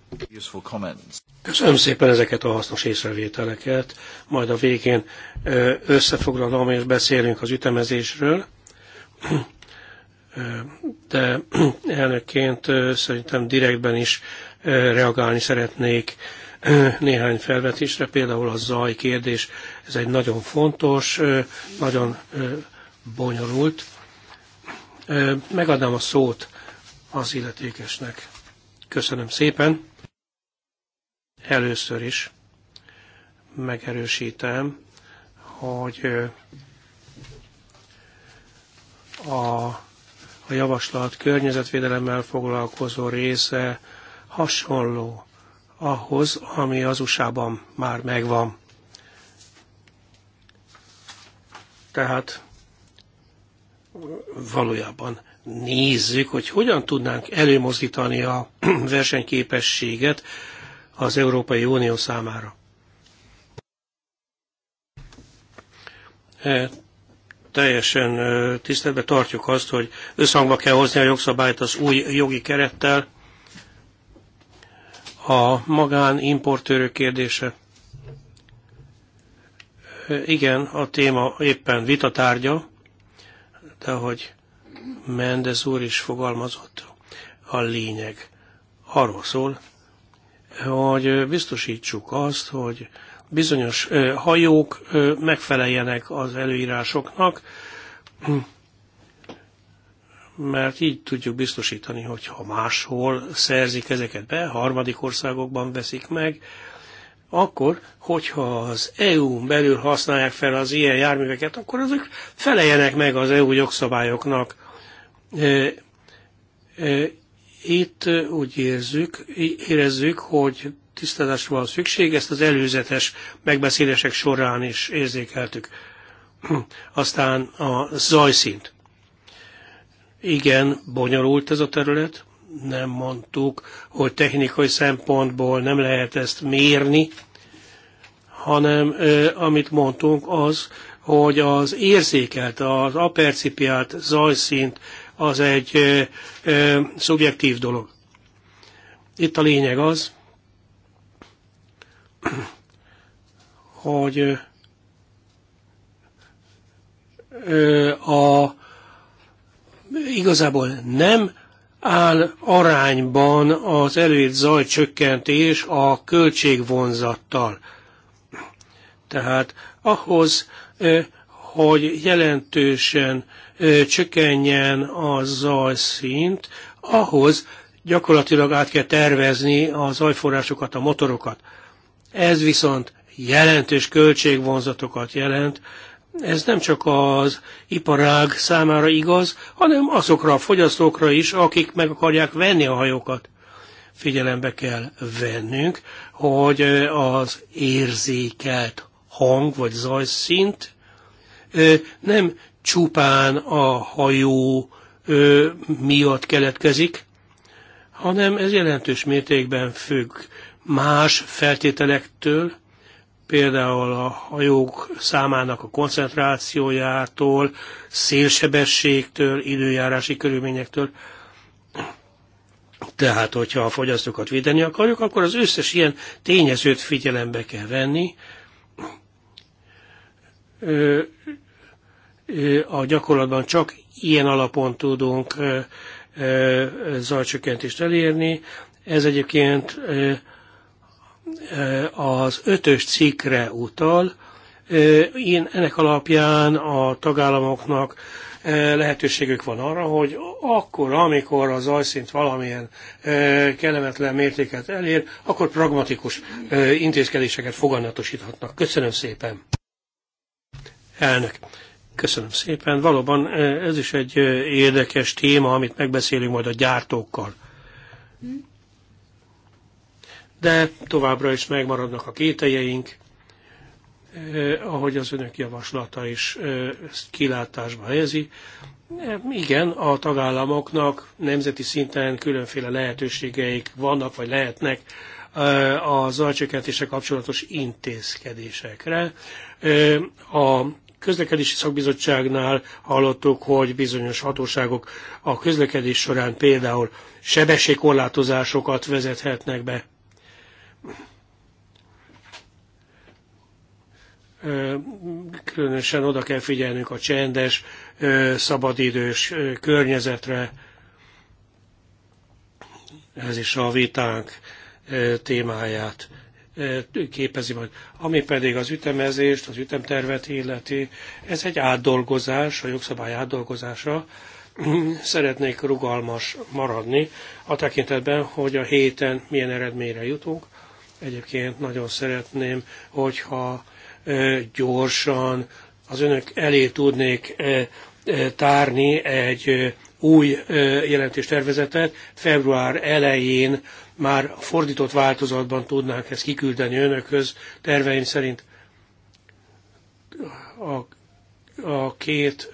[SPEAKER 3] Köszönöm szépen ezeket a hasznos észrevételeket. Majd a végén összefoglalom és beszélünk az ütemezésről. De [CLEARS THROAT] elnökként szerintem direktben is reagálni szeretnék [CLEARS THROAT] néhány felvetésre, például a zaj kérdés, ez egy nagyon fontos, nagyon bonyolult. Megadnám a szót az illetékesnek. Köszönöm szépen. Először is megerősítem, hogy a, a javaslat környezetvédelemmel foglalkozó része hasonló ahhoz, ami az USA-ban már megvan. Tehát valójában nézzük, hogy hogyan tudnánk előmozdítani a [CLEARS THROAT] versenyképességet az Európai Unió számára. E, teljesen tiszteletben tartjuk azt, hogy összhangba kell hozni a jogszabályt az új jogi kerettel, a magánimportőrök kérdése. Igen, a téma éppen vitatárgya, de hogy Mendez úr is fogalmazott, a lényeg arról szól, hogy biztosítsuk azt, hogy bizonyos hajók megfeleljenek az előírásoknak, mert így tudjuk biztosítani, hogy ha máshol szerzik ezeket be, harmadik országokban veszik meg, akkor, hogyha az EU-n belül használják fel az ilyen járműveket, akkor azok feleljenek meg az EU jogszabályoknak. Itt úgy érzük, érezzük, hogy tisztázásra van szükség, ezt az előzetes megbeszélések során is érzékeltük. Aztán a zajszint. Igen, bonyolult ez a terület, nem mondtuk, hogy technikai szempontból nem lehet ezt mérni, hanem amit mondtunk az, hogy az érzékelt, az apercipiált zajszint az egy ö, ö, szubjektív dolog. Itt a lényeg az, hogy ö, a igazából nem áll arányban az előírt zajcsökkentés a költségvonzattal. Tehát ahhoz, hogy jelentősen csökkenjen a zajszint, ahhoz gyakorlatilag át kell tervezni a zajforrásokat, a motorokat. Ez viszont jelentős költségvonzatokat jelent, ez nem csak az iparág számára igaz, hanem azokra a fogyasztókra is, akik meg akarják venni a hajókat. Figyelembe kell vennünk, hogy az érzékelt hang vagy zajszint nem csupán a hajó miatt keletkezik, hanem ez jelentős mértékben függ más feltételektől, például a hajók számának a koncentrációjától, szélsebességtől, időjárási körülményektől. Tehát, hogyha a fogyasztókat védeni akarjuk, akkor az összes ilyen tényezőt figyelembe kell venni. A gyakorlatban csak ilyen alapon tudunk zajcsökkentést elérni. Ez egyébként az ötös cikkre utal. Én ennek alapján a tagállamoknak lehetőségük van arra, hogy akkor, amikor az zajszint valamilyen kellemetlen mértéket elér, akkor pragmatikus intézkedéseket foganatosíthatnak. Köszönöm szépen. Elnök. Köszönöm szépen. Valóban ez is egy érdekes téma, amit megbeszélünk majd a gyártókkal de továbbra is megmaradnak a kételjeink, eh, ahogy az önök javaslata is eh, ezt kilátásba helyezi. Eh, igen, a tagállamoknak nemzeti szinten különféle lehetőségeik vannak, vagy lehetnek a zajcsökkentése kapcsolatos intézkedésekre. A közlekedési szakbizottságnál hallottuk, hogy bizonyos hatóságok a közlekedés során például sebességkorlátozásokat vezethetnek be különösen oda kell figyelnünk a csendes, szabadidős környezetre. Ez is a vitánk témáját képezi majd. Ami pedig az ütemezést, az ütemtervet illeti, ez egy átdolgozás, a jogszabály átdolgozása. [CLEARS THROAT] Szeretnék rugalmas maradni a tekintetben, hogy a héten milyen eredményre jutunk. Egyébként nagyon szeretném, hogyha gyorsan az önök elé tudnék tárni egy új jelentéstervezetet. Február elején már fordított változatban tudnánk ezt kiküldeni önökhöz, terveim szerint a, a két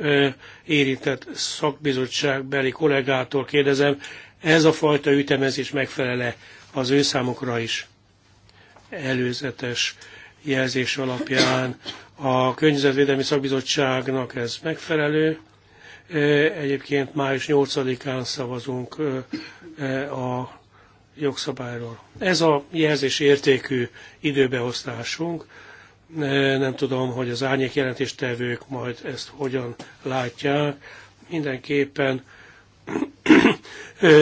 [SPEAKER 3] érintett szakbizottságbeli kollégától kérdezem, ez a fajta ütemezés megfelele az ő számukra is előzetes jelzés alapján a Környezetvédelmi Szakbizottságnak ez megfelelő. E, egyébként május 8-án szavazunk e, e, a jogszabályról. Ez a jelzés értékű időbeosztásunk. Nem tudom, hogy az árnyék jelentéstevők majd ezt hogyan látják. Mindenképpen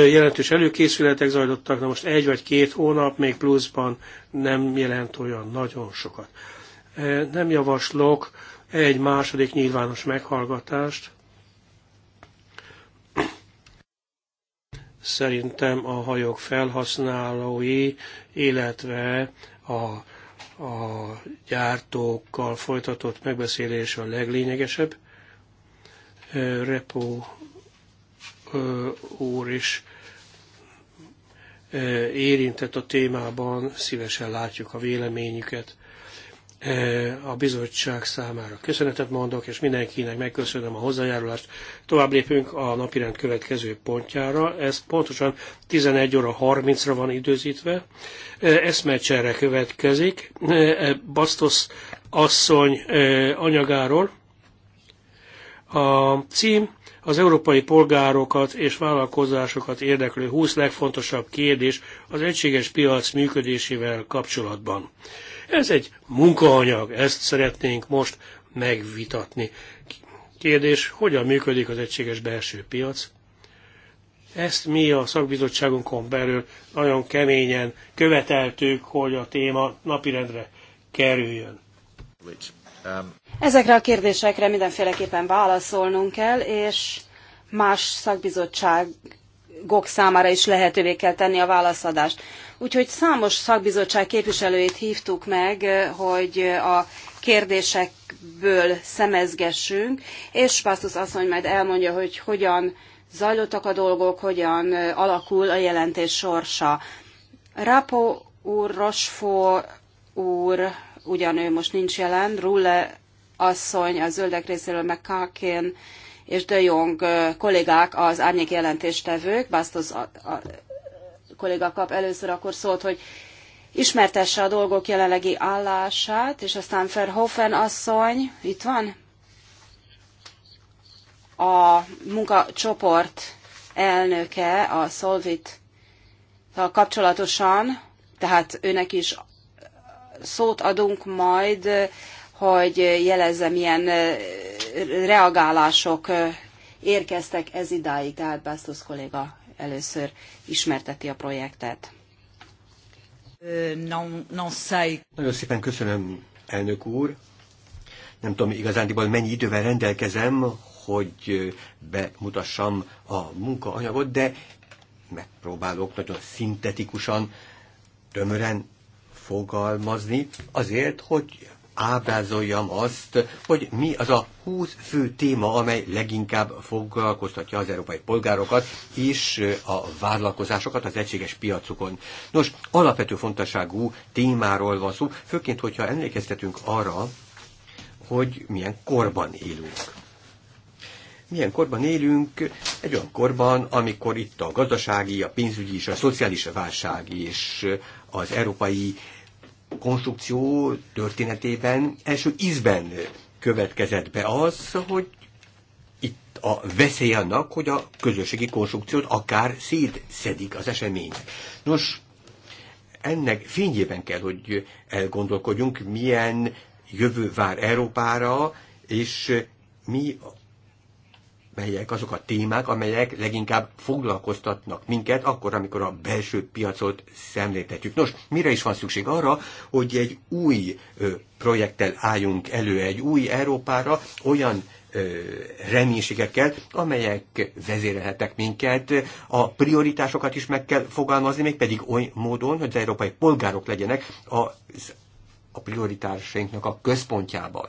[SPEAKER 3] jelentős előkészületek zajlottak, na most egy vagy két hónap még pluszban nem jelent olyan nagyon sokat. Nem javaslok egy második nyilvános meghallgatást. Szerintem a hajók felhasználói, illetve a, a gyártókkal folytatott megbeszélés a leglényegesebb. Repo úr is érintett a témában, szívesen látjuk a véleményüket a bizottság számára. Köszönetet mondok, és mindenkinek megköszönöm a hozzájárulást. Tovább lépünk a napirend következő pontjára. Ez pontosan 11 óra 30-ra van időzítve. Eszmecserre következik. Bastos asszony anyagáról. A cím az európai polgárokat és vállalkozásokat érdeklő 20 legfontosabb kérdés az egységes piac működésével kapcsolatban. Ez egy munkaanyag, ezt szeretnénk most megvitatni. Kérdés, hogyan működik az egységes belső piac? Ezt mi a szakbizottságunkon belül nagyon keményen követeltük, hogy a téma napirendre kerüljön. Um,
[SPEAKER 2] Ezekre a kérdésekre mindenféleképpen válaszolnunk kell, és más szakbizottságok számára is lehetővé kell tenni a válaszadást. Úgyhogy számos szakbizottság képviselőit hívtuk meg, hogy a kérdésekből szemezgessünk, és Pásztusz asszony majd elmondja, hogy hogyan zajlottak a dolgok, hogyan alakul a jelentés sorsa. Rapo úr, Rosfó úr, ugyan ő most nincs jelen, Rule asszony, a zöldek részéről McCarkin és De Jong kollégák az árnyék jelentéstevők. Bastos a, a kolléga kap először akkor szólt, hogy ismertesse a dolgok jelenlegi állását, és aztán Verhoeven asszony, itt van, a munkacsoport elnöke, a Solvit kapcsolatosan, tehát őnek is szót adunk majd, hogy jelezze, milyen reagálások érkeztek ez idáig, tehát Bastos kolléga először ismerteti a projektet. Non, non
[SPEAKER 4] Nagyon szépen köszönöm, elnök úr. Nem tudom igazándiból mennyi idővel rendelkezem, hogy bemutassam a munkaanyagot, de megpróbálok nagyon szintetikusan, tömören fogalmazni, azért, hogy ábrázoljam azt, hogy mi az a húsz fő téma, amely leginkább foglalkoztatja az európai polgárokat és a vállalkozásokat az egységes piacokon. Nos, alapvető fontosságú témáról van szó, főként, hogyha emlékeztetünk arra, hogy milyen korban élünk milyen korban élünk, egy olyan korban, amikor itt a gazdasági, a pénzügyi és a szociális válság és az európai konstrukció történetében első ízben következett be az, hogy itt a veszély annak, hogy a közösségi konstrukciót akár szétszedik az esemény. Nos, ennek fényében kell, hogy elgondolkodjunk, milyen jövő vár Európára, és mi melyek azok a témák, amelyek leginkább foglalkoztatnak minket, akkor, amikor a belső piacot szemléltetjük. Nos, mire is van szükség arra, hogy egy új ö, projekttel álljunk elő, egy új Európára, olyan reménységekkel, amelyek vezérelhetek minket. A prioritásokat is meg kell fogalmazni, mégpedig oly módon, hogy az európai polgárok legyenek a, a prioritásainknak a központjában.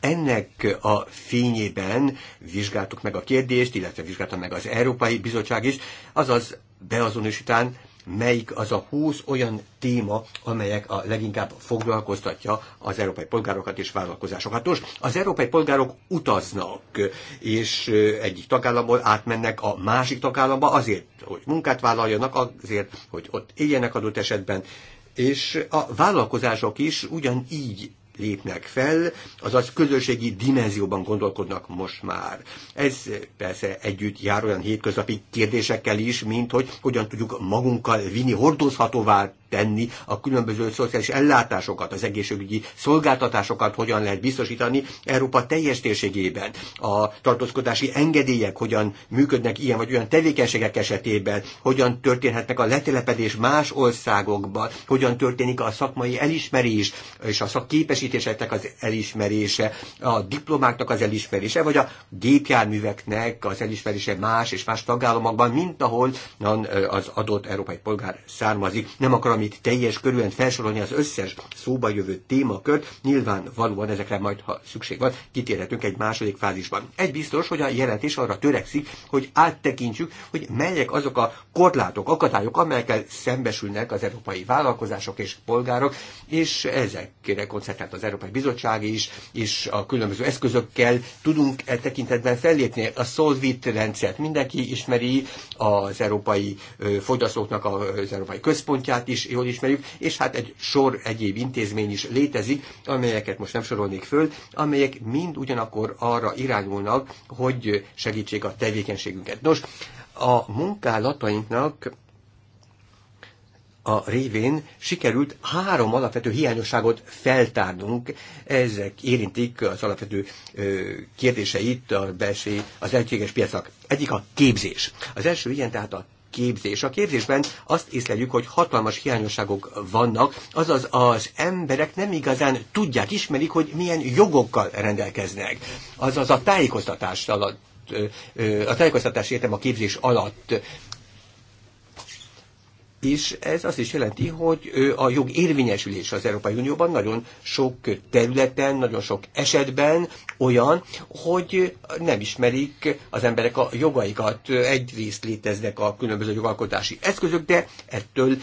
[SPEAKER 4] Ennek a fényében vizsgáltuk meg a kérdést, illetve vizsgálta meg az Európai Bizottság is, azaz beazonosítán melyik az a húsz olyan téma, amelyek a leginkább foglalkoztatja az európai polgárokat és vállalkozásokat. Most az európai polgárok utaznak, és egyik tagállamból átmennek a másik tagállamba azért, hogy munkát vállaljanak, azért, hogy ott éljenek adott esetben, és a vállalkozások is ugyanígy lépnek fel, azaz közösségi dimenzióban gondolkodnak most már. Ez persze együtt jár olyan hétköznapi kérdésekkel is, mint hogy hogyan tudjuk magunkkal vinni, hordozhatóvá tenni a különböző szociális ellátásokat, az egészségügyi szolgáltatásokat hogyan lehet biztosítani Európa teljes térségében. A tartózkodási engedélyek hogyan működnek ilyen vagy olyan tevékenységek esetében, hogyan történhetnek a letelepedés más országokban, hogyan történik a szakmai elismerés és a szakképesítés létesítéseknek az elismerése, a diplomáknak az elismerése, vagy a gépjárműveknek az elismerése más és más tagállamokban, mint ahol az adott európai polgár származik. Nem akarom itt teljes körülön felsorolni az összes szóba jövő témakört, nyilván valóan ezekre majd, ha szükség van, kitérhetünk egy második fázisban. Egy biztos, hogy a jelentés arra törekszik, hogy áttekintsük, hogy melyek azok a korlátok, akadályok, amelyekkel szembesülnek az európai vállalkozások és polgárok, és ezekre koncentrál tehát az Európai Bizottság is, és a különböző eszközökkel tudunk e tekintetben fellépni. A Solvit rendszert mindenki ismeri, az európai fogyasztóknak az európai központját is jól ismerjük, és hát egy sor egyéb intézmény is létezik, amelyeket most nem sorolnék föl, amelyek mind ugyanakkor arra irányulnak, hogy segítsék a tevékenységünket. Nos, a munkálatainknak a révén sikerült három alapvető hiányosságot feltárnunk. Ezek érintik az alapvető kérdéseit a belső, az egységes piacnak. Egyik a képzés. Az első ilyen tehát a képzés. A képzésben azt észleljük, hogy hatalmas hiányosságok vannak, azaz az emberek nem igazán tudják, ismerik, hogy milyen jogokkal rendelkeznek. Azaz a tájékoztatás alatt a tájékoztatás értem a képzés alatt és ez azt is jelenti, hogy a jog érvényesülés az Európai Unióban nagyon sok területen, nagyon sok esetben olyan, hogy nem ismerik az emberek a jogaikat. Egyrészt léteznek a különböző jogalkotási eszközök, de ettől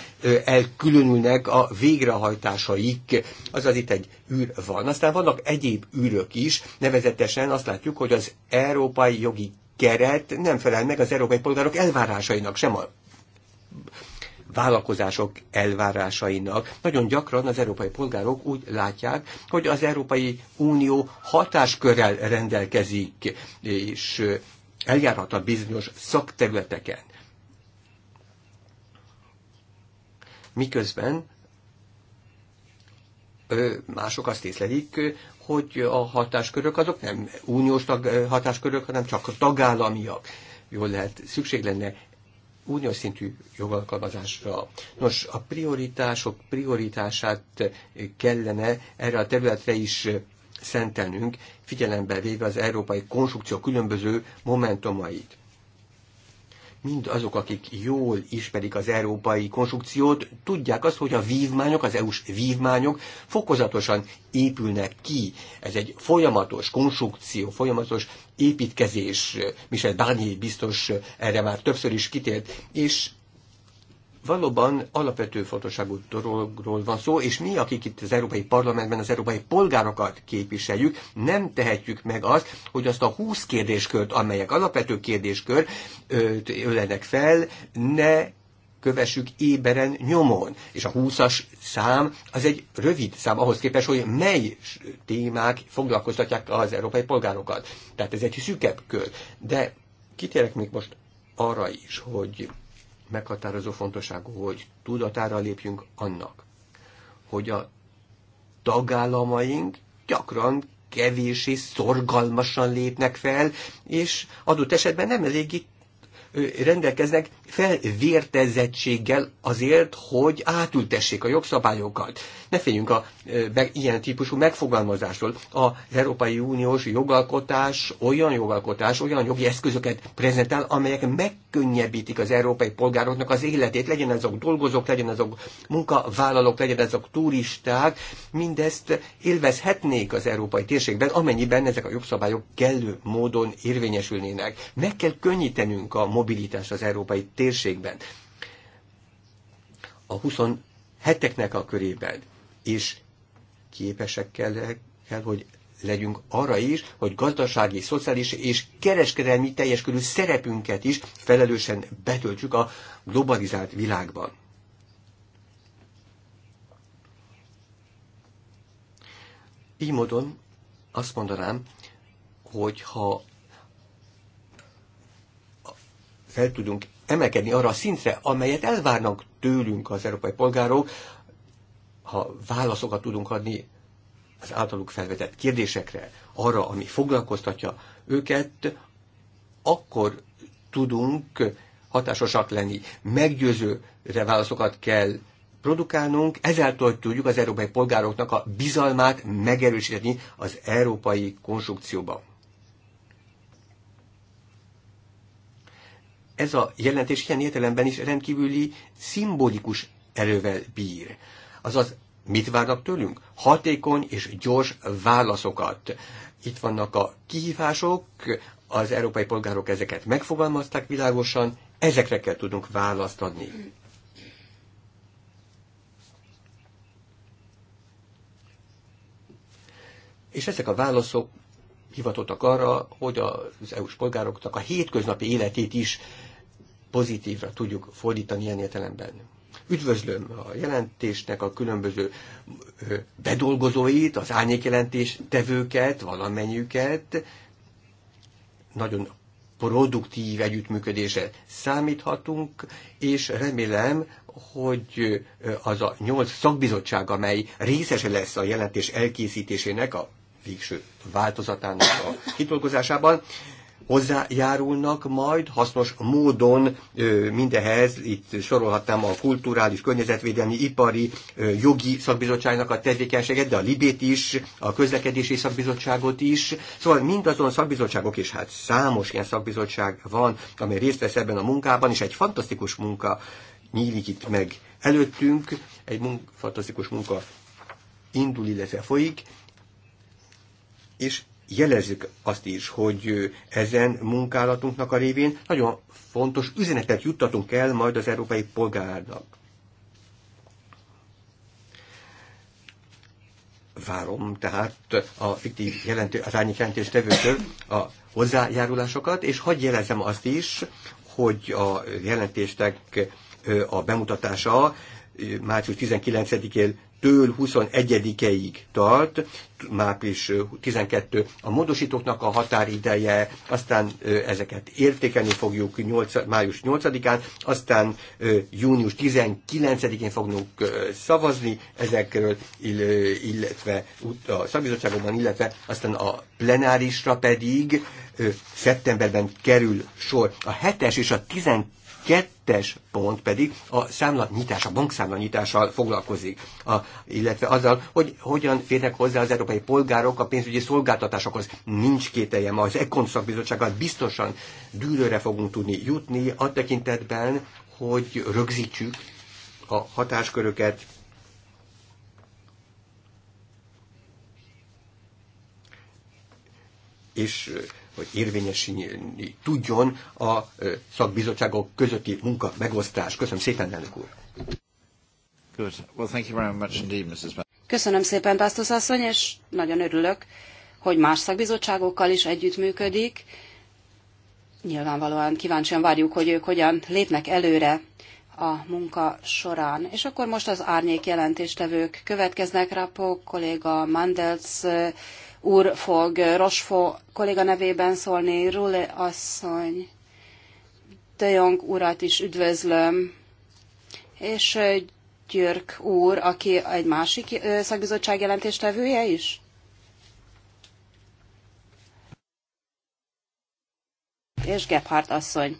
[SPEAKER 4] elkülönülnek a végrehajtásaik. Azaz itt egy űr van. Aztán vannak egyéb űrök is, nevezetesen azt látjuk, hogy az európai jogi keret nem felel meg az európai polgárok elvárásainak, sem a vállalkozások elvárásainak. Nagyon gyakran az európai polgárok úgy látják, hogy az Európai Unió hatáskörrel rendelkezik, és eljárhat a bizonyos szakterületeken. Miközben mások azt észlelik, hogy a hatáskörök azok nem uniós tag, hatáskörök, hanem csak a tagállamiak. Jól lehet, szükség lenne uniós szintű jogalkalmazásra. Nos, a prioritások prioritását kellene erre a területre is szentelnünk, figyelembe véve az európai konstrukció különböző momentumait mind azok, akik jól ismerik az európai konstrukciót, tudják azt, hogy a vívmányok, az EU-s vívmányok fokozatosan épülnek ki. Ez egy folyamatos konstrukció, folyamatos építkezés. Michel Barnier biztos erre már többször is kitért, és Valóban alapvető fontosságú dologról van szó, és mi, akik itt az Európai Parlamentben az európai polgárokat képviseljük, nem tehetjük meg azt, hogy azt a 20 kérdéskört, amelyek alapvető kérdéskör ölenek fel, ne kövessük éberen nyomon. És a 20-as szám az egy rövid szám ahhoz képest, hogy mely témák foglalkoztatják az európai polgárokat. Tehát ez egy szűkebb kör. De kitérek még most arra is, hogy meghatározó fontosságú, hogy tudatára lépjünk annak, hogy a tagállamaink gyakran kevéssé szorgalmasan lépnek fel, és adott esetben nem eléggé rendelkeznek felvértezettséggel azért, hogy átültessék a jogszabályokat. Ne féljünk a e, ilyen típusú megfogalmazásról. Az Európai Uniós jogalkotás olyan jogalkotás, olyan jogi eszközöket prezentál, amelyek megkönnyebbítik az európai polgároknak az életét, legyen azok dolgozók, legyen azok munkavállalók, legyen azok turisták, mindezt élvezhetnék az európai térségben, amennyiben ezek a jogszabályok kellő módon érvényesülnének. Meg kell könnyítenünk a mobilitás az európai térségben. A 27-eknek a körében is képesek kell, kell, hogy legyünk arra is, hogy gazdasági, szociális és kereskedelmi teljes körű szerepünket is felelősen betöltsük a globalizált világban. Így módon azt mondanám, hogy ha fel tudunk emelkedni arra a szintre, amelyet elvárnak tőlünk az európai polgárok, ha válaszokat tudunk adni az általuk felvetett kérdésekre, arra, ami foglalkoztatja őket, akkor tudunk hatásosak lenni. Meggyőzőre válaszokat kell produkálnunk, ezáltal tudjuk az európai polgároknak a bizalmát megerősíteni az európai konstrukcióba. ez a jelentés ilyen értelemben is rendkívüli szimbolikus erővel bír. Azaz, mit várnak tőlünk? Hatékony és gyors válaszokat. Itt vannak a kihívások, az európai polgárok ezeket megfogalmazták világosan, ezekre kell tudnunk választ adni. És ezek a válaszok hivatottak arra, hogy az EU-s polgároknak a hétköznapi életét is pozitívra tudjuk fordítani ilyen értelemben. Üdvözlöm a jelentésnek a különböző bedolgozóit, az árnyékjelentés tevőket, valamennyiüket. Nagyon produktív együttműködése számíthatunk, és remélem, hogy az a nyolc szakbizottság, amely részese lesz a jelentés elkészítésének, a végső változatának a kidolgozásában, hozzájárulnak majd hasznos módon mindehez, itt sorolhatnám a kulturális, környezetvédelmi, ipari, jogi szakbizottságnak a tevékenységet, de a Libét is, a közlekedési szakbizottságot is. Szóval mindazon szakbizottságok, és hát számos ilyen szakbizottság van, amely részt vesz ebben a munkában, és egy fantasztikus munka nyílik itt meg előttünk, egy munk, fantasztikus munka indul, illetve folyik, és jelezzük azt is, hogy ezen munkálatunknak a révén nagyon fontos üzenetet juttatunk el majd az európai polgárnak. Várom tehát a fiktív jelentő, az árnyék jelentés tevőtől a hozzájárulásokat, és hagyj jelezem azt is, hogy a jelentéstek a bemutatása március 19-én től 21-ig tart, mápris 12 a módosítóknak a határideje, aztán ezeket értékelni fogjuk 8, május 8-án, aztán június 19-én fognunk szavazni ezekről, illetve a szakbizottságokban, illetve aztán a plenárisra pedig szeptemberben kerül sor. A 7-es és a 12 kettes pont pedig a számla nyitása, a bankszámla nyitással foglalkozik, a, illetve azzal, hogy hogyan férnek hozzá az európai polgárok a pénzügyi szolgáltatásokhoz. Nincs ma az Ekon szakbizottsággal biztosan dűlőre fogunk tudni jutni a tekintetben, hogy rögzítsük a hatásköröket, és hogy érvényesíteni tudjon a szakbizottságok közötti munka megosztás. Köszönöm szépen, elnök úr!
[SPEAKER 2] Köszönöm szépen, Pásztusz asszony, és nagyon örülök, hogy más szakbizottságokkal is együttműködik. Nyilvánvalóan kíváncsian várjuk, hogy ők hogyan lépnek előre a munka során. És akkor most az árnyék jelentéstevők következnek, Rapó kolléga Mandels úr fog Rosfó kolléga nevében szólni, Rule asszony, De Jong urat is üdvözlöm, és Györk úr, aki egy másik szakbizottság jelentéstevője is. És Gebhardt asszony.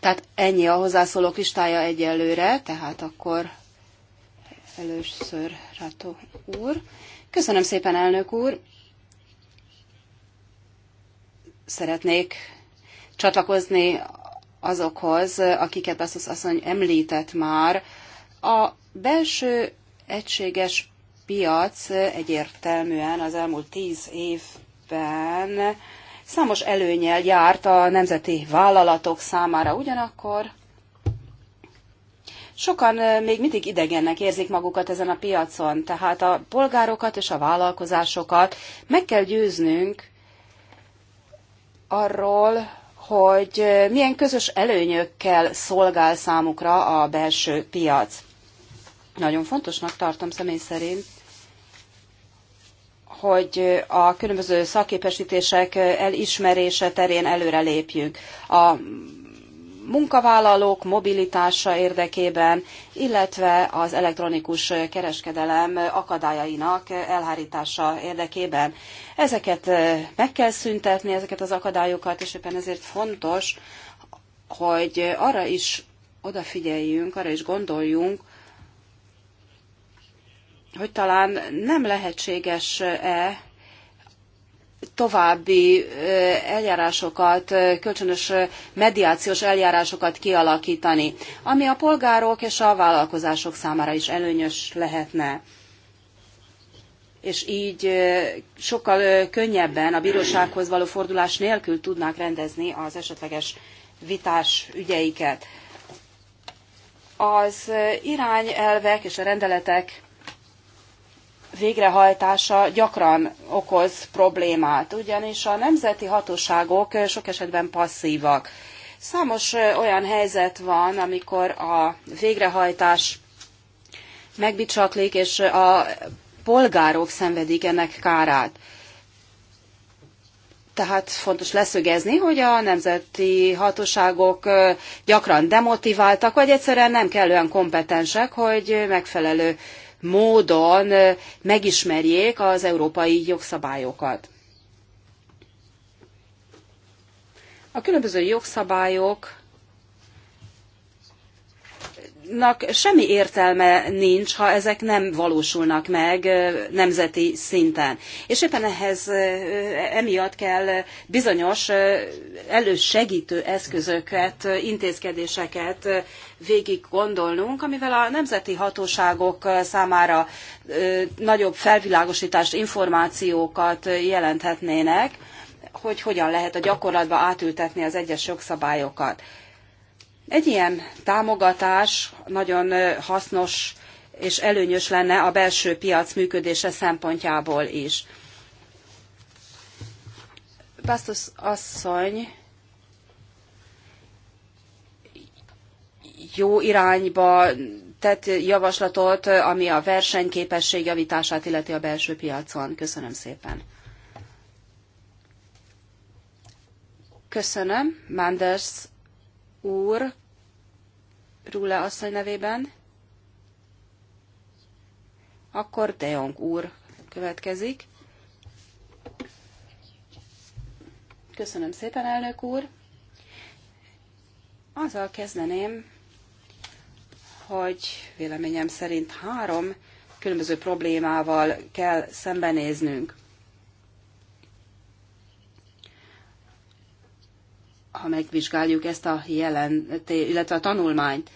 [SPEAKER 2] Tehát ennyi a hozzászólók listája egyelőre, tehát akkor először Rato úr. Köszönöm szépen, elnök úr! Szeretnék csatlakozni azokhoz, akiket Basszus asszony említett már. A belső egységes piac egyértelműen az elmúlt tíz évben számos előnyel járt a nemzeti vállalatok számára. Ugyanakkor sokan még mindig idegennek érzik magukat ezen a piacon, tehát a polgárokat és a vállalkozásokat meg kell győznünk arról, hogy milyen közös előnyökkel szolgál számukra a belső piac. Nagyon fontosnak tartom személy szerint, hogy a különböző szakképesítések elismerése terén előrelépjünk. A munkavállalók mobilitása érdekében, illetve az elektronikus kereskedelem akadályainak elhárítása érdekében. Ezeket eh, meg kell szüntetni, ezeket az akadályokat, és éppen ezért fontos, hogy arra is odafigyeljünk, arra is gondoljunk, hogy talán nem lehetséges-e további eljárásokat, kölcsönös mediációs eljárásokat kialakítani, ami a polgárok és a vállalkozások számára is előnyös lehetne. És így sokkal könnyebben a bírósághoz való fordulás nélkül tudnák rendezni az esetleges vitás ügyeiket. Az irányelvek és a rendeletek végrehajtása gyakran okoz problémát, ugyanis a nemzeti hatóságok sok esetben passzívak. Számos olyan helyzet van, amikor a végrehajtás megbicsaklik, és a polgárok szenvedik ennek kárát. Tehát fontos leszögezni, hogy a nemzeti hatóságok gyakran demotiváltak, vagy egyszerűen nem kellően kompetensek, hogy megfelelő módon megismerjék az európai jogszabályokat. A különböző jogszabályok nak semmi értelme nincs, ha ezek nem valósulnak meg nemzeti szinten. És éppen ehhez emiatt kell bizonyos elősegítő eszközöket, intézkedéseket végig gondolnunk, amivel a nemzeti hatóságok számára nagyobb felvilágosítást, információkat jelenthetnének, hogy hogyan lehet a gyakorlatba átültetni az egyes jogszabályokat. Egy ilyen támogatás nagyon hasznos és előnyös lenne a belső piac működése szempontjából is. Bastos asszony jó irányba tett javaslatot, ami a versenyképesség javítását illeti a belső piacon. Köszönöm szépen. Köszönöm. Manders úr Rúle asszony nevében. Akkor De Jong úr következik. Köszönöm szépen, elnök úr. Azzal kezdeném, hogy véleményem szerint három különböző problémával kell szembenéznünk. ha megvizsgáljuk ezt a jelentést, illetve a tanulmányt.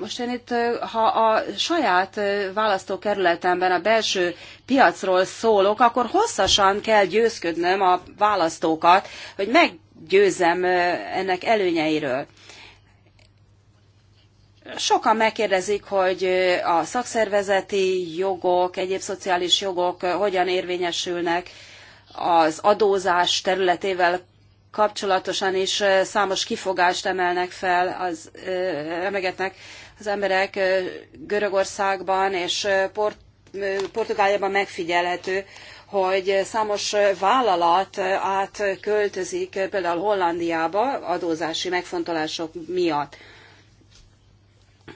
[SPEAKER 2] Most én itt, ha a saját választókerületemben a belső piacról szólok, akkor hosszasan kell győzködnöm a választókat, hogy meggyőzzem ennek előnyeiről. Sokan megkérdezik, hogy a szakszervezeti jogok, egyéb szociális jogok hogyan érvényesülnek az adózás területével kapcsolatosan is számos kifogást emelnek fel, az, emegetnek az emberek Görögországban és Port Portugáliában megfigyelhető, hogy számos vállalat átköltözik például Hollandiába adózási megfontolások miatt.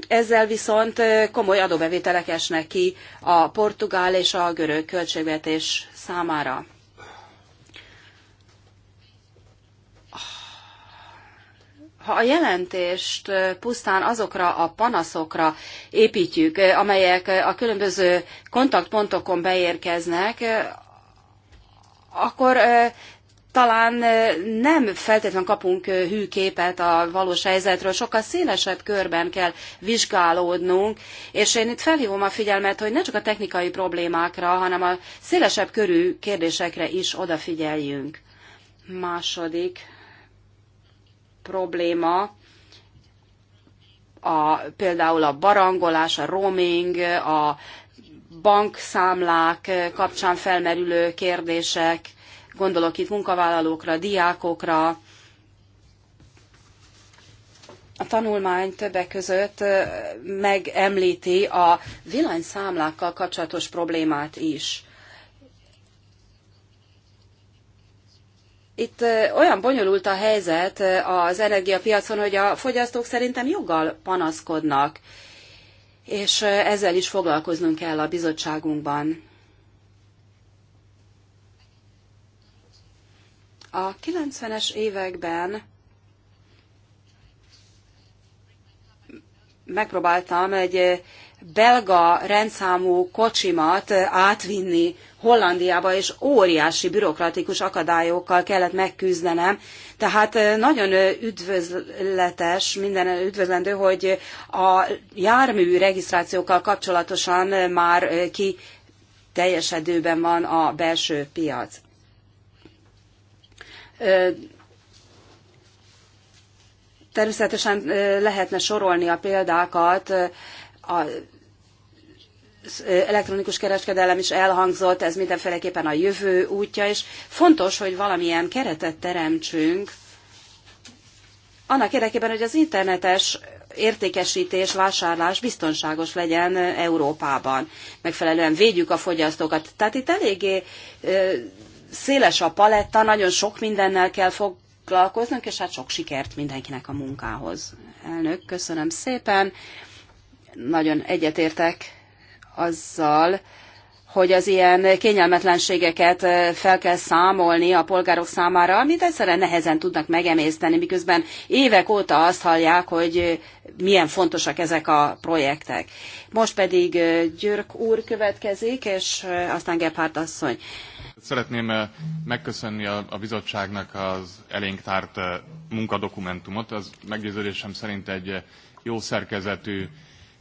[SPEAKER 2] Ezzel viszont komoly adóbevételek esnek ki a portugál és a görög költségvetés számára. ha a jelentést pusztán azokra a panaszokra építjük, amelyek a különböző kontaktpontokon beérkeznek, akkor talán nem feltétlenül kapunk hű képet a valós helyzetről, sokkal szélesebb körben kell vizsgálódnunk, és én itt felhívom a figyelmet, hogy ne csak a technikai problémákra, hanem a szélesebb körű kérdésekre is odafigyeljünk. Második probléma, a, például a barangolás, a roaming, a bankszámlák kapcsán felmerülő kérdések, gondolok itt munkavállalókra, diákokra. A tanulmány többek között megemlíti a villanyszámlákkal kapcsolatos problémát is. Itt olyan bonyolult a helyzet az energiapiacon, hogy a fogyasztók szerintem joggal panaszkodnak, és ezzel is foglalkoznunk kell a bizottságunkban. A 90-es években megpróbáltam egy belga rendszámú kocsimat átvinni Hollandiába, és óriási bürokratikus akadályokkal kellett megküzdenem. Tehát nagyon üdvözletes, minden üdvözlendő, hogy a jármű regisztrációkkal kapcsolatosan már ki teljesedőben van a belső piac. Természetesen lehetne sorolni a példákat a elektronikus kereskedelem is elhangzott, ez mindenféleképpen a jövő útja, és fontos, hogy valamilyen keretet teremtsünk annak érdekében, hogy az internetes értékesítés, vásárlás biztonságos legyen Európában. Megfelelően védjük a fogyasztókat. Tehát itt eléggé széles a paletta, nagyon sok mindennel kell foglalkoznunk, és hát sok sikert mindenkinek a munkához. Elnök, köszönöm szépen. Nagyon egyetértek azzal, hogy az ilyen kényelmetlenségeket fel kell számolni a polgárok számára, amit egyszerűen nehezen tudnak megemészteni, miközben évek óta azt hallják, hogy milyen fontosak ezek a projektek. Most pedig Györk úr következik, és aztán
[SPEAKER 5] Gebhardt asszony. Szeretném megköszönni a, a bizottságnak az elénk tárt munkadokumentumot. Az meggyőződésem szerint egy jó szerkezetű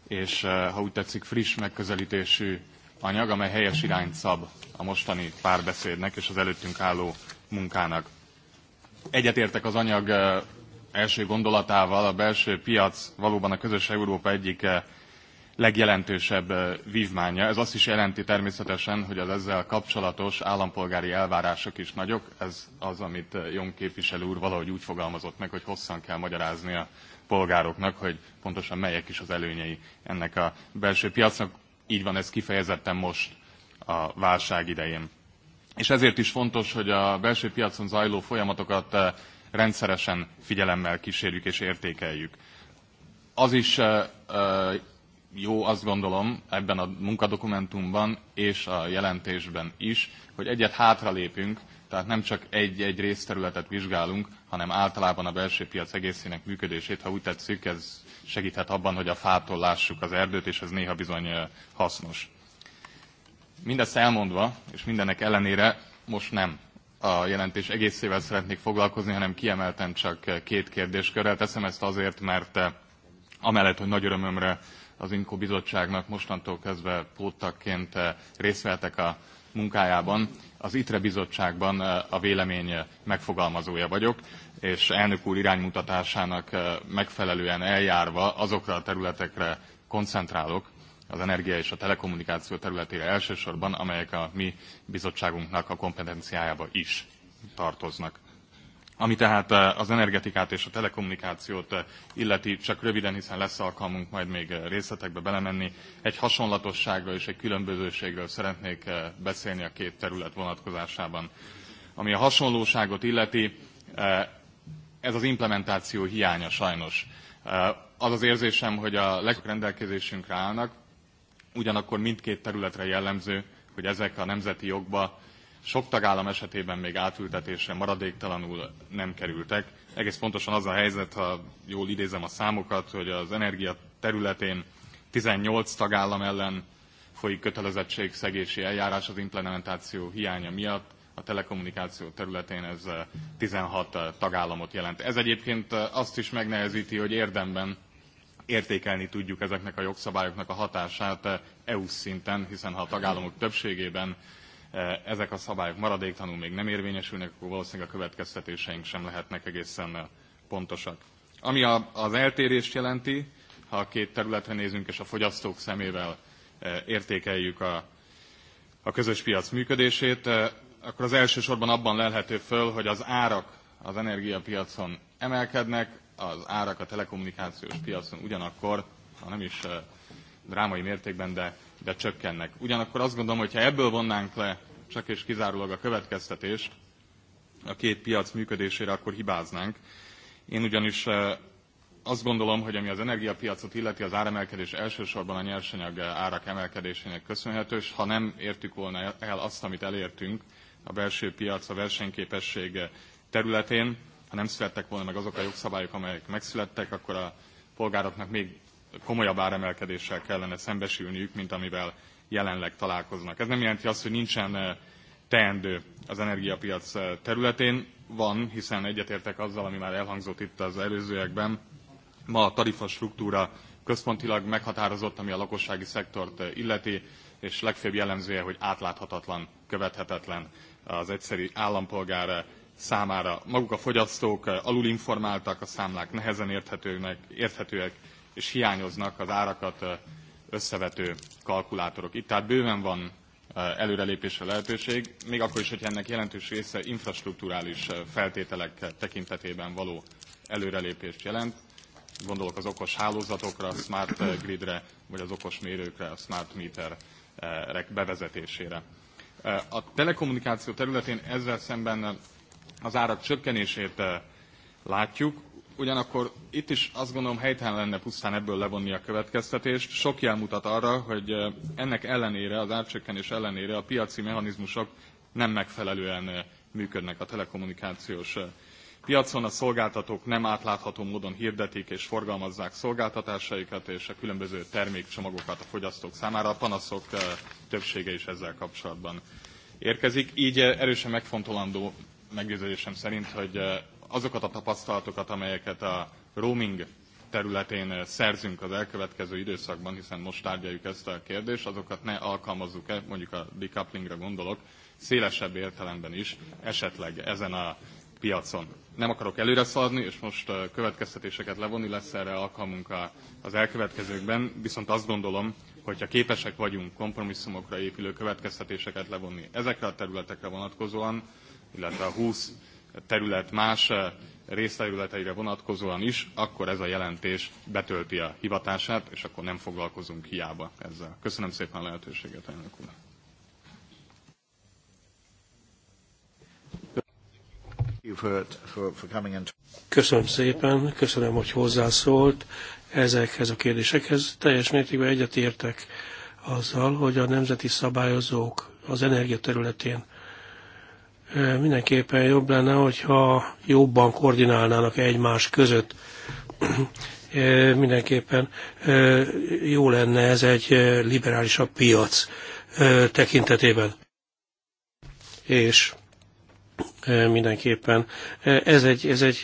[SPEAKER 5] és eh, ha úgy tetszik friss megközelítésű anyag, amely helyes irányt szab a mostani párbeszédnek és az előttünk álló munkának. Egyetértek az anyag eh, első gondolatával, a belső piac valóban a közös Európa egyik eh, legjelentősebb vívmánya. Ez azt is jelenti természetesen, hogy az ezzel kapcsolatos állampolgári elvárások is nagyok. Ez az, amit Jon képviselő úr valahogy úgy fogalmazott meg, hogy hosszan kell magyaráznia polgároknak, hogy pontosan melyek is az előnyei ennek a belső piacnak. Így van ez kifejezetten most a válság idején. És ezért is fontos, hogy a belső piacon zajló folyamatokat eh, rendszeresen figyelemmel kísérjük és értékeljük. Az is eh, eh, jó, azt gondolom, ebben a munkadokumentumban és a jelentésben is, hogy egyet hátralépünk tehát nem csak egy-egy részterületet vizsgálunk, hanem általában a belső piac egészének működését, ha úgy tetszik, ez segíthet abban, hogy a fától lássuk az erdőt, és ez néha bizony hasznos. Mindezt elmondva, és mindenek ellenére most nem a jelentés egészével szeretnék foglalkozni, hanem kiemelten csak két kérdéskörrel. Teszem ezt azért, mert amellett, hogy nagy örömömre az Inkó Bizottságnak mostantól kezdve póttakként részt vehetek a munkájában az ITRE bizottságban a vélemény megfogalmazója vagyok, és elnök úr iránymutatásának megfelelően eljárva azokra a területekre koncentrálok, az energia és a telekommunikáció területére elsősorban, amelyek a mi bizottságunknak a kompetenciájába is tartoznak. Ami tehát eh, az energetikát és a telekommunikációt eh, illeti, csak röviden, hiszen lesz alkalmunk majd még eh, részletekbe belemenni, egy hasonlatosságról és egy különbözőségről szeretnék beszélni a két terület vonatkozásában. Ami a hasonlóságot illeti, ez az implementáció hiánya sajnos. Az az érzésem, hogy a legjobb rendelkezésünkre állnak, ugyanakkor mindkét területre jellemző, hogy ezek a nemzeti jogba sok tagállam esetében még átültetésre maradéktalanul nem kerültek. Egész pontosan az a helyzet, ha jól idézem a számokat, hogy az energia területén 18 tagállam ellen folyik kötelezettségszegési eljárás az implementáció hiánya miatt, a telekommunikáció területén ez 16 eh, eh, tagállamot jelent. Ez egyébként eh, azt is megnehezíti, hogy érdemben értékelni tudjuk ezeknek a jogszabályoknak a hatását EU szinten, hiszen ha a tagállamok többségében Eh, ezek a szabályok maradéktanul még nem érvényesülnek, akkor valószínűleg a következtetéseink sem lehetnek egészen eh, pontosak. Ami az eltérést jelenti, ha a két területre nézünk és a fogyasztók szemével eh, értékeljük a, a közös piac működését, akkor az elsősorban abban lelhető föl, hogy az árak az energiapiacon emelkednek, az árak a telekommunikációs piacon ugyanakkor, ha nem is drámai mértékben, de de csökkennek. Ugyanakkor azt gondolom, hogy ha ebből vonnánk le csak és kizárólag a következtetést a két piac működésére, akkor hibáznánk. Én ugyanis eh, azt gondolom, hogy ami az energiapiacot illeti, az áremelkedés elsősorban a nyersanyag eh, árak emelkedésének köszönhető, és ha nem értük volna el azt, amit elértünk a belső piac, a versenyképessége eh, területén, ha nem születtek volna meg azok a jogszabályok, amelyek megszülettek, akkor a polgároknak még komolyabb áremelkedéssel kellene szembesülniük, mint amivel jelenleg találkoznak. Ez nem jelenti azt, hogy nincsen eh, teendő az energiapiac eh, területén. Van, hiszen egyetértek azzal, ami már elhangzott itt az előzőekben. Ma a tarifa struktúra központilag meghatározott, ami a lakossági szektort eh, illeti, és legfőbb jellemzője, hogy átláthatatlan, követhetetlen az egyszerű állampolgár számára. Maguk a fogyasztók alulinformáltak, a számlák nehezen érthetőnek, érthetőek, és hiányoznak az árakat összevető kalkulátorok. Itt tehát bőven van előrelépésre lehetőség, még akkor is, hogy ennek jelentős része infrastruktúrális feltételek tekintetében való előrelépést jelent. Gondolok az okos hálózatokra, a smart gridre, vagy az okos mérőkre, a smart meterek bevezetésére. A telekommunikáció területén ezzel szemben az árak csökkenését látjuk, ugyanakkor itt is azt gondolom helytelen lenne pusztán ebből levonni a következtetést. Sok jel mutat arra, hogy eh, ennek ellenére, az árcsökkenés ellenére a piaci mechanizmusok nem megfelelően eh, működnek a telekommunikációs eh, piacon. A szolgáltatók nem átlátható módon hirdetik és forgalmazzák szolgáltatásaikat és a különböző termékcsomagokat a fogyasztók számára. A panaszok többsége is ezzel kapcsolatban érkezik. Így erősen megfontolandó meggyőződésem szerint, hogy azokat a tapasztalatokat, amelyeket a roaming területén eh, szerzünk az elkövetkező időszakban, hiszen most tárgyaljuk ezt a kérdést, azokat ne alkalmazzuk-e, mondjuk a decouplingre gondolok, szélesebb értelemben is, esetleg ezen a piacon. Nem akarok előre szaladni, és most eh, következtetéseket levonni lesz erre alkalmunk az elkövetkezőkben, viszont azt gondolom, hogyha képesek vagyunk kompromisszumokra épülő következtetéseket levonni ezekre a területekre vonatkozóan, illetve a 20 terület más eh, részterületeire vonatkozóan is, akkor ez a jelentés betölti a hivatását, és akkor nem foglalkozunk hiába ezzel. Köszönöm szépen a lehetőséget, elnök úr.
[SPEAKER 3] Köszönöm szépen, köszönöm, hogy hozzászólt ezekhez a kérdésekhez. Teljes mértékben egyetértek azzal, hogy a nemzeti szabályozók az energia területén mindenképpen jobb lenne, hogyha jobban koordinálnának egymás között. Mindenképpen jó lenne ez egy liberálisabb piac tekintetében. És mindenképpen. Ez egy, ez egy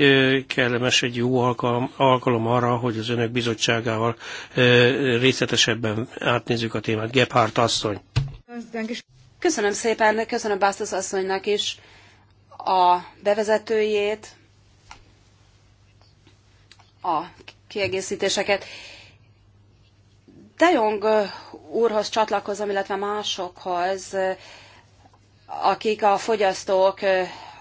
[SPEAKER 3] kellemes, egy jó alkalom, alkalom arra, hogy az önök bizottságával részletesebben átnézzük a témát. Gebhardt asszony.
[SPEAKER 2] Köszönöm szépen, köszönöm Bastos asszonynak is a bevezetőjét, a kiegészítéseket. De Jong úrhoz csatlakozom, illetve másokhoz, akik a fogyasztók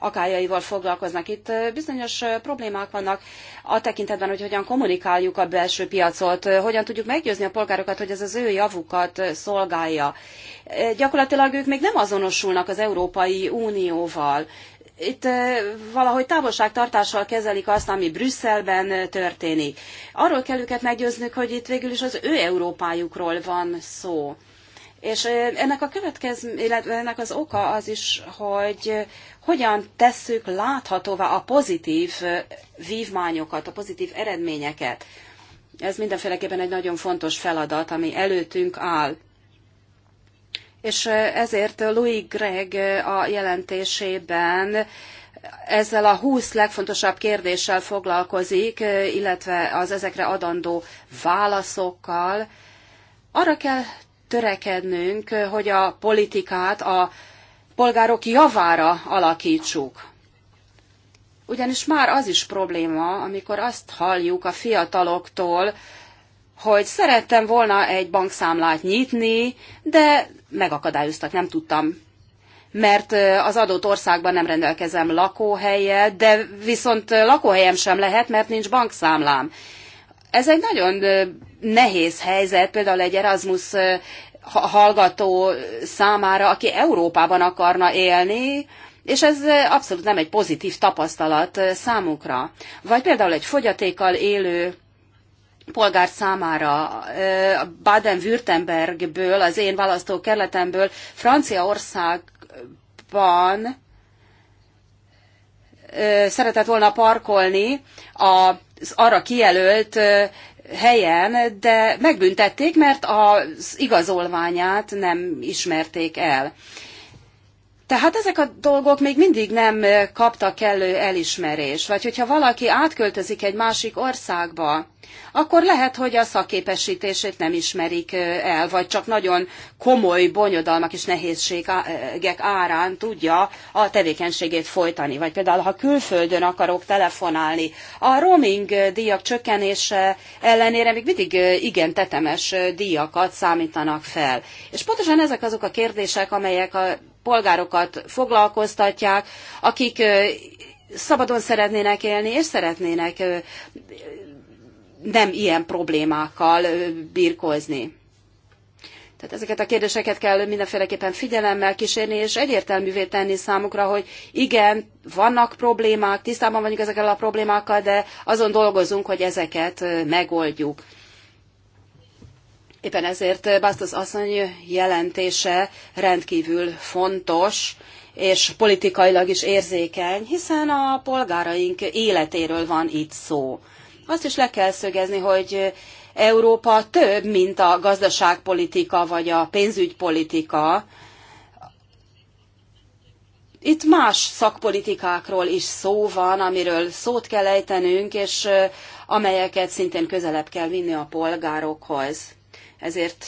[SPEAKER 2] akályaival foglalkoznak. Itt bizonyos problémák vannak a tekintetben, hogy hogyan kommunikáljuk a belső piacot, hogyan tudjuk meggyőzni a polgárokat, hogy ez az ő javukat szolgálja. Gyakorlatilag ők még nem azonosulnak az Európai Unióval. Itt valahogy távolságtartással kezelik azt, ami Brüsszelben történik. Arról kell őket meggyőznünk, hogy itt végül is az ő Európájukról van szó. És ennek a következő, illetve ennek az oka az is, hogy hogyan tesszük láthatóvá a pozitív vívmányokat, a pozitív eredményeket. Ez mindenféleképpen egy nagyon fontos feladat, ami előttünk áll. És ezért Louis Gregg a jelentésében ezzel a 20 legfontosabb kérdéssel foglalkozik, illetve az ezekre adandó válaszokkal. Arra kell törekednünk, hogy a politikát a polgárok javára alakítsuk. Ugyanis már az is probléma, amikor azt halljuk a fiataloktól, hogy szerettem volna egy bankszámlát nyitni, de megakadályoztak, nem tudtam. Mert az adott országban nem rendelkezem lakóhelyet, de viszont lakóhelyem sem lehet, mert nincs bankszámlám. Ez egy nagyon nehéz helyzet, például egy Erasmus hallgató számára, aki Európában akarna élni, és ez abszolút nem egy pozitív tapasztalat számukra. Vagy például egy fogyatékkal élő polgár számára Baden-Württembergből, az én választókerületemből Franciaországban szeretett volna parkolni az arra kijelölt helyen, de megbüntették, mert az igazolványát nem ismerték el. Tehát ezek a dolgok még mindig nem kaptak kellő elismerést, vagy hogyha valaki átköltözik egy másik országba, akkor lehet, hogy a szakképesítését nem ismerik el, vagy csak nagyon komoly bonyodalmak és nehézségek árán tudja a tevékenységét folytani. Vagy például, ha külföldön akarok telefonálni, a roaming díjak csökkenése ellenére még mindig igen tetemes díjakat számítanak fel. És pontosan ezek azok a kérdések, amelyek a polgárokat foglalkoztatják, akik szabadon szeretnének élni, és szeretnének nem ilyen problémákkal birkózni. Tehát ezeket a kérdéseket kell mindenféleképpen figyelemmel kísérni, és egyértelművé tenni számukra, hogy igen, vannak problémák, tisztában vagyunk ezekkel a problémákkal, de azon dolgozunk, hogy ezeket megoldjuk. Éppen ezért Bastos asszony jelentése rendkívül fontos, és politikailag is érzékeny, hiszen a polgáraink életéről van itt szó. Azt is le kell szögezni, hogy Európa több, mint a gazdaságpolitika vagy a pénzügypolitika. Itt más szakpolitikákról is szó van, amiről szót kell ejtenünk, és amelyeket szintén közelebb kell vinni a polgárokhoz. Ezért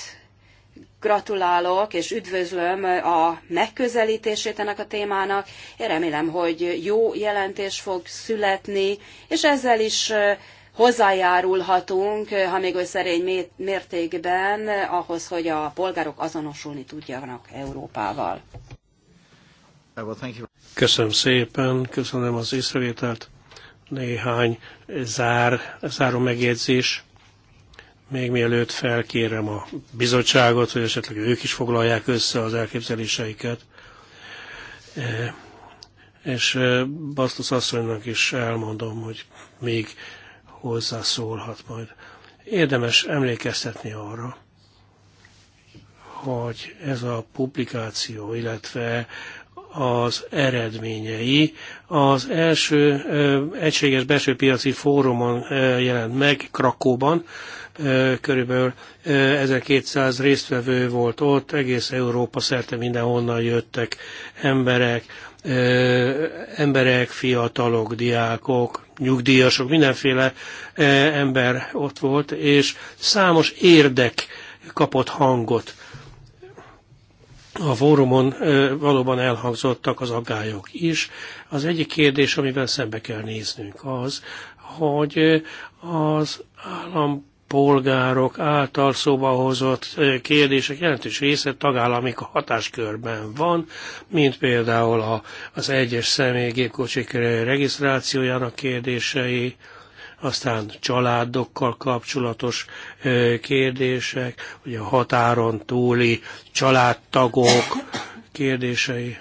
[SPEAKER 2] gratulálok és üdvözlöm a megközelítését ennek a témának. Én remélem, hogy jó jelentés fog születni, és ezzel is hozzájárulhatunk, ha még oly szerény mértékben, ahhoz, hogy a polgárok azonosulni tudjanak Európával.
[SPEAKER 3] Köszönöm szépen, köszönöm az észrevételt. Néhány zár, záró megjegyzés még mielőtt felkérem a bizottságot, hogy esetleg ők is foglalják össze az elképzeléseiket, e, és e, Basztus asszonynak is elmondom, hogy még hozzászólhat majd. Érdemes emlékeztetni arra, hogy ez a publikáció, illetve az eredményei az első ö, e, egységes belső piaci fórumon ö, jelent meg Krakóban, körülbelül 1200 résztvevő volt ott, egész Európa szerte mindenhonnan jöttek emberek, emberek, fiatalok, diákok, nyugdíjasok, mindenféle ember ott volt, és számos érdek kapott hangot. A fórumon valóban elhangzottak az aggályok is. Az egyik kérdés, amivel szembe kell néznünk az, hogy az állam polgárok által szóba hozott kérdések jelentős része tagállami hatáskörben van, mint például a, az egyes személygépkocsik regisztrációjának kérdései, aztán családokkal kapcsolatos kérdések, ugye a határon túli családtagok kérdései,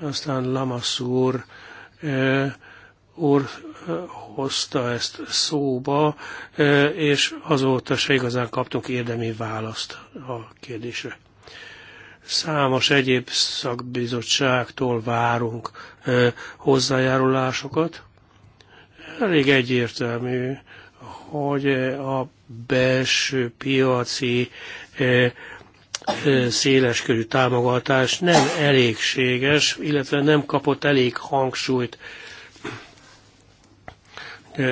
[SPEAKER 3] aztán Lamassur úr, úr hozta ezt szóba, e, és azóta se igazán kaptunk érdemi választ a kérdésre. Számos egyéb szakbizottságtól várunk e, hozzájárulásokat. Elég egyértelmű, hogy a belső piaci e, széleskörű támogatás nem elégséges, illetve nem kapott elég hangsúlyt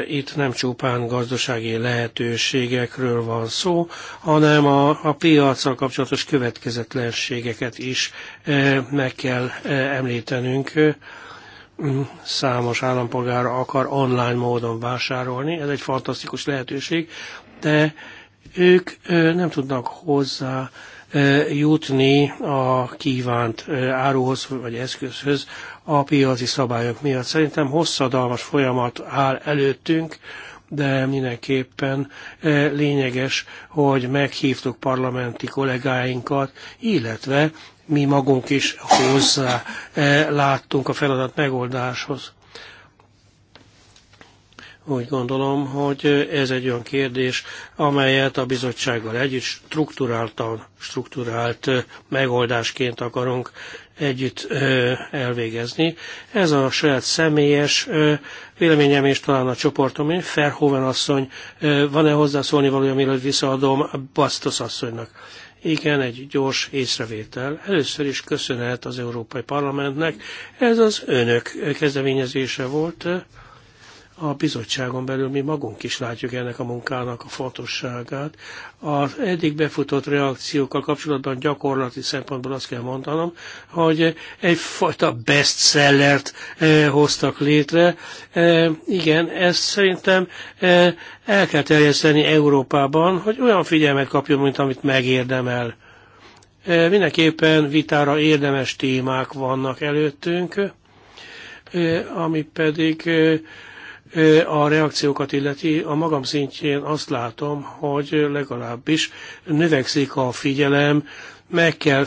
[SPEAKER 3] itt nem csupán gazdasági lehetőségekről van szó, hanem a, a piacsal kapcsolatos következetlenségeket is eh, meg kell eh, említenünk mm, számos állampolgára akar online módon vásárolni, ez egy fantasztikus lehetőség, de ők eh, nem tudnak hozzá jutni a kívánt áruhoz vagy eszközhöz a piaci szabályok miatt. Szerintem hosszadalmas folyamat áll előttünk, de mindenképpen lényeges, hogy meghívtuk parlamenti kollégáinkat, illetve mi magunk is hozzá láttunk a feladat megoldáshoz. Úgy gondolom, hogy ez egy olyan kérdés, amelyet a bizottsággal együtt strukturáltan, strukturált megoldásként akarunk együtt elvégezni. Ez a saját személyes véleményem és talán a csoportom. Én Ferhoven asszony, van-e hozzászólni valója, mielőtt visszaadom Bastos asszonynak? Igen, egy gyors észrevétel. Először is köszönhet az Európai Parlamentnek. Ez az önök kezdeményezése volt. A bizottságon belül mi magunk is látjuk ennek a munkának a fontosságát. Az eddig befutott reakciókkal kapcsolatban gyakorlati szempontból azt kell mondanom, hogy egyfajta bestsellert eh, hoztak létre. Eh, igen, ezt szerintem eh, el kell terjeszteni Európában, hogy olyan figyelmet kapjon, mint amit megérdemel. Mindenképpen vitára érdemes témák vannak előttünk, ami pedig a reakciókat illeti, a magam szintjén azt látom, hogy legalábbis növekszik a figyelem, meg kell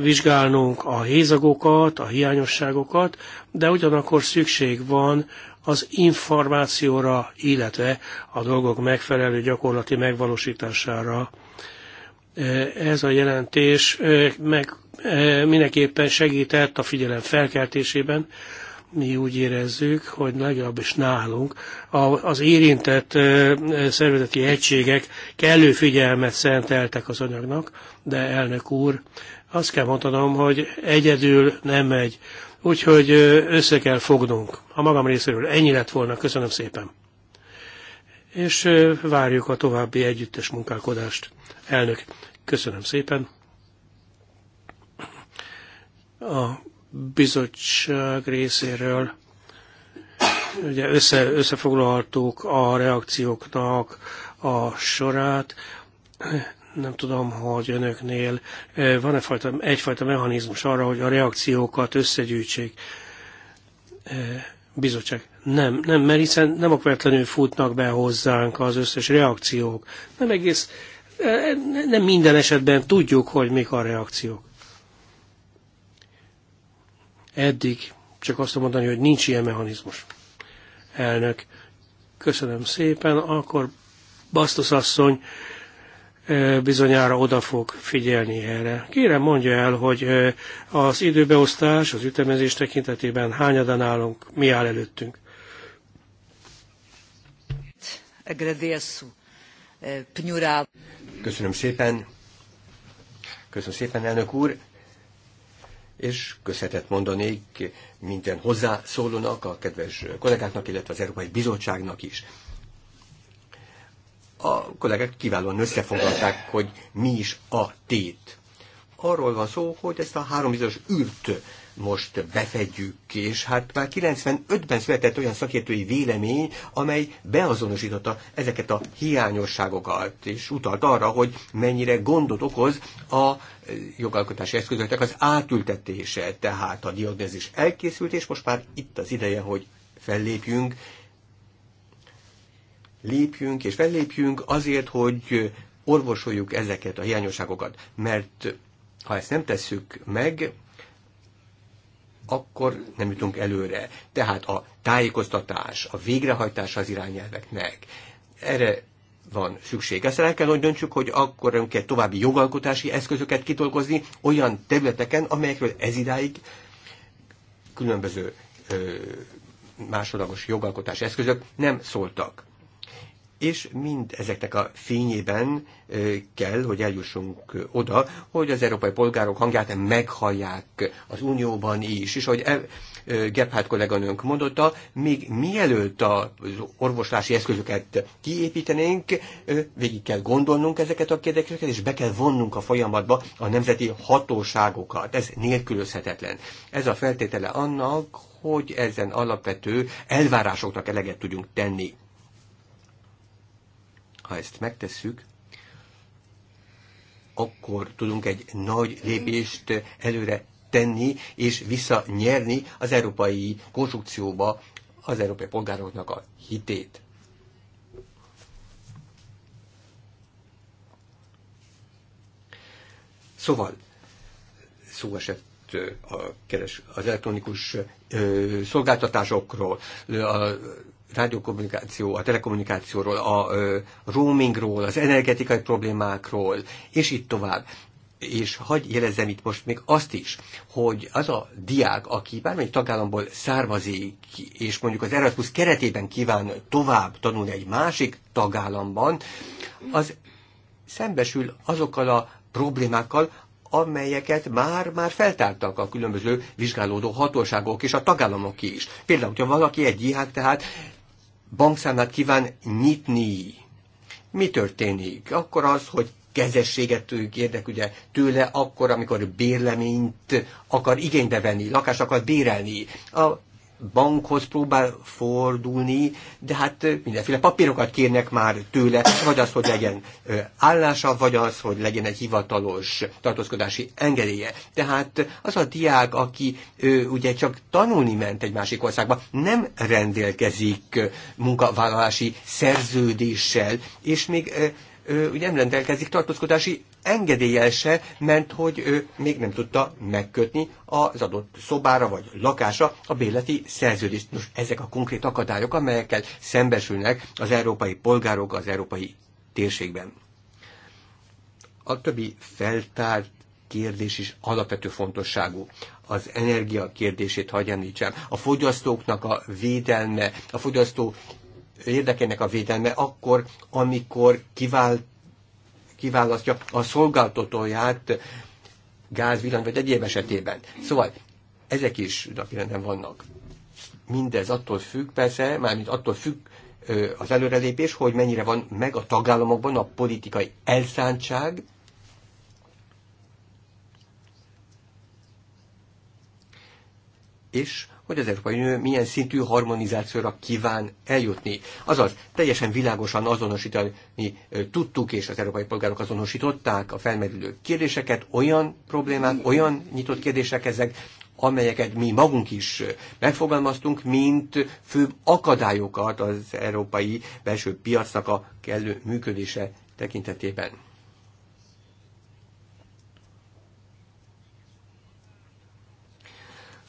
[SPEAKER 3] vizsgálnunk a hézagokat, a hiányosságokat, de ugyanakkor szükség van az információra, illetve a dolgok megfelelő gyakorlati megvalósítására. Ez a jelentés meg mindenképpen segített a figyelem felkeltésében, mi úgy érezzük, hogy legalábbis nálunk az érintett szervezeti egységek kellő figyelmet szenteltek az anyagnak, de elnök úr, azt kell mondanom, hogy egyedül nem megy. Úgyhogy össze kell fognunk. A magam részéről ennyi lett volna. Köszönöm szépen. És várjuk a további együttes munkálkodást. Elnök, köszönöm szépen. A bizottság részéről ugye össze, összefoglaltuk a reakcióknak a sorát. Nem tudom, hogy önöknél eh, van-e fajta, egyfajta mechanizmus arra, hogy a reakciókat összegyűjtsék. Eh, bizottság. Nem, nem, mert hiszen nem okvetlenül futnak be hozzánk az összes reakciók. Nem egész, eh, nem minden esetben tudjuk, hogy mik a reakciók. Eddig csak azt mondani, hogy nincs ilyen mechanizmus. Elnök, köszönöm szépen, akkor Basztos asszony bizonyára oda fog figyelni erre. Kérem mondja el, hogy az időbeosztás, az ütemezés tekintetében hányadan állunk, mi áll előttünk.
[SPEAKER 2] Eh,
[SPEAKER 4] köszönöm szépen. Köszönöm szépen, elnök úr és köszönetet mondanék minden hozzászólónak, a kedves kollégáknak, illetve az Európai Bizottságnak is. A kollégák kiválóan összefoglalták, hogy mi is a tét. Arról van szó, hogy ezt a három bizonyos űrt most befedjük, és hát már 95-ben született olyan szakértői vélemény, amely beazonosította ezeket a hiányosságokat, és utalt arra, hogy mennyire gondot okoz a e, jogalkotási eszközöknek az átültetése, tehát a diagnózis elkészült, és most már itt az ideje, hogy fellépjünk, lépjünk és fellépjünk azért, hogy orvosoljuk ezeket a hiányosságokat, mert ha ezt nem tesszük meg, akkor nem jutunk előre. Tehát a tájékoztatás, a végrehajtás az irányelveknek, erre van szükség. Ezt el kell, hogy döntsük, hogy akkor kell további jogalkotási eszközöket kitolkozni olyan területeken, amelyekről ez idáig különböző ö, másodlagos jogalkotási eszközök nem szóltak és mind ezeknek a fényében kell, hogy eljussunk oda, hogy az európai polgárok hangját meghallják az Unióban is, és hogy e, Gebhardt kolléganőnk mondotta, még mielőtt az orvoslási eszközöket kiépítenénk, végig kell gondolnunk ezeket a kérdéseket, és be kell vonnunk a folyamatba a nemzeti hatóságokat. Ez nélkülözhetetlen. Ez a feltétele annak, hogy ezen alapvető elvárásoknak eleget tudjunk tenni. Ha ezt megtesszük, akkor tudunk egy nagy lépést előre tenni és visszanyerni az európai konstrukcióba az európai polgároknak a hitét. Szóval szó esett a keres, az elektronikus ö, szolgáltatásokról, a rádiókommunikáció, a telekommunikációról, a roamingról, az energetikai problémákról, és itt tovább. És hagyj jelezzem itt most még azt is, hogy az a diák, aki bármely tagállamból származik, és mondjuk az Erasmus keretében kíván tovább tanulni egy másik tagállamban, az szembesül azokkal a problémákkal, amelyeket már, már feltártak a különböző vizsgálódó hatóságok és a tagállamok is. Például, hogyha valaki egy diák tehát bankszámlát kíván nyitni, mi történik? Akkor az, hogy kezességet kérdek ugye tőle akkor, amikor bérleményt akar igénybe venni, lakást akar bérelni. A bankhoz próbál fordulni, de hát mindenféle papírokat kérnek már tőle, vagy az, hogy legyen állása, vagy az, hogy legyen egy hivatalos tartózkodási engedélye. Tehát az a diák, aki ugye csak tanulni ment egy másik országba, nem rendelkezik munkavállalási szerződéssel, és még ugye nem rendelkezik tartózkodási engedéllyel se, mert hogy ő még nem tudta megkötni az adott szobára vagy lakása a béleti szerződést. Nos, ezek a konkrét akadályok, amelyekkel szembesülnek az európai polgárok az európai térségben. A többi feltárt kérdés is alapvető fontosságú. Az energia kérdését hagy említsem. A fogyasztóknak a védelme, a fogyasztó érdekének a védelme akkor, amikor kivált kiválasztja a szolgáltatóját gáz, villany vagy egyéb esetében. Szóval ezek is napirenden vannak. Mindez attól függ persze, mármint attól függ az előrelépés, hogy mennyire van meg a tagállamokban a politikai elszántság, és hogy az Európai Unió milyen szintű harmonizációra kíván eljutni. Azaz, teljesen világosan azonosítani tudtuk, és az európai polgárok azonosították a felmerülő kérdéseket, olyan problémák, olyan nyitott kérdések ezek, amelyeket mi magunk is megfogalmaztunk, mint főbb akadályokat az európai belső piacnak a kellő működése tekintetében.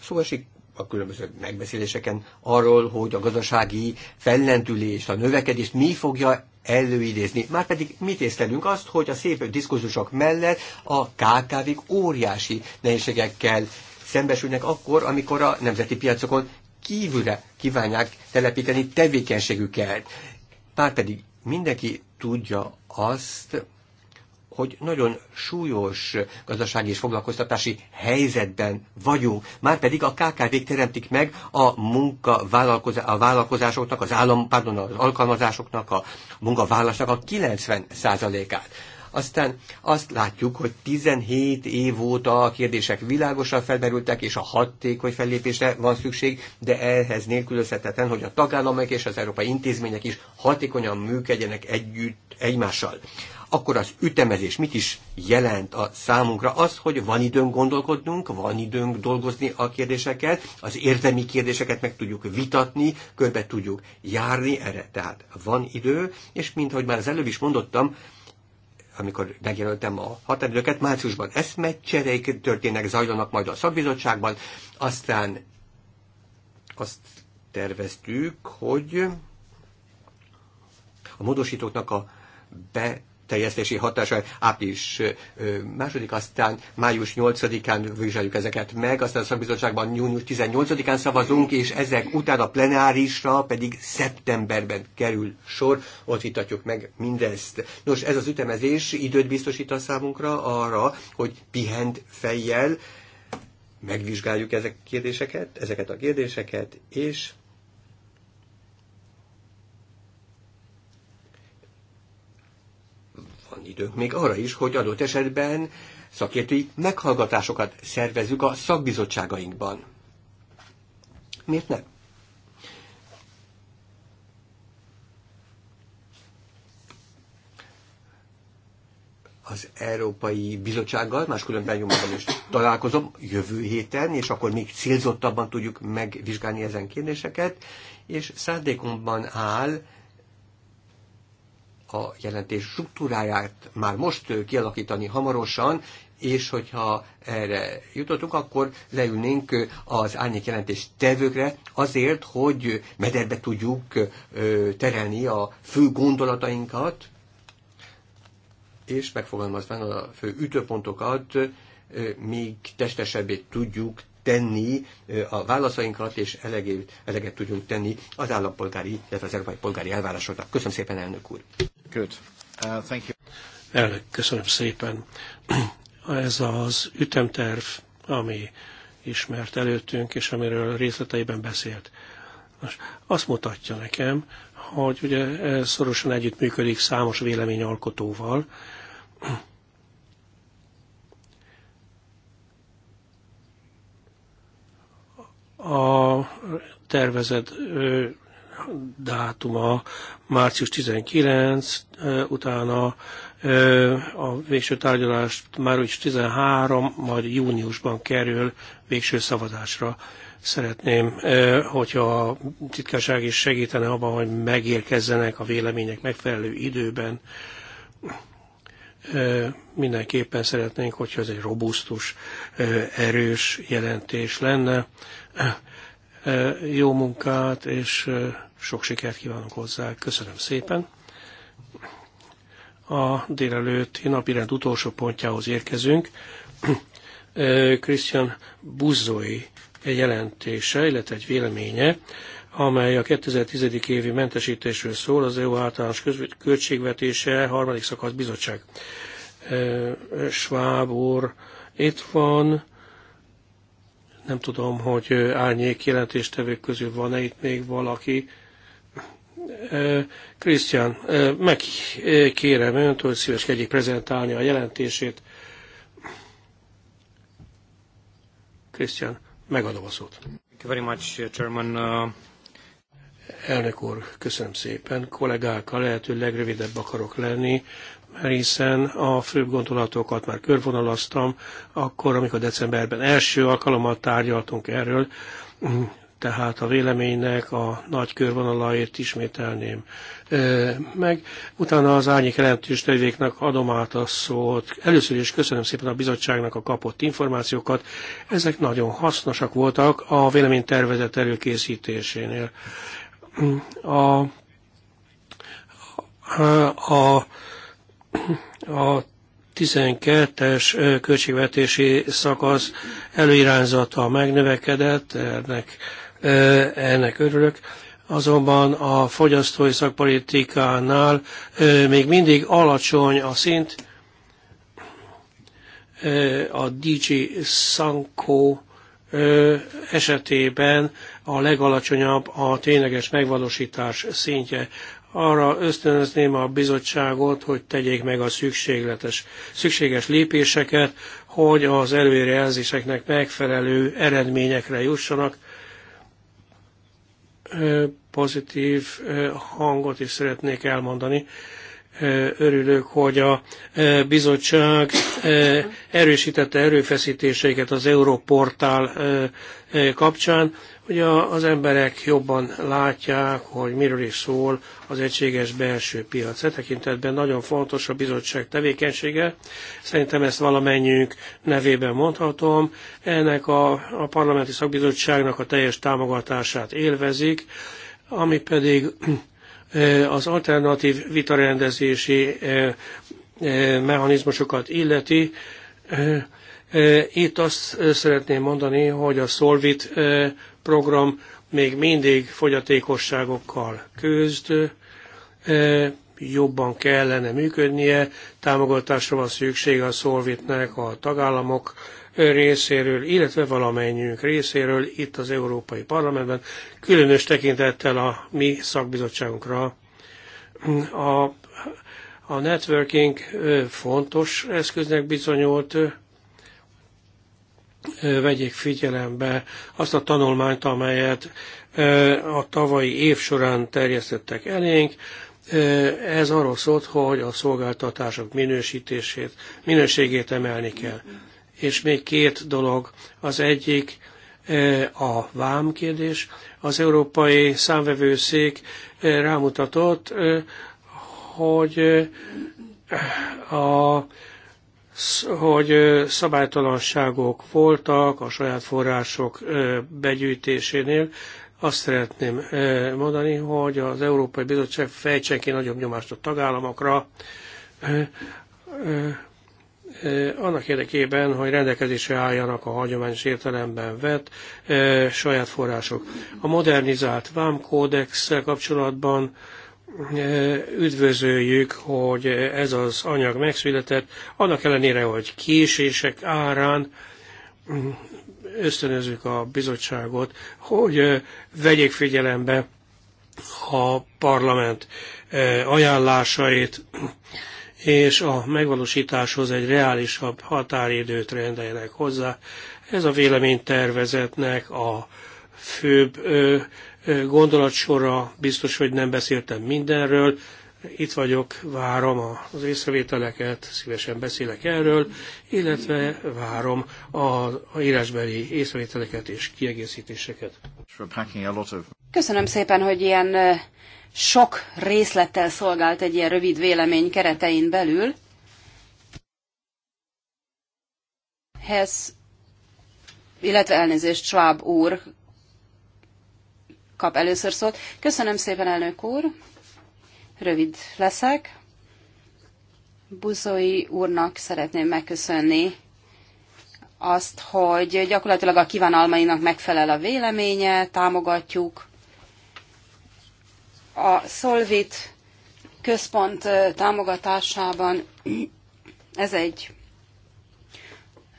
[SPEAKER 4] Szóval esik a különböző megbeszéléseken arról, hogy a gazdasági fellentülést, a növekedést mi fogja előidézni. Márpedig mit észlelünk azt, hogy a szép diskurzusok mellett a kkv óriási nehézségekkel szembesülnek akkor, amikor a nemzeti piacokon kívülre kívánják telepíteni tevékenységüket. Márpedig mindenki tudja azt, hogy nagyon súlyos gazdasági és foglalkoztatási helyzetben vagyunk. Márpedig a KKV-k teremtik meg a munka a vállalkozásoknak, az állam, pardon, az alkalmazásoknak, a munkavállalásnak a 90%-át. Aztán azt látjuk, hogy 17 év óta a kérdések világosan felmerültek, és a hatékony fellépésre van szükség, de ehhez nélkülözhetetlen, hogy a tagállamok és az európai intézmények is hatékonyan működjenek együtt egymással akkor az ütemezés mit is jelent a számunkra? Az, hogy van időnk gondolkodnunk, van időnk dolgozni a kérdéseket, az érdemi kérdéseket meg tudjuk vitatni, körbe tudjuk járni, erre tehát van idő, és mint ahogy már az előbb is mondottam, amikor megjelöltem a határidőket, márciusban eszmecsereik történnek, zajlanak majd a szakbizottságban, aztán azt terveztük, hogy a módosítóknak a be terjesztési hatása április második, aztán május 8-án vizsgáljuk ezeket meg, aztán a szakbizottságban június 18-án szavazunk, és ezek után a plenárisra pedig szeptemberben kerül sor, ott vitatjuk meg mindezt. Nos, ez az ütemezés időt biztosít a számunkra arra, hogy pihent fejjel megvizsgáljuk ezek a kérdéseket, ezeket a kérdéseket, és van időnk még arra is, hogy adott esetben szakértői meghallgatásokat szervezünk a szakbizottságainkban. Miért nem? az Európai Bizottsággal, máskülönben nyomában is találkozom jövő héten, és akkor még célzottabban tudjuk megvizsgálni ezen kérdéseket, és szándékomban áll a jelentés struktúráját már most kialakítani hamarosan, és hogyha erre jutottunk, akkor leülnénk az árnyék jelentés tevőkre azért, hogy mederbe tudjuk terelni a fő gondolatainkat, és megfogalmazván a fő ütőpontokat még testesebbé tudjuk tenni a válaszainkat, és eleget, eleget tudjunk tenni az állampolgári, illetve az európai polgári elvárásoknak. Köszönöm szépen, elnök úr!
[SPEAKER 3] Good. Uh, thank you. Elnök, köszönöm szépen. [CLEARS THROAT] Ez az ütemterv, ami ismert előttünk, és amiről részleteiben beszélt. Most azt mutatja nekem, hogy ugye eh, szorosan együttműködik számos véleményalkotóval, a tervezett dátuma március 19, utána a végső tárgyalás március 13, majd júniusban kerül végső szavazásra. Szeretném, hogyha a titkárság is segítene abban, hogy megérkezzenek a vélemények megfelelő időben. Mindenképpen szeretnénk, hogyha ez egy robusztus, erős jelentés lenne Eh, jó munkát, és eh, sok sikert kívánok hozzá. Köszönöm szépen. A délelőtti napirend utolsó pontjához érkezünk. Krisztián [CLEARS THROAT] eh, egy jelentése, illetve egy véleménye, amely a 2010. évi mentesítésről szól, az EU általános költségvetése, harmadik szakasz bizottság. Schwab úr itt van, nem tudom, hogy árnyék jelentéstevők közül van-e itt még valaki. Krisztián, megkérem önt, hogy szíveskedjék prezentálni a jelentését. Krisztián, megadom a szót. Thank you very much, uh, Chairman. Uh... Elnök úr, köszönöm szépen. Kollégákkal lehető legrövidebb akarok lenni hiszen a főbb gondolatokat már körvonalaztam, akkor, amikor decemberben első alkalommal tárgyaltunk erről, tehát a véleménynek a nagy körvonalait ismételném meg. Utána az árnyék jelentős tevéknek adom át a szót. Először is köszönöm szépen a bizottságnak a kapott információkat. Ezek nagyon hasznosak voltak a véleménytervezet előkészítésénél. A, a, a a 12-es költségvetési szakasz előirányzata megnövekedett, ennek, ennek örülök azonban a fogyasztói szakpolitikánál még mindig alacsony a szint. A DG Sanko esetében a legalacsonyabb a tényleges megvalósítás szintje arra ösztönözném a bizottságot, hogy tegyék meg a szükségletes, szükséges lépéseket, hogy az előrejelzéseknek megfelelő eredményekre jussanak. Pozitív hangot is szeretnék elmondani örülök, hogy a bizottság erősítette erőfeszítéseiket az Europortál kapcsán, hogy az emberek jobban látják, hogy miről is szól az egységes belső piac. E tekintetben nagyon fontos a bizottság tevékenysége. Szerintem ezt valamennyünk nevében mondhatom. Ennek a, a parlamenti szakbizottságnak a teljes támogatását élvezik, ami pedig Eh, az alternatív vitarendezési eh, eh, mechanizmusokat illeti, itt azt szeretném mondani, hogy a Solvit program még mindig fogyatékosságokkal közd, jobban kellene működnie, támogatásra van szüksége a Solvitnek a tagállamok részéről, illetve valamennyiünk részéről itt az Európai Parlamentben, különös tekintettel a mi szakbizottságunkra. A, a networking fontos eszköznek bizonyult, vegyék figyelembe azt a tanulmányt, amelyet a tavalyi év során terjesztettek elénk. Ez arról szólt, hogy a szolgáltatások minősítését, minőségét emelni kell és még két dolog. Az egyik e, a vám kérdés. Az Európai Számvevőszék e, rámutatott, e, hogy a hogy szabálytalanságok voltak a saját források begyűjtésénél. Azt szeretném mondani, hogy az Európai Bizottság fejtsen ki nagyobb nyomást a tagállamokra, annak érdekében, hogy rendelkezésre álljanak a hagyományos értelemben vett saját források. A modernizált vámkódexsel kapcsolatban üdvözöljük, hogy ez az anyag megszületett, annak ellenére, hogy késések árán mm, ösztönözzük a bizottságot, hogy vegyék figyelembe a parlament ajánlásait, és a megvalósításhoz egy reálisabb határidőt rendeljenek hozzá. Ez a véleménytervezetnek a főbb ö, ö, gondolatsora, biztos, hogy nem beszéltem mindenről, itt vagyok, várom az észrevételeket, szívesen beszélek erről, illetve várom az írásbeli észrevételeket és
[SPEAKER 1] kiegészítéseket.
[SPEAKER 2] Köszönöm szépen, hogy ilyen sok részlettel szolgált egy ilyen rövid vélemény keretein belül. Hess, illetve elnézést Schwab úr kap először szót. Köszönöm szépen, elnök úr. Rövid leszek. Buzói úrnak szeretném megköszönni azt, hogy gyakorlatilag a kívánalmainak megfelel a véleménye, támogatjuk a Solvit központ támogatásában ez egy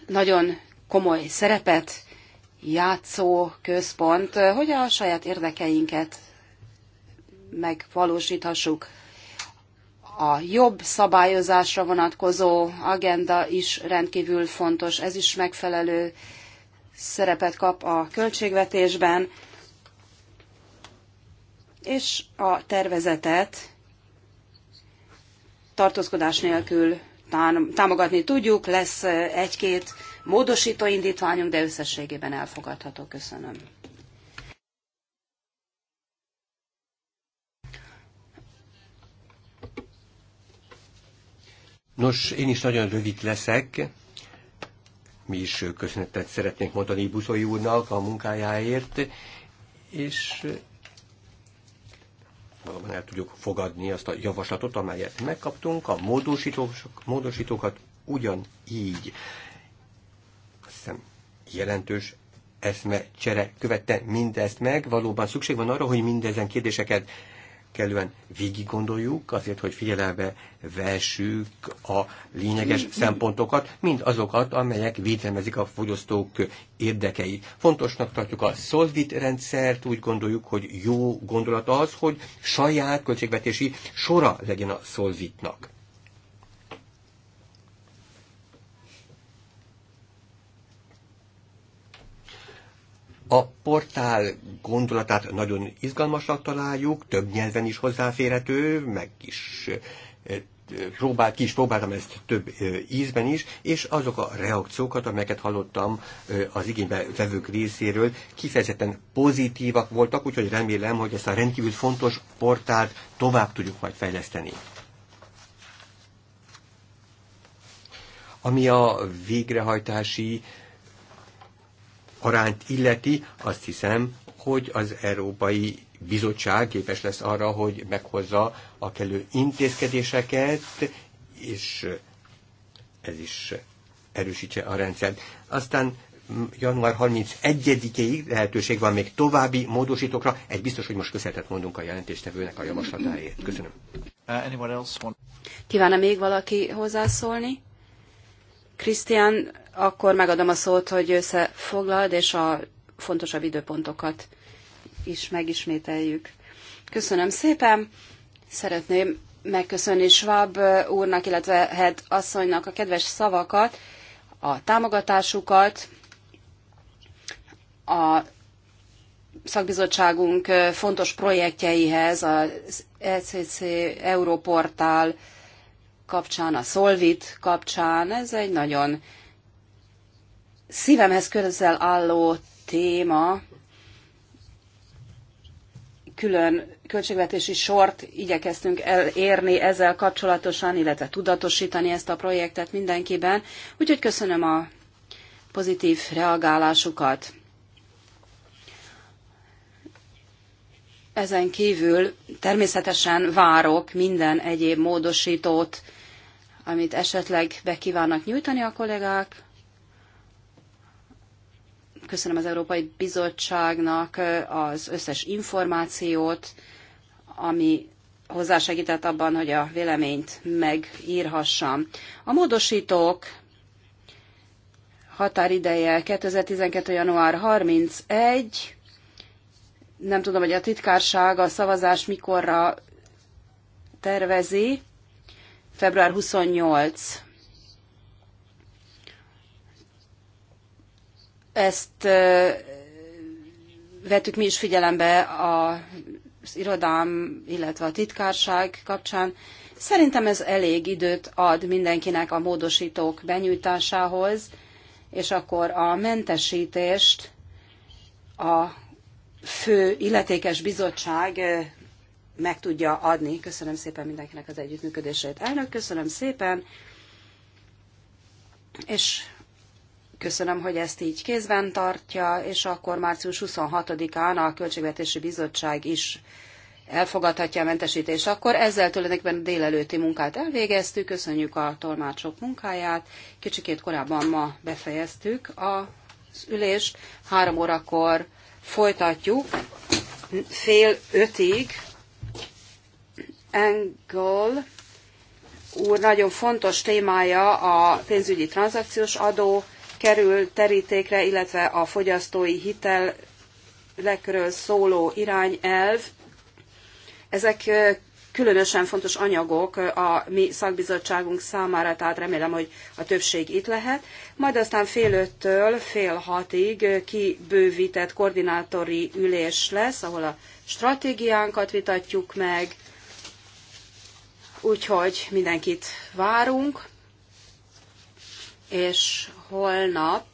[SPEAKER 2] nagyon komoly szerepet játszó központ, hogy a saját érdekeinket megvalósíthassuk. A jobb szabályozásra vonatkozó agenda is rendkívül fontos, ez is megfelelő szerepet kap a költségvetésben és a tervezetet tartózkodás nélkül támogatni tudjuk. Lesz egy-két módosító indítványunk, de összességében elfogadható. Köszönöm.
[SPEAKER 4] Nos, én is nagyon rövid leszek. Mi is köszönetet szeretnénk mondani Buszói úrnak a munkájáért, és valóban el tudjuk fogadni azt a javaslatot, amelyet megkaptunk, a módosítók, módosítókat ugyanígy. Azt hiszem, jelentős eszme csere követte mindezt meg. Valóban szükség van arra, hogy mindezen kérdéseket kellően végig gondoljuk, azért, hogy figyelembe vessük a lényeges szempontokat, mind azokat, amelyek védelmezik a fogyasztók érdekeit. Fontosnak tartjuk a Solvit rendszert, úgy gondoljuk, hogy jó gondolat az, hogy saját költségvetési sora legyen a Solvitnak. A portál gondolatát nagyon izgalmasnak találjuk, több nyelven is hozzáférhető, meg is próbál, ki is próbáltam ezt több ízben is, és azok a reakciókat, amelyeket hallottam az igénybe vevők részéről, kifejezetten pozitívak voltak, úgyhogy remélem, hogy ezt a rendkívül fontos portált tovább tudjuk majd fejleszteni. Ami a végrehajtási arányt illeti, azt hiszem, hogy az Európai Bizottság képes lesz arra, hogy meghozza a kellő intézkedéseket, és ez is erősítse a rendszert. Aztán január 31-ig lehetőség van még további módosítókra. Egy biztos, hogy most köszönetet mondunk a jelentéstevőnek a javaslatáért. Köszönöm.
[SPEAKER 1] Uh,
[SPEAKER 2] Kívánna még valaki hozzászólni? Krisztián akkor megadom a szót, hogy összefoglald, és a fontosabb időpontokat is megismételjük. Köszönöm szépen. Szeretném megköszönni Schwab úrnak, illetve Head asszonynak a kedves szavakat, a támogatásukat, a szakbizottságunk fontos projektjeihez, az ECC Europortál kapcsán, a Solvit kapcsán. Ez egy nagyon szívemhez közel álló téma, külön költségvetési sort igyekeztünk elérni ezzel kapcsolatosan, illetve tudatosítani ezt a projektet mindenkiben. Úgyhogy köszönöm a pozitív reagálásukat. Ezen kívül természetesen várok minden egyéb módosítót, amit esetleg be kívánnak nyújtani a kollégák, Köszönöm az Európai Bizottságnak az összes információt, ami hozzásegített abban, hogy a véleményt megírhassam. A módosítók határideje 2012. január 31. Nem tudom, hogy a titkárság a szavazás mikorra tervezi. Február 28. Ezt vettük mi is figyelembe az irodám, illetve a titkárság kapcsán. Szerintem ez elég időt ad mindenkinek a módosítók benyújtásához, és akkor a mentesítést a fő illetékes bizottság meg tudja adni. Köszönöm szépen mindenkinek az együttműködését. Elnök, köszönöm szépen, és Köszönöm, hogy ezt így kézben tartja, és akkor március 26-án a Költségvetési Bizottság is elfogadhatja a mentesítést. Akkor ezzel tulajdonképpen a délelőtti munkát elvégeztük, köszönjük a tolmácsok munkáját. Kicsikét korábban ma befejeztük az ülést, három órakor folytatjuk, fél ötig. Engel úr nagyon fontos témája a pénzügyi tranzakciós adó, kerül terítékre, illetve a fogyasztói hitelekről szóló irányelv. Ezek különösen fontos anyagok a mi szakbizottságunk számára, tehát remélem, hogy a többség itt lehet. Majd aztán fél öttől fél hatig kibővített koordinátori ülés lesz, ahol a stratégiánkat vitatjuk meg, úgyhogy mindenkit várunk, és holnap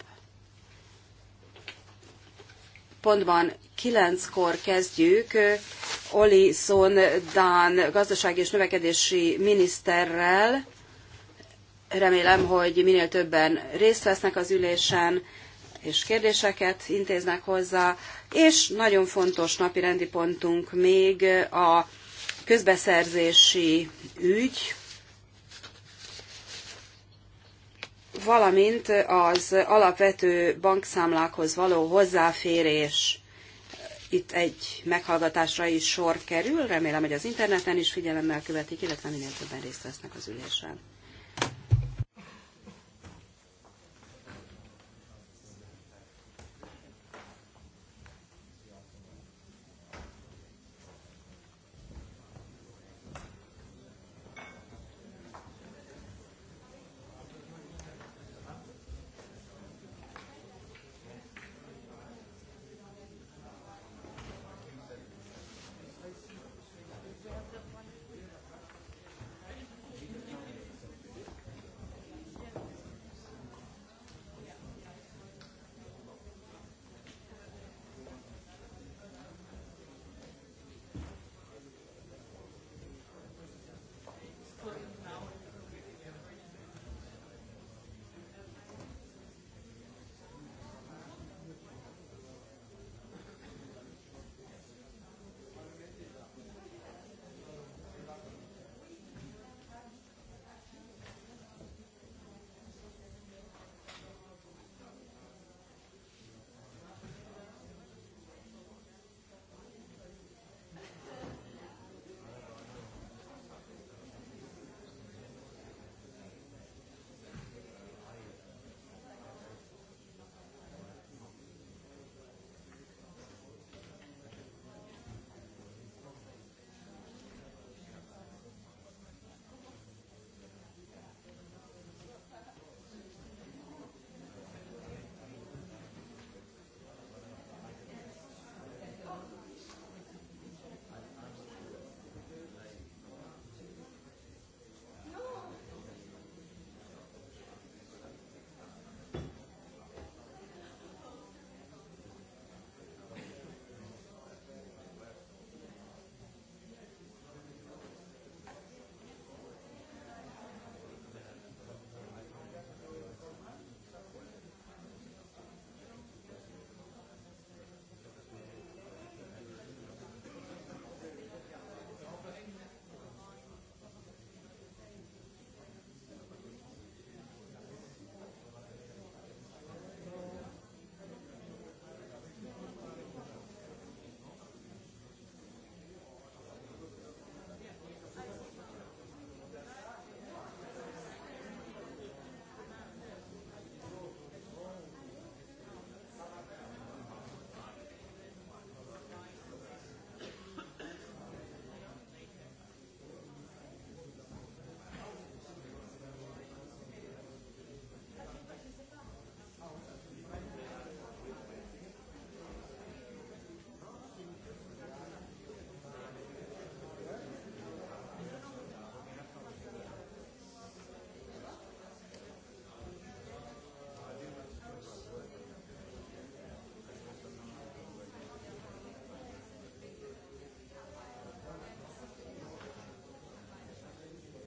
[SPEAKER 2] pontban kilenckor kezdjük Oli Szon Dán gazdasági és növekedési miniszterrel. Remélem, hogy minél többen részt vesznek az ülésen, és kérdéseket intéznek hozzá. És nagyon fontos napi rendi pontunk még a közbeszerzési ügy, valamint az alapvető bankszámlákhoz való hozzáférés. Itt egy meghallgatásra is sor kerül, remélem, hogy az interneten is figyelemmel követik, illetve minél többen részt vesznek az ülésen.